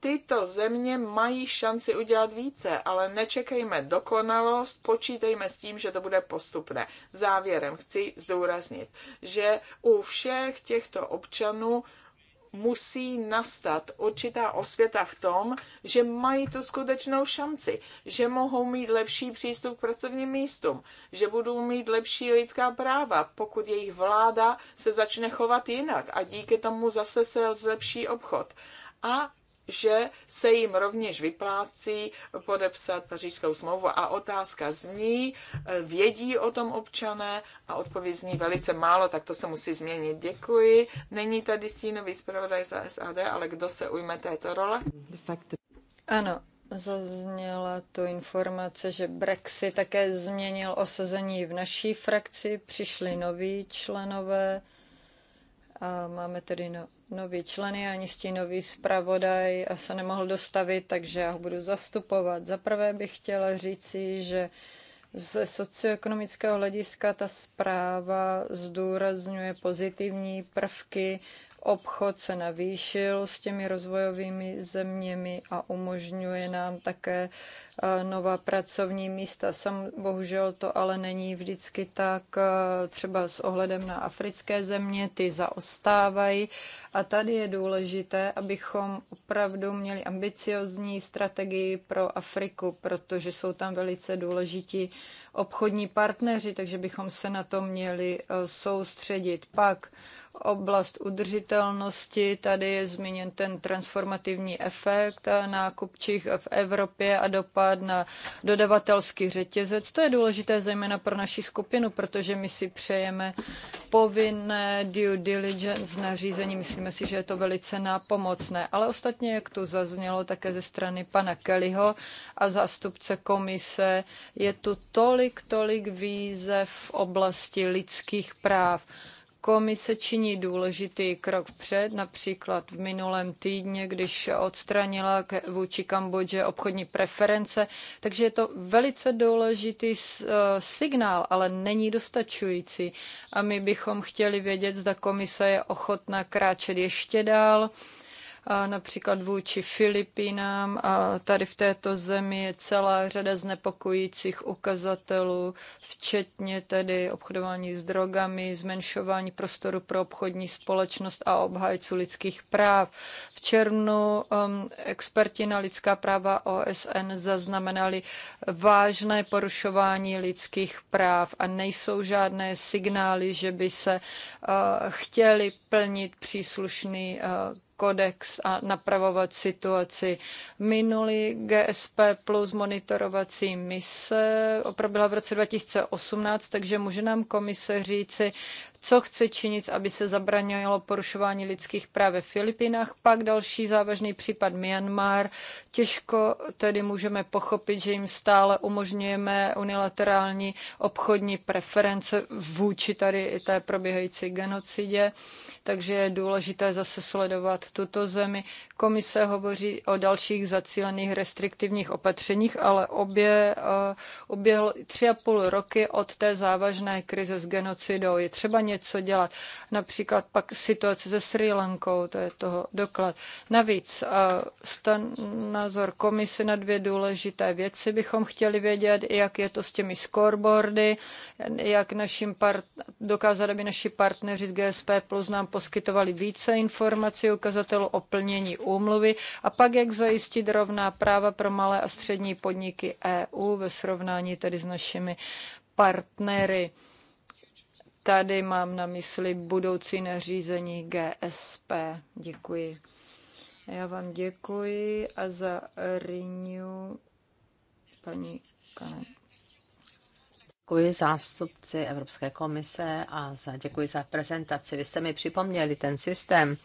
tyto země mají šanci udělat více, ale nečekejme dokonalost, počítejme s tím, že to bude postupné. Závěrem chci zdůraznit, že u všech těchto občanů musí nastat určitá osvěta v tom, že mají tu skutečnou šanci, že mohou mít lepší přístup k pracovním místům, že budou mít lepší lidská práva, pokud jejich vláda se začne chovat jinak a díky tomu zase se zlepší obchod. A že se jim rovněž vyplácí podepsat pařížskou smlouvu. A otázka zní, vědí o tom občané a odpověď zní velice málo, tak to se musí změnit. Děkuji. Není tady stínový zpravodaj za SAD, ale kdo se ujme této role? Ano, zazněla tu informace, že Brexit také změnil osazení v naší frakci, přišli noví členové Máme tedy no, nový členy, ani nový zpravodaj a se nemohl dostavit, takže já ho budu zastupovat. Za prvé bych chtěla říci, že z socioekonomického hlediska ta zpráva zdůrazňuje pozitivní prvky Obchod se navýšil s těmi rozvojovými zeměmi a umožňuje nám také eh, nová pracovní místa. Sam, bohužel to ale není vždycky tak, eh, třeba s ohledem na africké země, ty zaostávají. A tady je důležité, abychom opravdu měli ambiciozní strategii pro Afriku, protože jsou tam velice důležití obchodní partneři, takže bychom se na to měli eh, soustředit. Pak oblast udržitelnosti, tady je zmíněn ten transformativní efekt nákupčích v Evropě a dopad na dodavatelský řetězec. To je důležité zejména pro naši skupinu, protože my si přejeme povinné due diligence nařízení. Myslíme si, že je to velice nápomocné. Ale ostatně, jak tu zaznělo také ze strany pana Kellyho a zástupce komise, je tu tolik, tolik výzev v oblasti lidských práv. Komise činí důležitý krok vpřed, například v minulém týdně, když odstranila vůči Kambodži obchodní preference, takže je to velice důležitý eh, signál, ale není dostačující. A my bychom chtěli vědět, zda komise je ochotná kráčet ještě dál například vůči Filipínám. tady v této zemi je celá řada znepokojících ukazatelů, včetně tedy obchodování s drogami, zmenšování prostoru pro obchodní společnost a obhájců lidských práv. V červnu um, experti na lidská práva OSN zaznamenali vážné porušování lidských práv a nejsou žádné signály, že by se uh, chtěli plnit příslušný uh, kodex a napravovat situaci. Minulý GSP plus monitorovací mise proběhla v roce 2018, takže může nám komise říci, co chce činit, aby se zabraňovalo porušování lidských práv ve Filipinách. Pak další závažný případ Myanmar. Těžko tedy můžeme pochopit, že jim stále umožňujeme unilaterální obchodní preference vůči tady i té probíhající genocidě, takže je důležité zase sledovat tuto zemi. Komise hovoří o dalších zacílených restriktivních opatřeních, ale obě, eh, oběhlo tři a půl roky od té závažné krize s genocidou. Je třeba něco dělat. Například pak situace se Sri Lankou, to je toho doklad. Navíc eh, stan, názor komise na dvě důležité věci bychom chtěli vědět, jak je to s těmi scoreboardy, jak našim part, dokázat, aby naši partneři z GSP Plus nám poskytovali více informací ukazatelů o plnění úmluvy a pak jak zajistit rovná práva pro malé a střední podniky EU ve srovnání tedy s našimi partnery. Tady mám na mysli budoucí nařízení GSP. Děkuji. Já vám děkuji a za Renew paní Kanek. Děkuji zástupci Evropské komise a za, děkuji za prezentaci. Vy jste mi připomněli ten systém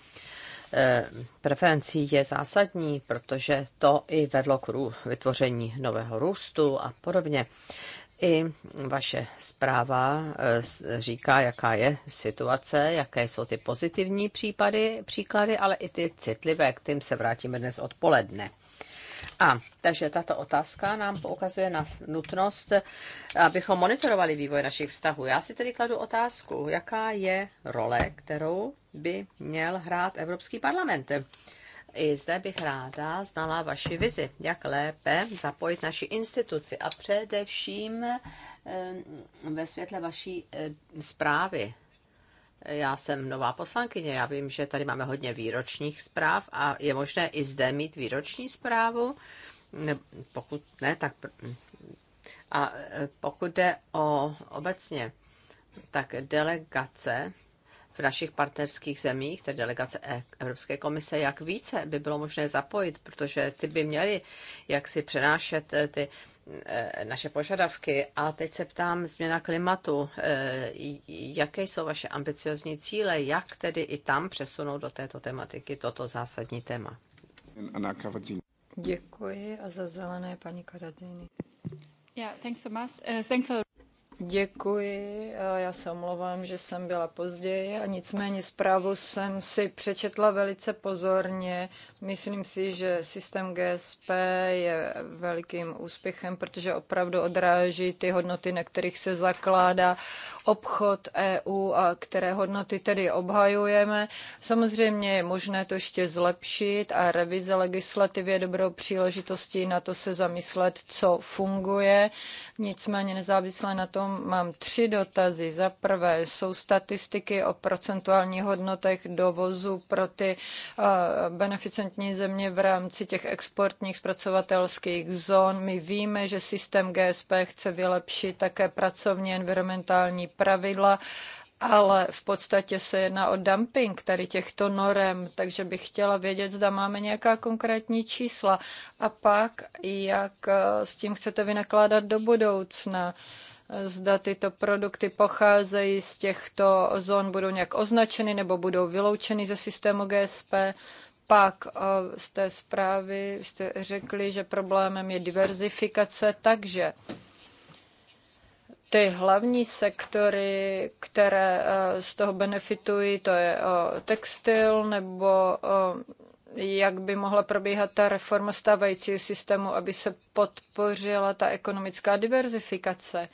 Eh, preferencí je zásadní, protože to i vedlo k vytvoření nového růstu a podobně. I vaše zpráva eh, říká, jaká je situace, jaké jsou ty pozitivní případy, příklady, ale i ty citlivé, k tým se vrátíme dnes odpoledne. A takže tato otázka nám poukazuje na nutnost, abychom monitorovali vývoj našich vztahů. Já si tedy kladu otázku, jaká je role, kterou by měl hrát Evropský parlament. I zde bych ráda znala vaši vizi, jak lépe zapojit naši instituci a především eh, ve světle vaší eh, zprávy já jsem nová poslankyně, já vím, že tady máme hodně výročních zpráv a je možné i zde mít výroční zprávu, ne, pokud ne, tak hm. a e, pokud jde o obecně, tak delegace v našich partnerských zemích, tedy delegace e- Evropské komise, jak více by bylo možné zapojit, protože ty by měly jak si přenášet e, ty Eh, naše požadavky. A teď se ptám změna klimatu. Eh, jaké jsou vaše ambiciozní cíle? Jak tedy i tam přesunout do této tematiky toto zásadní téma? Děkuji a za zelené paní Karadzini. thanks for... Eh, Děkuji, já se omlouvám, že jsem byla později a nicméně zprávu jsem si přečetla velice pozorně Myslím si, že systém GSP je velikým úspěchem, protože opravdu odráží ty hodnoty, na kterých se zakládá obchod EU a které hodnoty tedy obhajujeme. Samozřejmě je možné to ještě zlepšit a revize legislativy je dobrou příležitostí na to se zamyslet, co funguje. Nicméně nezávisle na tom mám tři dotazy. Za prvé jsou statistiky o procentuálních hodnotách dovozu pro ty eh, beneficenty relevantní země v rámci těch exportních zpracovatelských zón. My víme, že systém GSP chce vylepšit také pracovní environmentální pravidla, ale v podstatě se jedná o dumping tady těchto norem, takže bych chtěla vědět, zda máme nějaká konkrétní čísla a pak, jak eh, s tím chcete vynakládat do budoucna zda tyto produkty pocházejí z těchto zón, budou nějak označeny nebo budou vyloučeny ze systému GSP. Pak eh, z té zprávy jste řekli, že problémem je diverzifikace, takže ty hlavní sektory, které eh, z toho benefitují, to je eh, textil nebo jak by mohla probíhat ta reforma stávajícího systému, aby se podpořila ta ekonomická diverzifikace.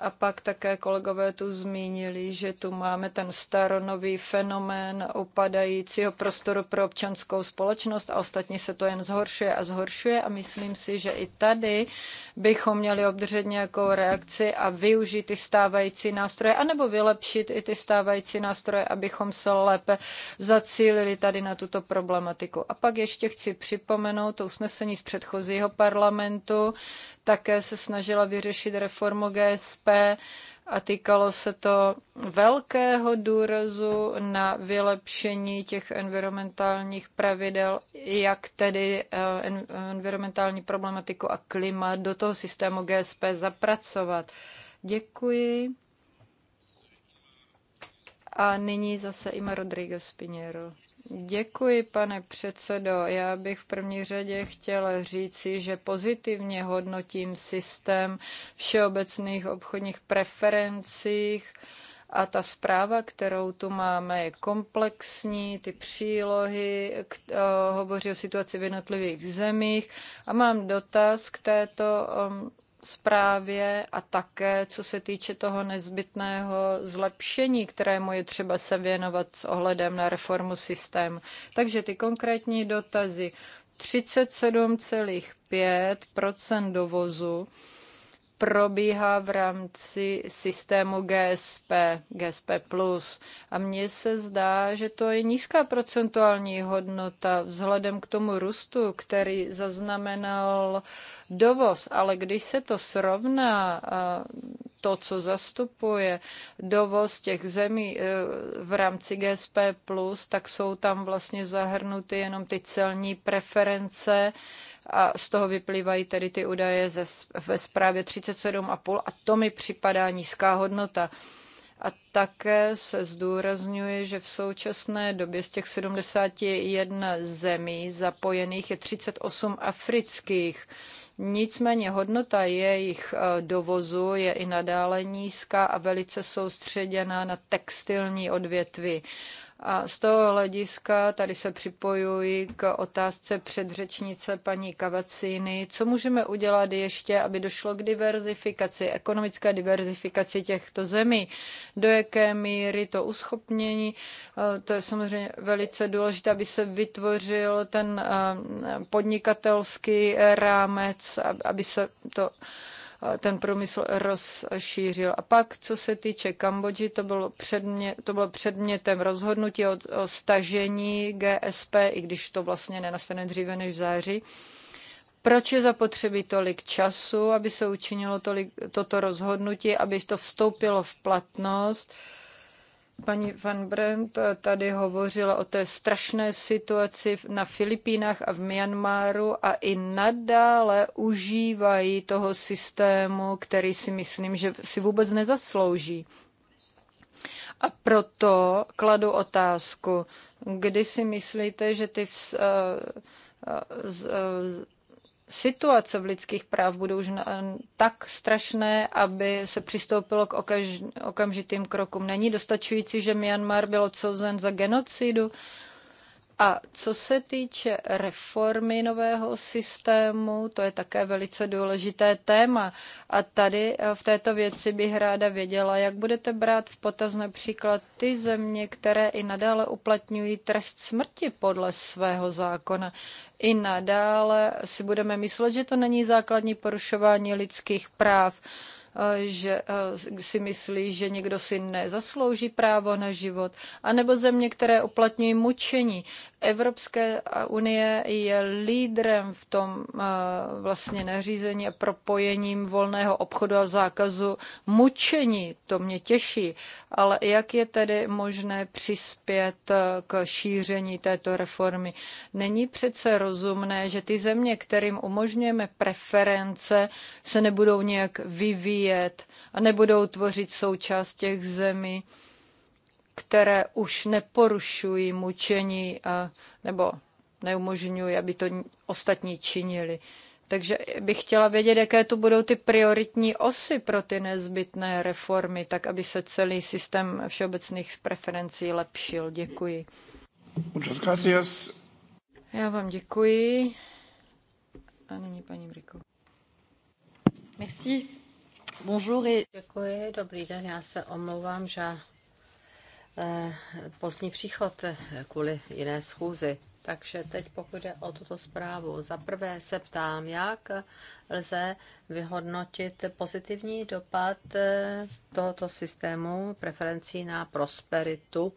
A pak také kolegové tu zmínili, že tu máme ten staronový fenomén upadajícího prostoru pro občanskou společnost a ostatně se to jen zhoršuje a zhoršuje a myslím si, že i tady bychom měli obdržet nějakou reakci a využít ty stávající nástroje, anebo vylepšit i ty stávající nástroje, abychom se lépe zacílili tady na tuto problematiku. A pak ještě chci připomenout to usnesení z předchozího parlamentu, také se snažila vyřešit reformu GSP, a týkalo se to velkého důrazu na vylepšení těch environmentálních pravidel, jak tedy eh, environmentální problematiku a klima do toho systému GSP zapracovat. Děkuji. A nyní zase Ima Rodrigo Spinero. Děkuji, pane předsedo. Já bych v první řadě chtěl říci, že pozitivně hodnotím systém všeobecných obchodních preferencích a ta zpráva, kterou tu máme, je komplexní, ty přílohy k, o, eh, hovoří o situaci v jednotlivých zemích a mám dotaz k této um, zprávě a také co se týče toho nezbytného zlepšení, kterému je třeba se věnovat s ohledem na reformu systému. Takže ty konkrétní dotazy. 37,5 dovozu probíhá v rámci systému GSP, GSP+. A mně se zdá, že to je nízká procentuální hodnota vzhledem k tomu růstu, který zaznamenal dovoz. Ale když se to srovná, to, co zastupuje dovoz těch zemí e, v rámci GSP+, tak jsou tam vlastně zahrnuty jenom ty celní preference, a z toho vyplývají tedy ty údaje ze, ve zprávě 37,5 a to mi připadá nízká hodnota. A také se zdůrazňuje, že v současné době z těch 71 zemí zapojených je 38 afrických. Nicméně hodnota jejich e, dovozu je i nadále nízká a velice soustředěná na textilní odvětví. A z toho hlediska tady se připojuji k otázce předřečnice paní Kavacíny. Co můžeme udělat ještě, aby došlo k diverzifikaci, ekonomické diverzifikaci těchto zemí? Do jaké míry to uschopnění? Eh, to je samozřejmě velice důležité, aby se vytvořil ten eh, podnikatelský rámec, aby se to Eh, ten průmysl rozšířil. A pak, co se týče Kambodži, to bylo, předmě, to bylo předmětem rozhodnutí o, o stažení GSP, i když to vlastně nenastane dříve než v září. Proč je zapotřebí tolik času, aby se učinilo tolik, toto rozhodnutí, aby to vstoupilo v platnost? Uh, Paní Van Brent tady hovořila o té strašné situaci na Filipínách a v Myanmaru a i nadále užívají toho systému, který si myslím, že si vůbec nezaslouží. A proto kladu otázku, kdy si myslíte, že ty vz, eh, eh, situace v lidských práv budou už tak strašné, aby se přistoupilo k okamžitým krokům. Není dostačující, že Myanmar byl odsouzen za genocidu, a co se týče reformy nového systému, to je také velice důležité téma. A tady eh, v této věci bych ráda věděla, jak budete brát v potaz například ty země, které i nadále uplatňují trest smrti podle svého zákona. I nadále si budeme myslet, že to není základní porušování lidských práv eh, že eh, si myslí, že někdo si nezaslouží právo na život, anebo země, které uplatňují mučení. Evropské unie je lídrem v tom eh, vlastně nařízení a propojením volného obchodu a zákazu mučení. To mě těší. Ale jak je tedy možné přispět eh, k šíření této reformy? Není přece rozumné, že ty země, kterým umožňujeme preference, se nebudou nějak vyvíjet a nebudou tvořit součást těch zemí, které už neporušují mučení a, eh, nebo neumožňují, aby to ostatní činili. Takže bych chtěla vědět, jaké tu budou ty prioritní osy pro ty nezbytné reformy, tak aby se celý systém všeobecných preferencí lepšil. Děkuji. Já vám děkuji. A nyní paní Mriko. Merci. Bonjour. Et... Děkuji, dobrý den, já se omlouvám, že Eh, pozdní příchod eh, kvůli jiné schůzi. Takže teď pokud jde o tuto zprávu, za prvé se ptám, jak lze vyhodnotit pozitivní dopad eh, tohoto systému preferencí na prosperitu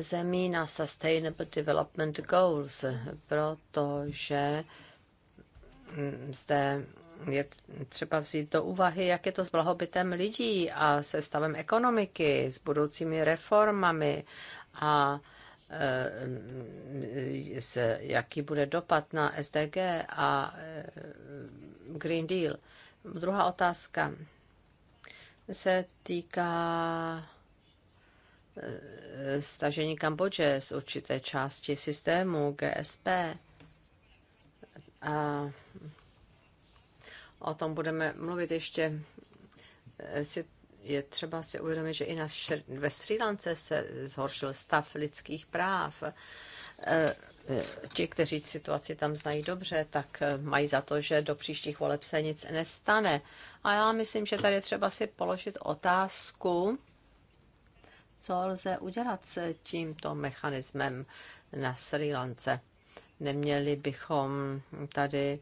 zemí na Sustainable Development Goals, protože mm, zde je třeba vzít do úvahy, jak je to s blahobytem lidí a se stavem ekonomiky, s budoucími reformami a e, s, jaký bude dopad na SDG a e, Green Deal. Druhá otázka se týká e, stažení Kambodže z určité části systému GSP. A o tom budeme mluvit ještě, e, je třeba si uvědomit, že i na šr- ve Sri Lance se zhoršil stav lidských práv. E, ti, kteří situaci tam znají dobře, tak e, mají za to, že do příštích voleb se nic nestane. A já myslím, že tady třeba si položit otázku, co lze udělat s tímto mechanismem na Sri Lance. Neměli bychom tady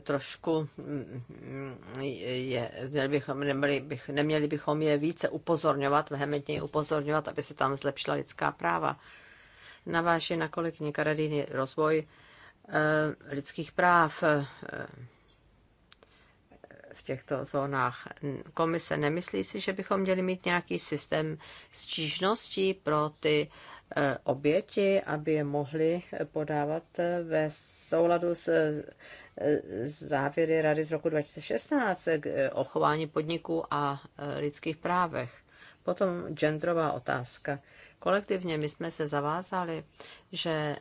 trošku mm, mm, je, měli bychom, neměli, bych, neměli bychom je více upozorňovat, vehementně upozorňovat, aby se tam zlepšila lidská práva. Naváží na kolik Karadiny rozvoj e, lidských práv e, v těchto zónách. Komise nemyslí si, že bychom měli mít nějaký systém stížností pro ty e, Eh, oběti, aby je mohli podávat eh, ve souladu eh, s závěry Rady z roku 2016 o chování podniků a lidských právech. Potom genderová otázka. Kolektivně my jsme se zavázali, že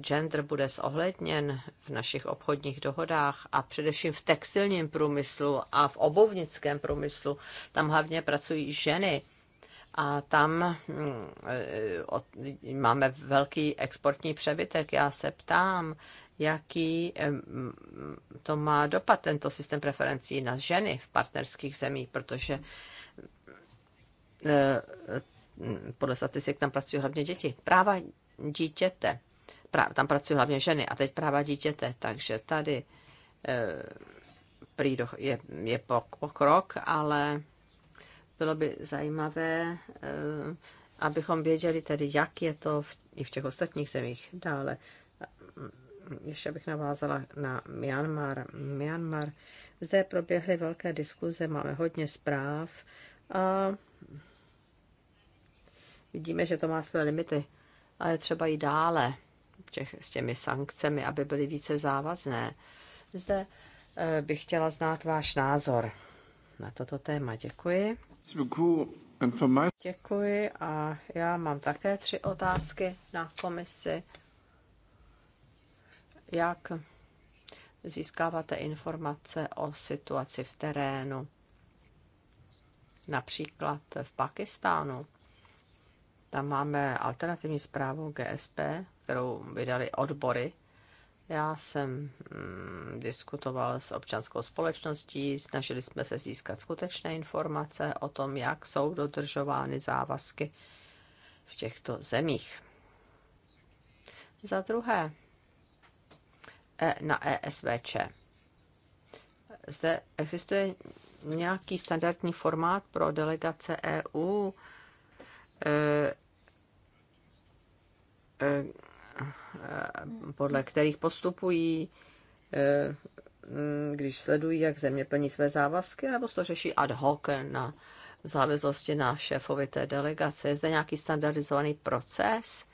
gender bude zohledněn v našich obchodních dohodách a především v textilním průmyslu a v obovnickém průmyslu. Tam hlavně pracují ženy a tam mm, eh, máme velký exportní přebytek. Já se ptám, jaký to má dopad, tento systém preferencí na ženy v partnerských zemích, protože eh, podle statistik tam pracují hlavně děti. Práva dítěte, tam pracují hlavně ženy a teď práva dítěte, takže tady eh, je, je pokrok, ale bylo by zajímavé, eh, abychom věděli tedy, jak je to v, i v těch ostatních zemích dále. Ještě bych navázala na Myanmar. Myanmar. Zde proběhly velké diskuze, máme hodně zpráv a vidíme, že to má své limity a je třeba i dále těch, s těmi sankcemi, aby byly více závazné. Zde eh, bych chtěla znát váš názor na toto téma. Děkuji. Děkuji a já mám také tři otázky na komisi. Jak získáváte informace o situaci v terénu? Například v Pakistánu. Tam máme alternativní zprávu GSP, kterou vydali odbory já jsem mm, diskutoval s občanskou společností, snažili jsme se získat skutečné informace o tom, jak jsou dodržovány závazky v těchto zemích. Za druhé, e, na ESVČ. Zde existuje nějaký standardní formát pro delegace EU, e, e, Eh, podle kterých postupují, eh, když sledují, jak země plní své závazky, nebo to řeší ad hoc na v závislosti na šéfovi té delegace. Je zde nějaký standardizovaný proces?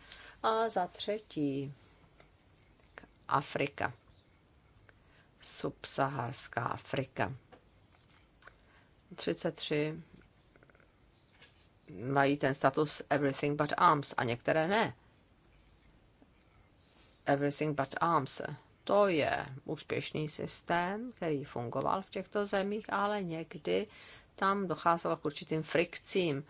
A za třetí, Afrika. Subsaharská Afrika. 33 mají ten status everything but arms a některé ne. Everything but Arms. To je úspěšný systém, který fungoval v těchto zemích, ale někdy tam docházelo k určitým frikcím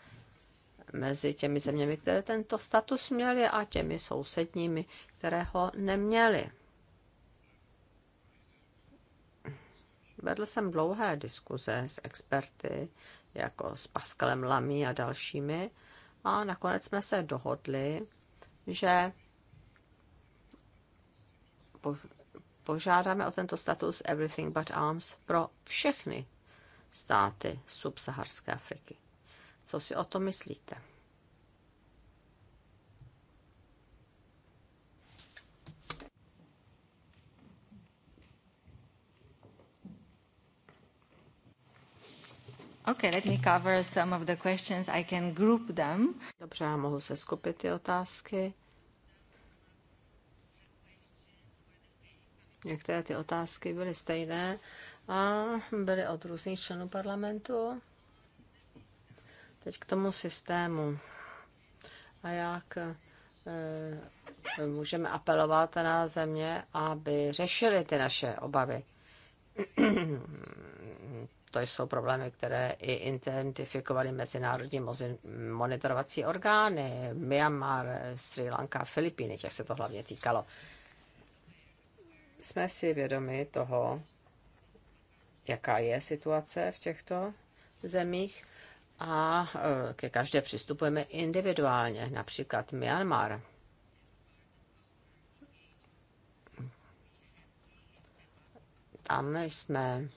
mezi těmi zeměmi, které tento status měly a těmi sousedními, které ho neměly. Vedl jsem dlouhé diskuze s experty, jako s Pascalem Lamy a dalšími, a nakonec jsme se dohodli, že požádáme o tento status Everything But Arms pro všechny státy subsaharské Afriky. Co si o to myslíte? Okay, let me cover some of the questions. I can group them. Dobře, já mohu se skupit ty otázky. Některé ty otázky byly stejné a byly od různých členů parlamentu. Teď k tomu systému a jak eh, můžeme apelovat na země, aby řešili ty naše obavy. to jsou problémy, které i identifikovaly mezinárodní monitorovací orgány, Myanmar, Sri Lanka, Filipíny, těch se to hlavně týkalo jsme si vědomi toho, jaká je situace v těchto zemích a eh, ke každé přistupujeme individuálně, například Myanmar. Tam jsme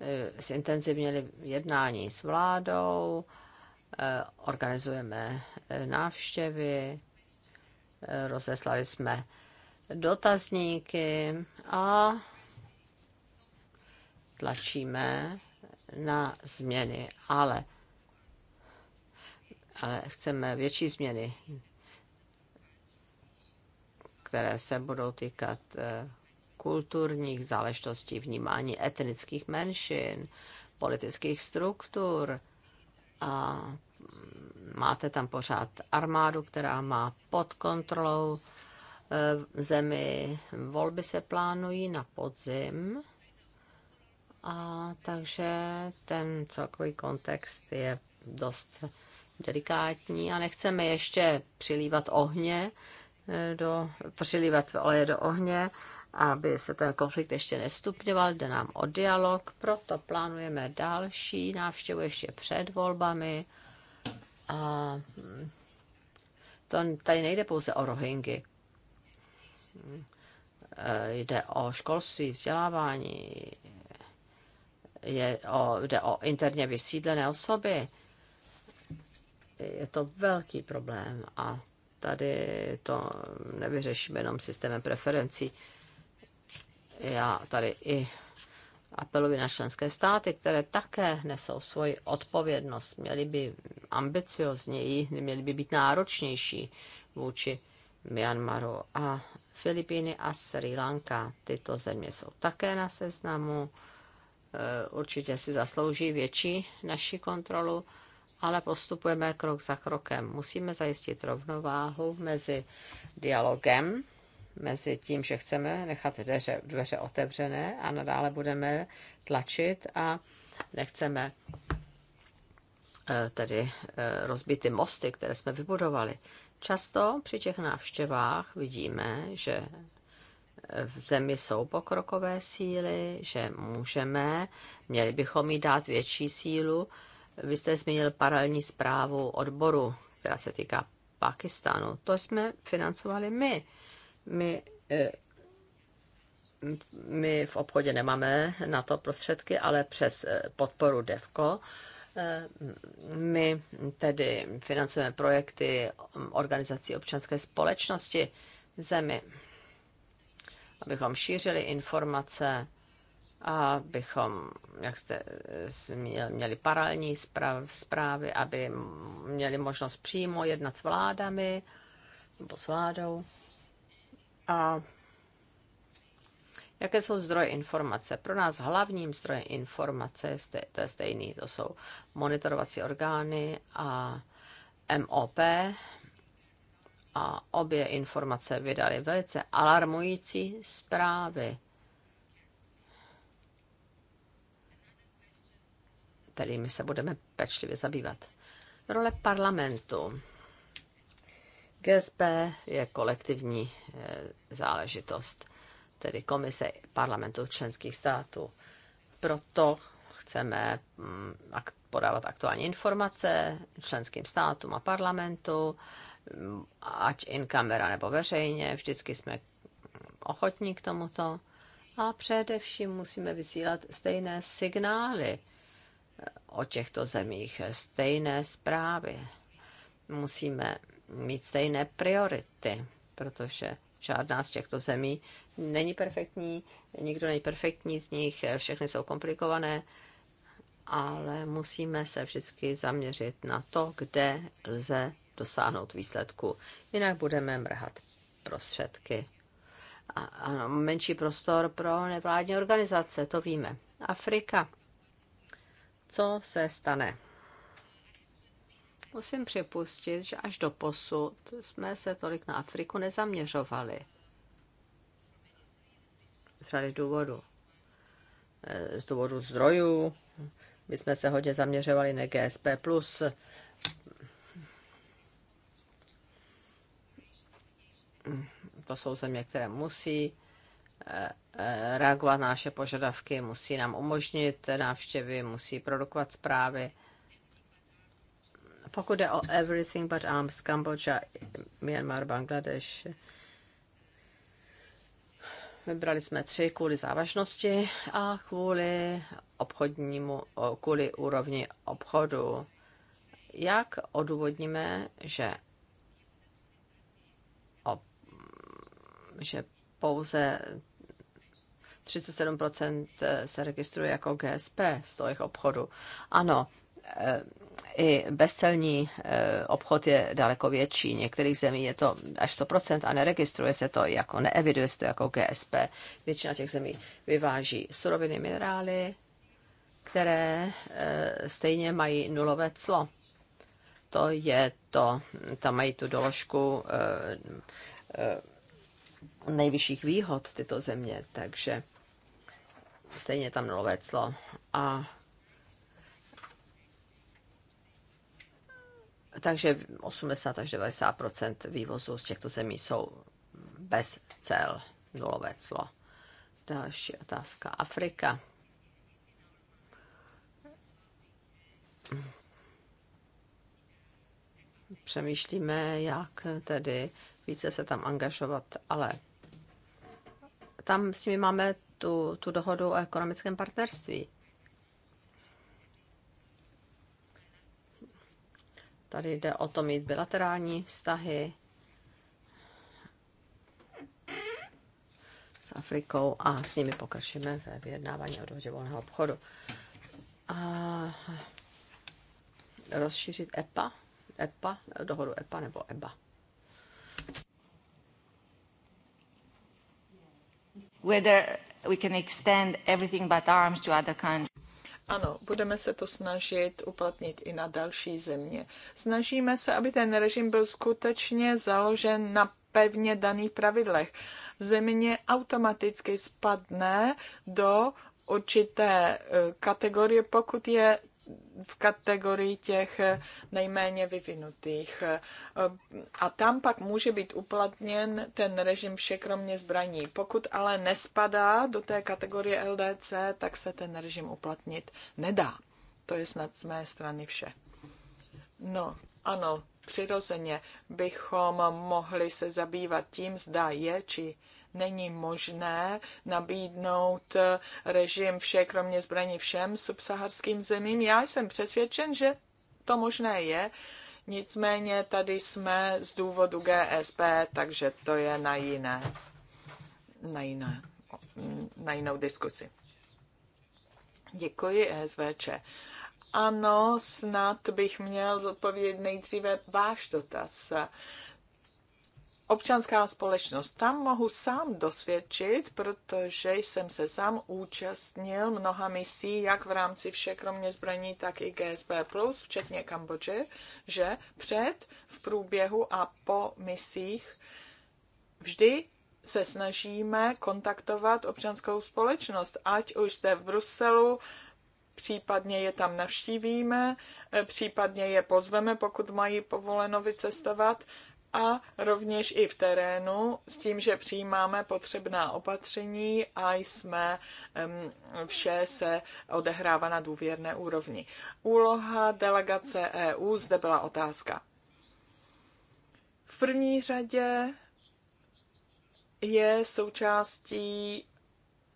eh, zintenzivněli jednání s vládou, eh, organizujeme návštěvy, rozeslali jsme dotazníky a tlačíme na změny, ale, ale chceme větší změny, které se budou týkat eh, kulturních záležitostí, vnímání etnických menšin, politických struktur. A máte tam pořád armádu, která má pod kontrolou zemi. Volby se plánují na podzim, a takže ten celkový kontext je dost delikátní a nechceme ještě přilívat ohně, eh, do, přilívat oleje do ohně, aby se ten konflikt ještě nestupňoval, jde nám o dialog, proto plánujeme další návštěvu ještě před volbami. A mm, to tady nejde pouze o rohingy. Eh, jde o školství, vzdělávání, je o, jde o interně vysídlené osoby. Je to velký problém a tady to nevyřešíme jenom systémem preferencí. Já tady i apeluji na členské státy, které také nesou svoji odpovědnost. Měly by ambiciozněji, měly by být náročnější vůči Myanmaru a Filipíny a Sri Lanka. Tyto země jsou také na seznamu. Eh, určitě si zaslouží větší naši kontrolu, ale postupujeme krok za krokem. Musíme zajistit rovnováhu mezi dialogem, mezi tím, že chceme nechat dveře, dveře otevřené a nadále budeme tlačit a nechceme eh, tedy eh, rozbít ty mosty, které jsme vybudovali. Často při těch návštěvách vidíme, že v zemi jsou pokrokové síly, že můžeme, měli bychom jí dát větší sílu. Vy jste zmínil paralelní zprávu odboru, která se týká Pakistánu. To jsme financovali my. My, eh, my v obchodě nemáme na to prostředky, ale přes eh, podporu DEVKO Eh, my tedy financujeme projekty organizací občanské společnosti v zemi, abychom šířili informace, a abychom, jak jste eh, zmínil, měli paralelní zprávy, aby měli možnost přímo jednat s vládami nebo s vládou. A Jaké jsou zdroje informace? Pro nás hlavním zdrojem informace, to je stejný, to jsou monitorovací orgány a MOP, a obě informace vydaly velice alarmující zprávy. kterými se budeme pečlivě zabývat. Role parlamentu. GSP je kolektivní eh, záležitost tedy komise parlamentu členských států. Proto chceme mm, podávat aktuální informace členským státům a parlamentu, mm, ať in kamera nebo veřejně, vždycky jsme ochotní k tomuto. A především musíme vysílat stejné signály eh, o těchto zemích, stejné zprávy. Musíme mít stejné priority, protože Žádná z těchto zemí není perfektní, nikdo není perfektní z nich, všechny jsou komplikované, ale musíme se vždycky zaměřit na to, kde lze dosáhnout výsledku. Jinak budeme mrhat prostředky. A, ano, menší prostor pro nevládní organizace, to víme. Afrika. Co se stane? Musím připustit, že až do posud jsme se tolik na Afriku nezaměřovali. Z řady důvodu. E, z důvodu zdrojů. My jsme se hodně zaměřovali na GSP+, to jsou země, které musí e, e, reagovat na naše požadavky, musí nám umožnit návštěvy, musí produkovat zprávy pokud jde o Everything But Arms, Kambodža, Myanmar, Bangladeš, Vybrali jsme tři kvůli závažnosti a kvůli obchodnímu, kvůli úrovni obchodu. Jak odůvodníme, že, že pouze 37% se registruje jako GSP z toho jejich obchodu? Ano, eh, i bezcelní eh, obchod je daleko větší. V některých zemí je to až 100% a neregistruje se to jako, neeviduje se to jako GSP. Většina těch zemí vyváží suroviny, minerály, které eh, stejně mají nulové clo. To je to, tam mají tu doložku eh, nejvyšších výhod tyto země, takže stejně tam nulové clo. A takže 80 až 90 vývozu z těchto zemí jsou bez cel, nulové clo. Další otázka. Afrika. Přemýšlíme, jak tedy více se tam angažovat, ale tam s nimi máme tu, tu dohodu o ekonomickém partnerství. Tady jde o to mít bilaterální vztahy s Afrikou a s nimi pokračujeme ve vyjednávání o dohodě volného obchodu. A rozšířit EPA, EPA, dohodu EPA nebo EBA. Whether we can extend everything but arms to other countries. Ano, budeme se to snažit uplatnit i na další země. Snažíme se, aby ten režim byl skutečně založen na pevně daných pravidlech. Země automaticky spadne do určité eh, kategorie, pokud je v kategorii těch nejméně vyvinutých. A tam pak může být uplatněn ten režim vše zbraní. Pokud ale nespadá do té kategorie LDC, tak se ten režim uplatnit nedá. To je snad z mé strany vše. No, ano, přirozeně bychom mohli se zabývat tím, zda je či není možné nabídnout eh, režim vše, kromě zbraní všem subsaharským zemím. Já jsem přesvědčen, že to možné je. Nicméně tady jsme z důvodu GSP, takže to je na jiné, na, jiné, na jinou diskusi. Děkuji SVČ. Ano, snad bych měl zodpovědět nejdříve váš dotaz občanská společnost. Tam mohu sám dosvědčit, protože jsem se sám účastnil mnoha misí, jak v rámci všech kromě zbraní, tak i GSB+, včetně Kambodže, že před, v průběhu a po misích vždy se snažíme kontaktovat občanskou společnost, ať už zde v Bruselu, případně je tam navštívíme, případně je pozveme, pokud mají povoleno vycestovat, a rovněž i v terénu s tím, že přijímáme potřebná opatření a jsme vše se odehrává na důvěrné úrovni. Úloha delegace EU zde byla otázka. V první řadě je součástí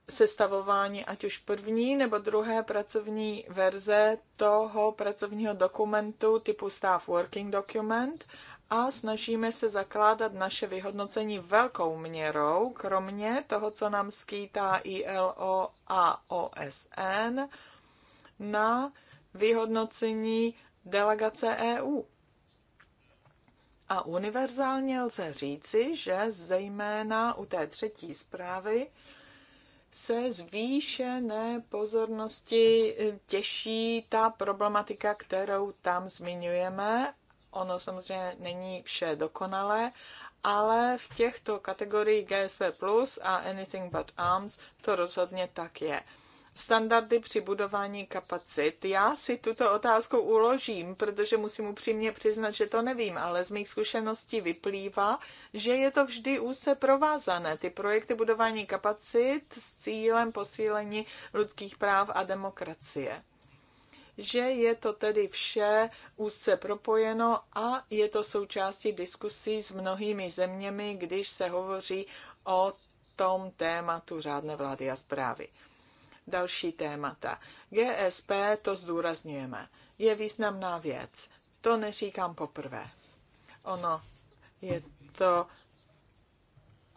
sestavování ať už první nebo druhé pracovní verze toho pracovního dokumentu typu staff working document a snažíme se zakládat naše vyhodnocení velkou měrou, kromě toho, co nám skýtá ILO a OSN, na vyhodnocení delegace EU. A univerzálně lze říci, že zejména u té třetí zprávy se zvýšené pozornosti těší ta problematika, kterou tam zmiňujeme Ono samozřejmě není vše dokonalé, ale v těchto kategoriích GSP Plus a Anything But Arms to rozhodně tak je. Standardy při budování kapacit. Já si tuto otázku uložím, protože musím upřímně přiznat, že to nevím, ale z mých zkušeností vyplývá, že je to vždy úzce provázané. Ty projekty budování kapacit s cílem posílení lidských práv a demokracie že je to tedy vše úzce propojeno a je to součástí diskusí s mnohými zeměmi, když se hovoří o tom tématu řádné vlády a zprávy. Další témata. GSP, to zdůrazňujeme, je významná věc. To neříkám poprvé. Ono je to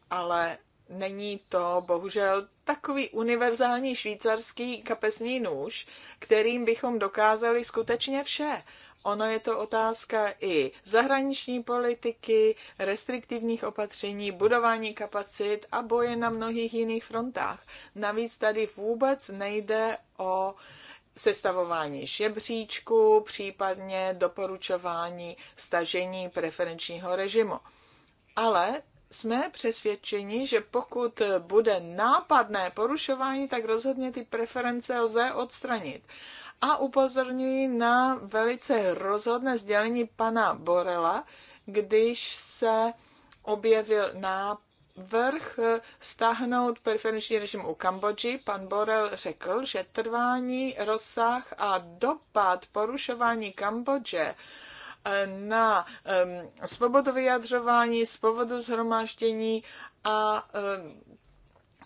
ale není to bohužel takový univerzální švýcarský kapesní nůž, kterým bychom dokázali skutečně vše. Ono je to otázka i zahraniční politiky, restriktivních opatření, budování kapacit a boje na mnohých jiných frontách. Navíc tady vůbec nejde o sestavování žebříčku, případně doporučování stažení preferenčního režimu. Ale jsme přesvědčeni, že pokud bude nápadné porušování, tak rozhodně ty preference lze odstranit. A upozorňuji na velice rozhodné sdělení pana Borela, když se objevil návrh stáhnout preferenční režim u Kambodži. Pan Borel řekl, že trvání, rozsah a dopad porušování Kambodže na svobodu vyjadřování, svobodu zhromáždění a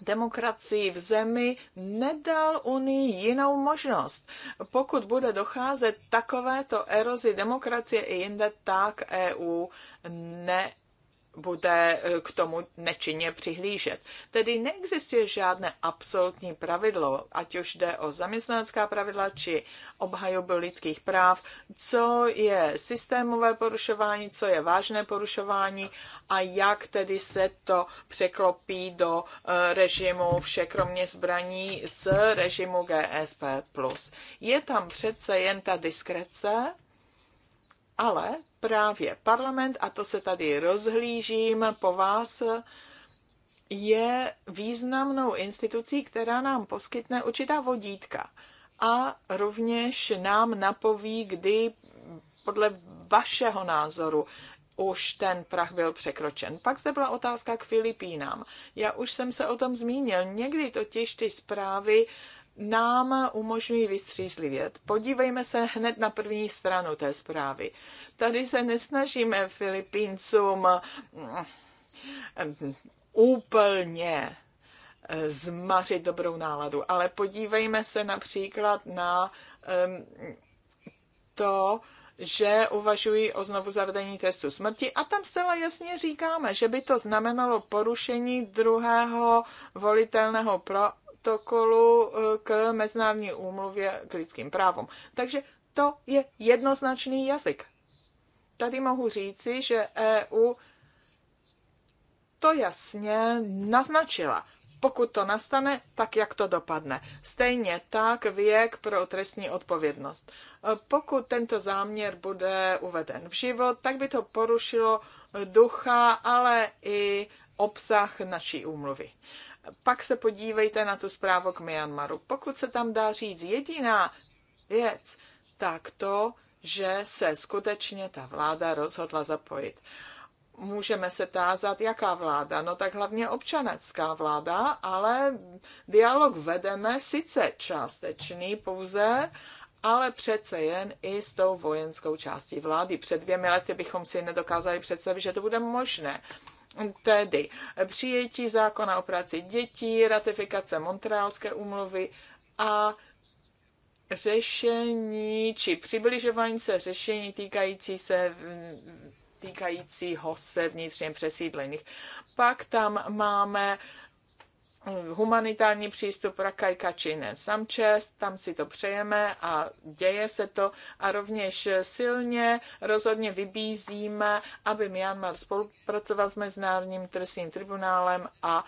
demokracii v zemi nedal Unii jinou možnost. Pokud bude docházet takovéto erozi demokracie i jinde, tak EU ne bude eh, k tomu nečinně přihlížet. Tedy neexistuje žádné absolutní pravidlo, ať už jde o zaměstnanecká pravidla či obhajobu lidských práv, co je systémové porušování, co je vážné porušování a jak tedy se to překlopí do eh, režimu vše kromě zbraní z režimu GSP+. Je tam přece jen ta diskrece, ale právě parlament, a to se tady rozhlížím po vás, je významnou institucí, která nám poskytne určitá vodítka a rovněž nám napoví, kdy podle vašeho názoru už ten prach byl překročen. Pak zde byla otázka k Filipínám. Já už jsem se o tom zmínil. Někdy totiž ty zprávy nám umožňují vystřízlivět. Podívejme se hned na první stranu té zprávy. Tady se nesnažíme Filipíncům mm, mm, úplně eh, zmařit dobrou náladu, ale podívejme se například na to, že uvažují o znovu zavedení trestu smrti a tam zcela jasně říkáme, že by to znamenalo porušení druhého volitelného pro protokolu eh, k Mezinárodní úmluvě k lidským právům. Takže to je jednoznačný jazyk. Tady mohu říci, že EU to jasně naznačila. Pokud to nastane, tak jak to dopadne. Stejně tak věk pro trestní odpovědnost. Eh, pokud tento záměr bude uveden v život, tak by to porušilo ducha, ale i obsah naší úmluvy pak se podívejte na tu zprávu k Myanmaru. Pokud se tam dá říct jediná věc, tak to, že se skutečně ta vláda rozhodla zapojit. Můžeme se tázat, jaká vláda? No tak hlavně občanecká vláda, ale dialog vedeme sice částečný pouze, ale přece jen i s tou vojenskou částí vlády. Před dvěmi lety bychom si nedokázali představit, že to bude možné. Tedy přijetí zákona o práci dětí, ratifikace Montrealské úmluvy a řešení či přibližování se řešení týkající se týkajícího se vnitřně přesídlených. Pak tam máme humanitární přístup či ne samčest, tam si to přejeme a děje se to a rovněž silně rozhodně vybízíme, aby Myanmar spolupracoval s Mezinárodním trestním tribunálem a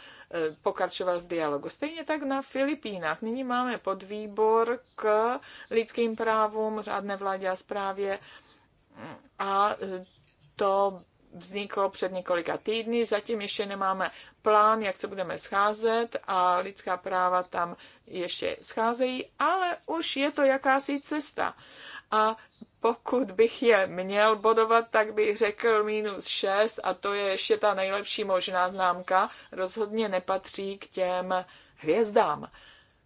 e, pokračoval v dialogu. Stejně tak na Filipínách. Nyní máme podvýbor k lidským právům, řádné vládě a zprávě a e, to vzniklo před několika týdny. Zatím ještě nemáme plán, jak se budeme scházet a lidská práva tam ještě scházejí, ale už je to jakási cesta. A pokud bych je měl bodovat, tak bych řekl minus 6 a to je ještě ta nejlepší možná známka. Rozhodně nepatří k těm hvězdám,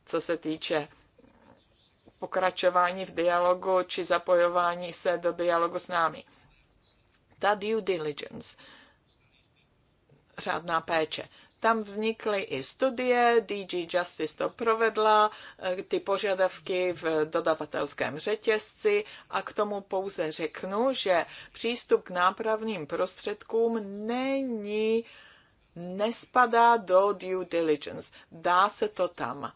co se týče pokračování v dialogu či zapojování se do dialogu s námi. Ta due diligence řádná péče. Tam vznikly i studie, DG Justice to provedla, eh, ty požadavky v dodavatelském řetězci a k tomu pouze řeknu, že přístup k nápravným prostředkům není, nespadá do due diligence. Dá se to tam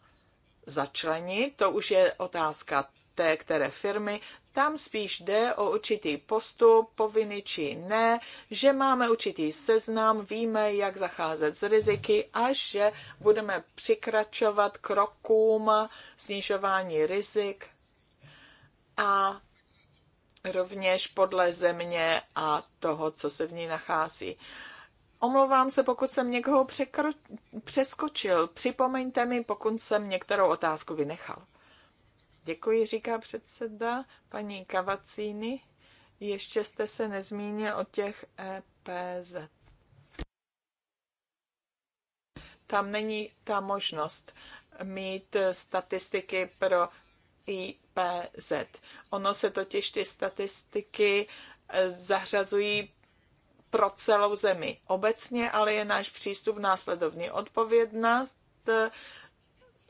začlenit, to už je otázka té které firmy, tam spíš jde o určitý postup, povinný či ne, že máme určitý seznam, víme, jak zacházet s riziky a že budeme přikračovat krokům snižování rizik a rovněž podle země a toho, co se v ní nachází. Omlouvám se, pokud jsem někoho překro... přeskočil. Připomeňte mi, pokud jsem některou otázku vynechal. Děkuji, říká předseda paní Kavacíny. Ještě jste se nezmínil o těch EPZ. Tam není ta možnost mít statistiky pro IPZ. Ono se totiž ty statistiky e, zařazují pro celou zemi obecně, ale je náš přístup následovný. Odpovědnost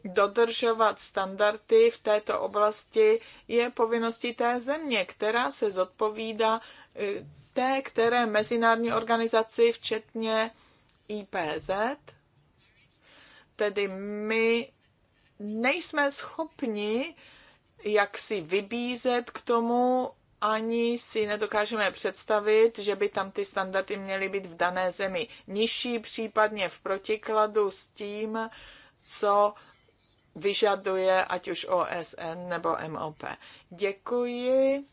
dodržovat standardy v této oblasti je povinností té země, která se zodpovídá eh, té, které mezinárodní organizaci, včetně IPZ, tedy my nejsme schopni jak si vybízet k tomu, ani si nedokážeme představit, že by tam ty standardy měly být v dané zemi nižší, případně v protikladu s tím, co vyžaduje, ať už OSN nebo MOP. Děkuji.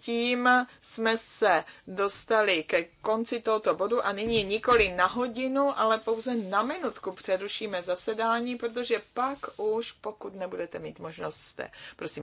Tím jsme se dostali ke konci tohoto bodu a nyní nikoli na hodinu, ale pouze na minutku přerušíme zasedání, protože pak už, pokud nebudete mít možnost, jste, prosím.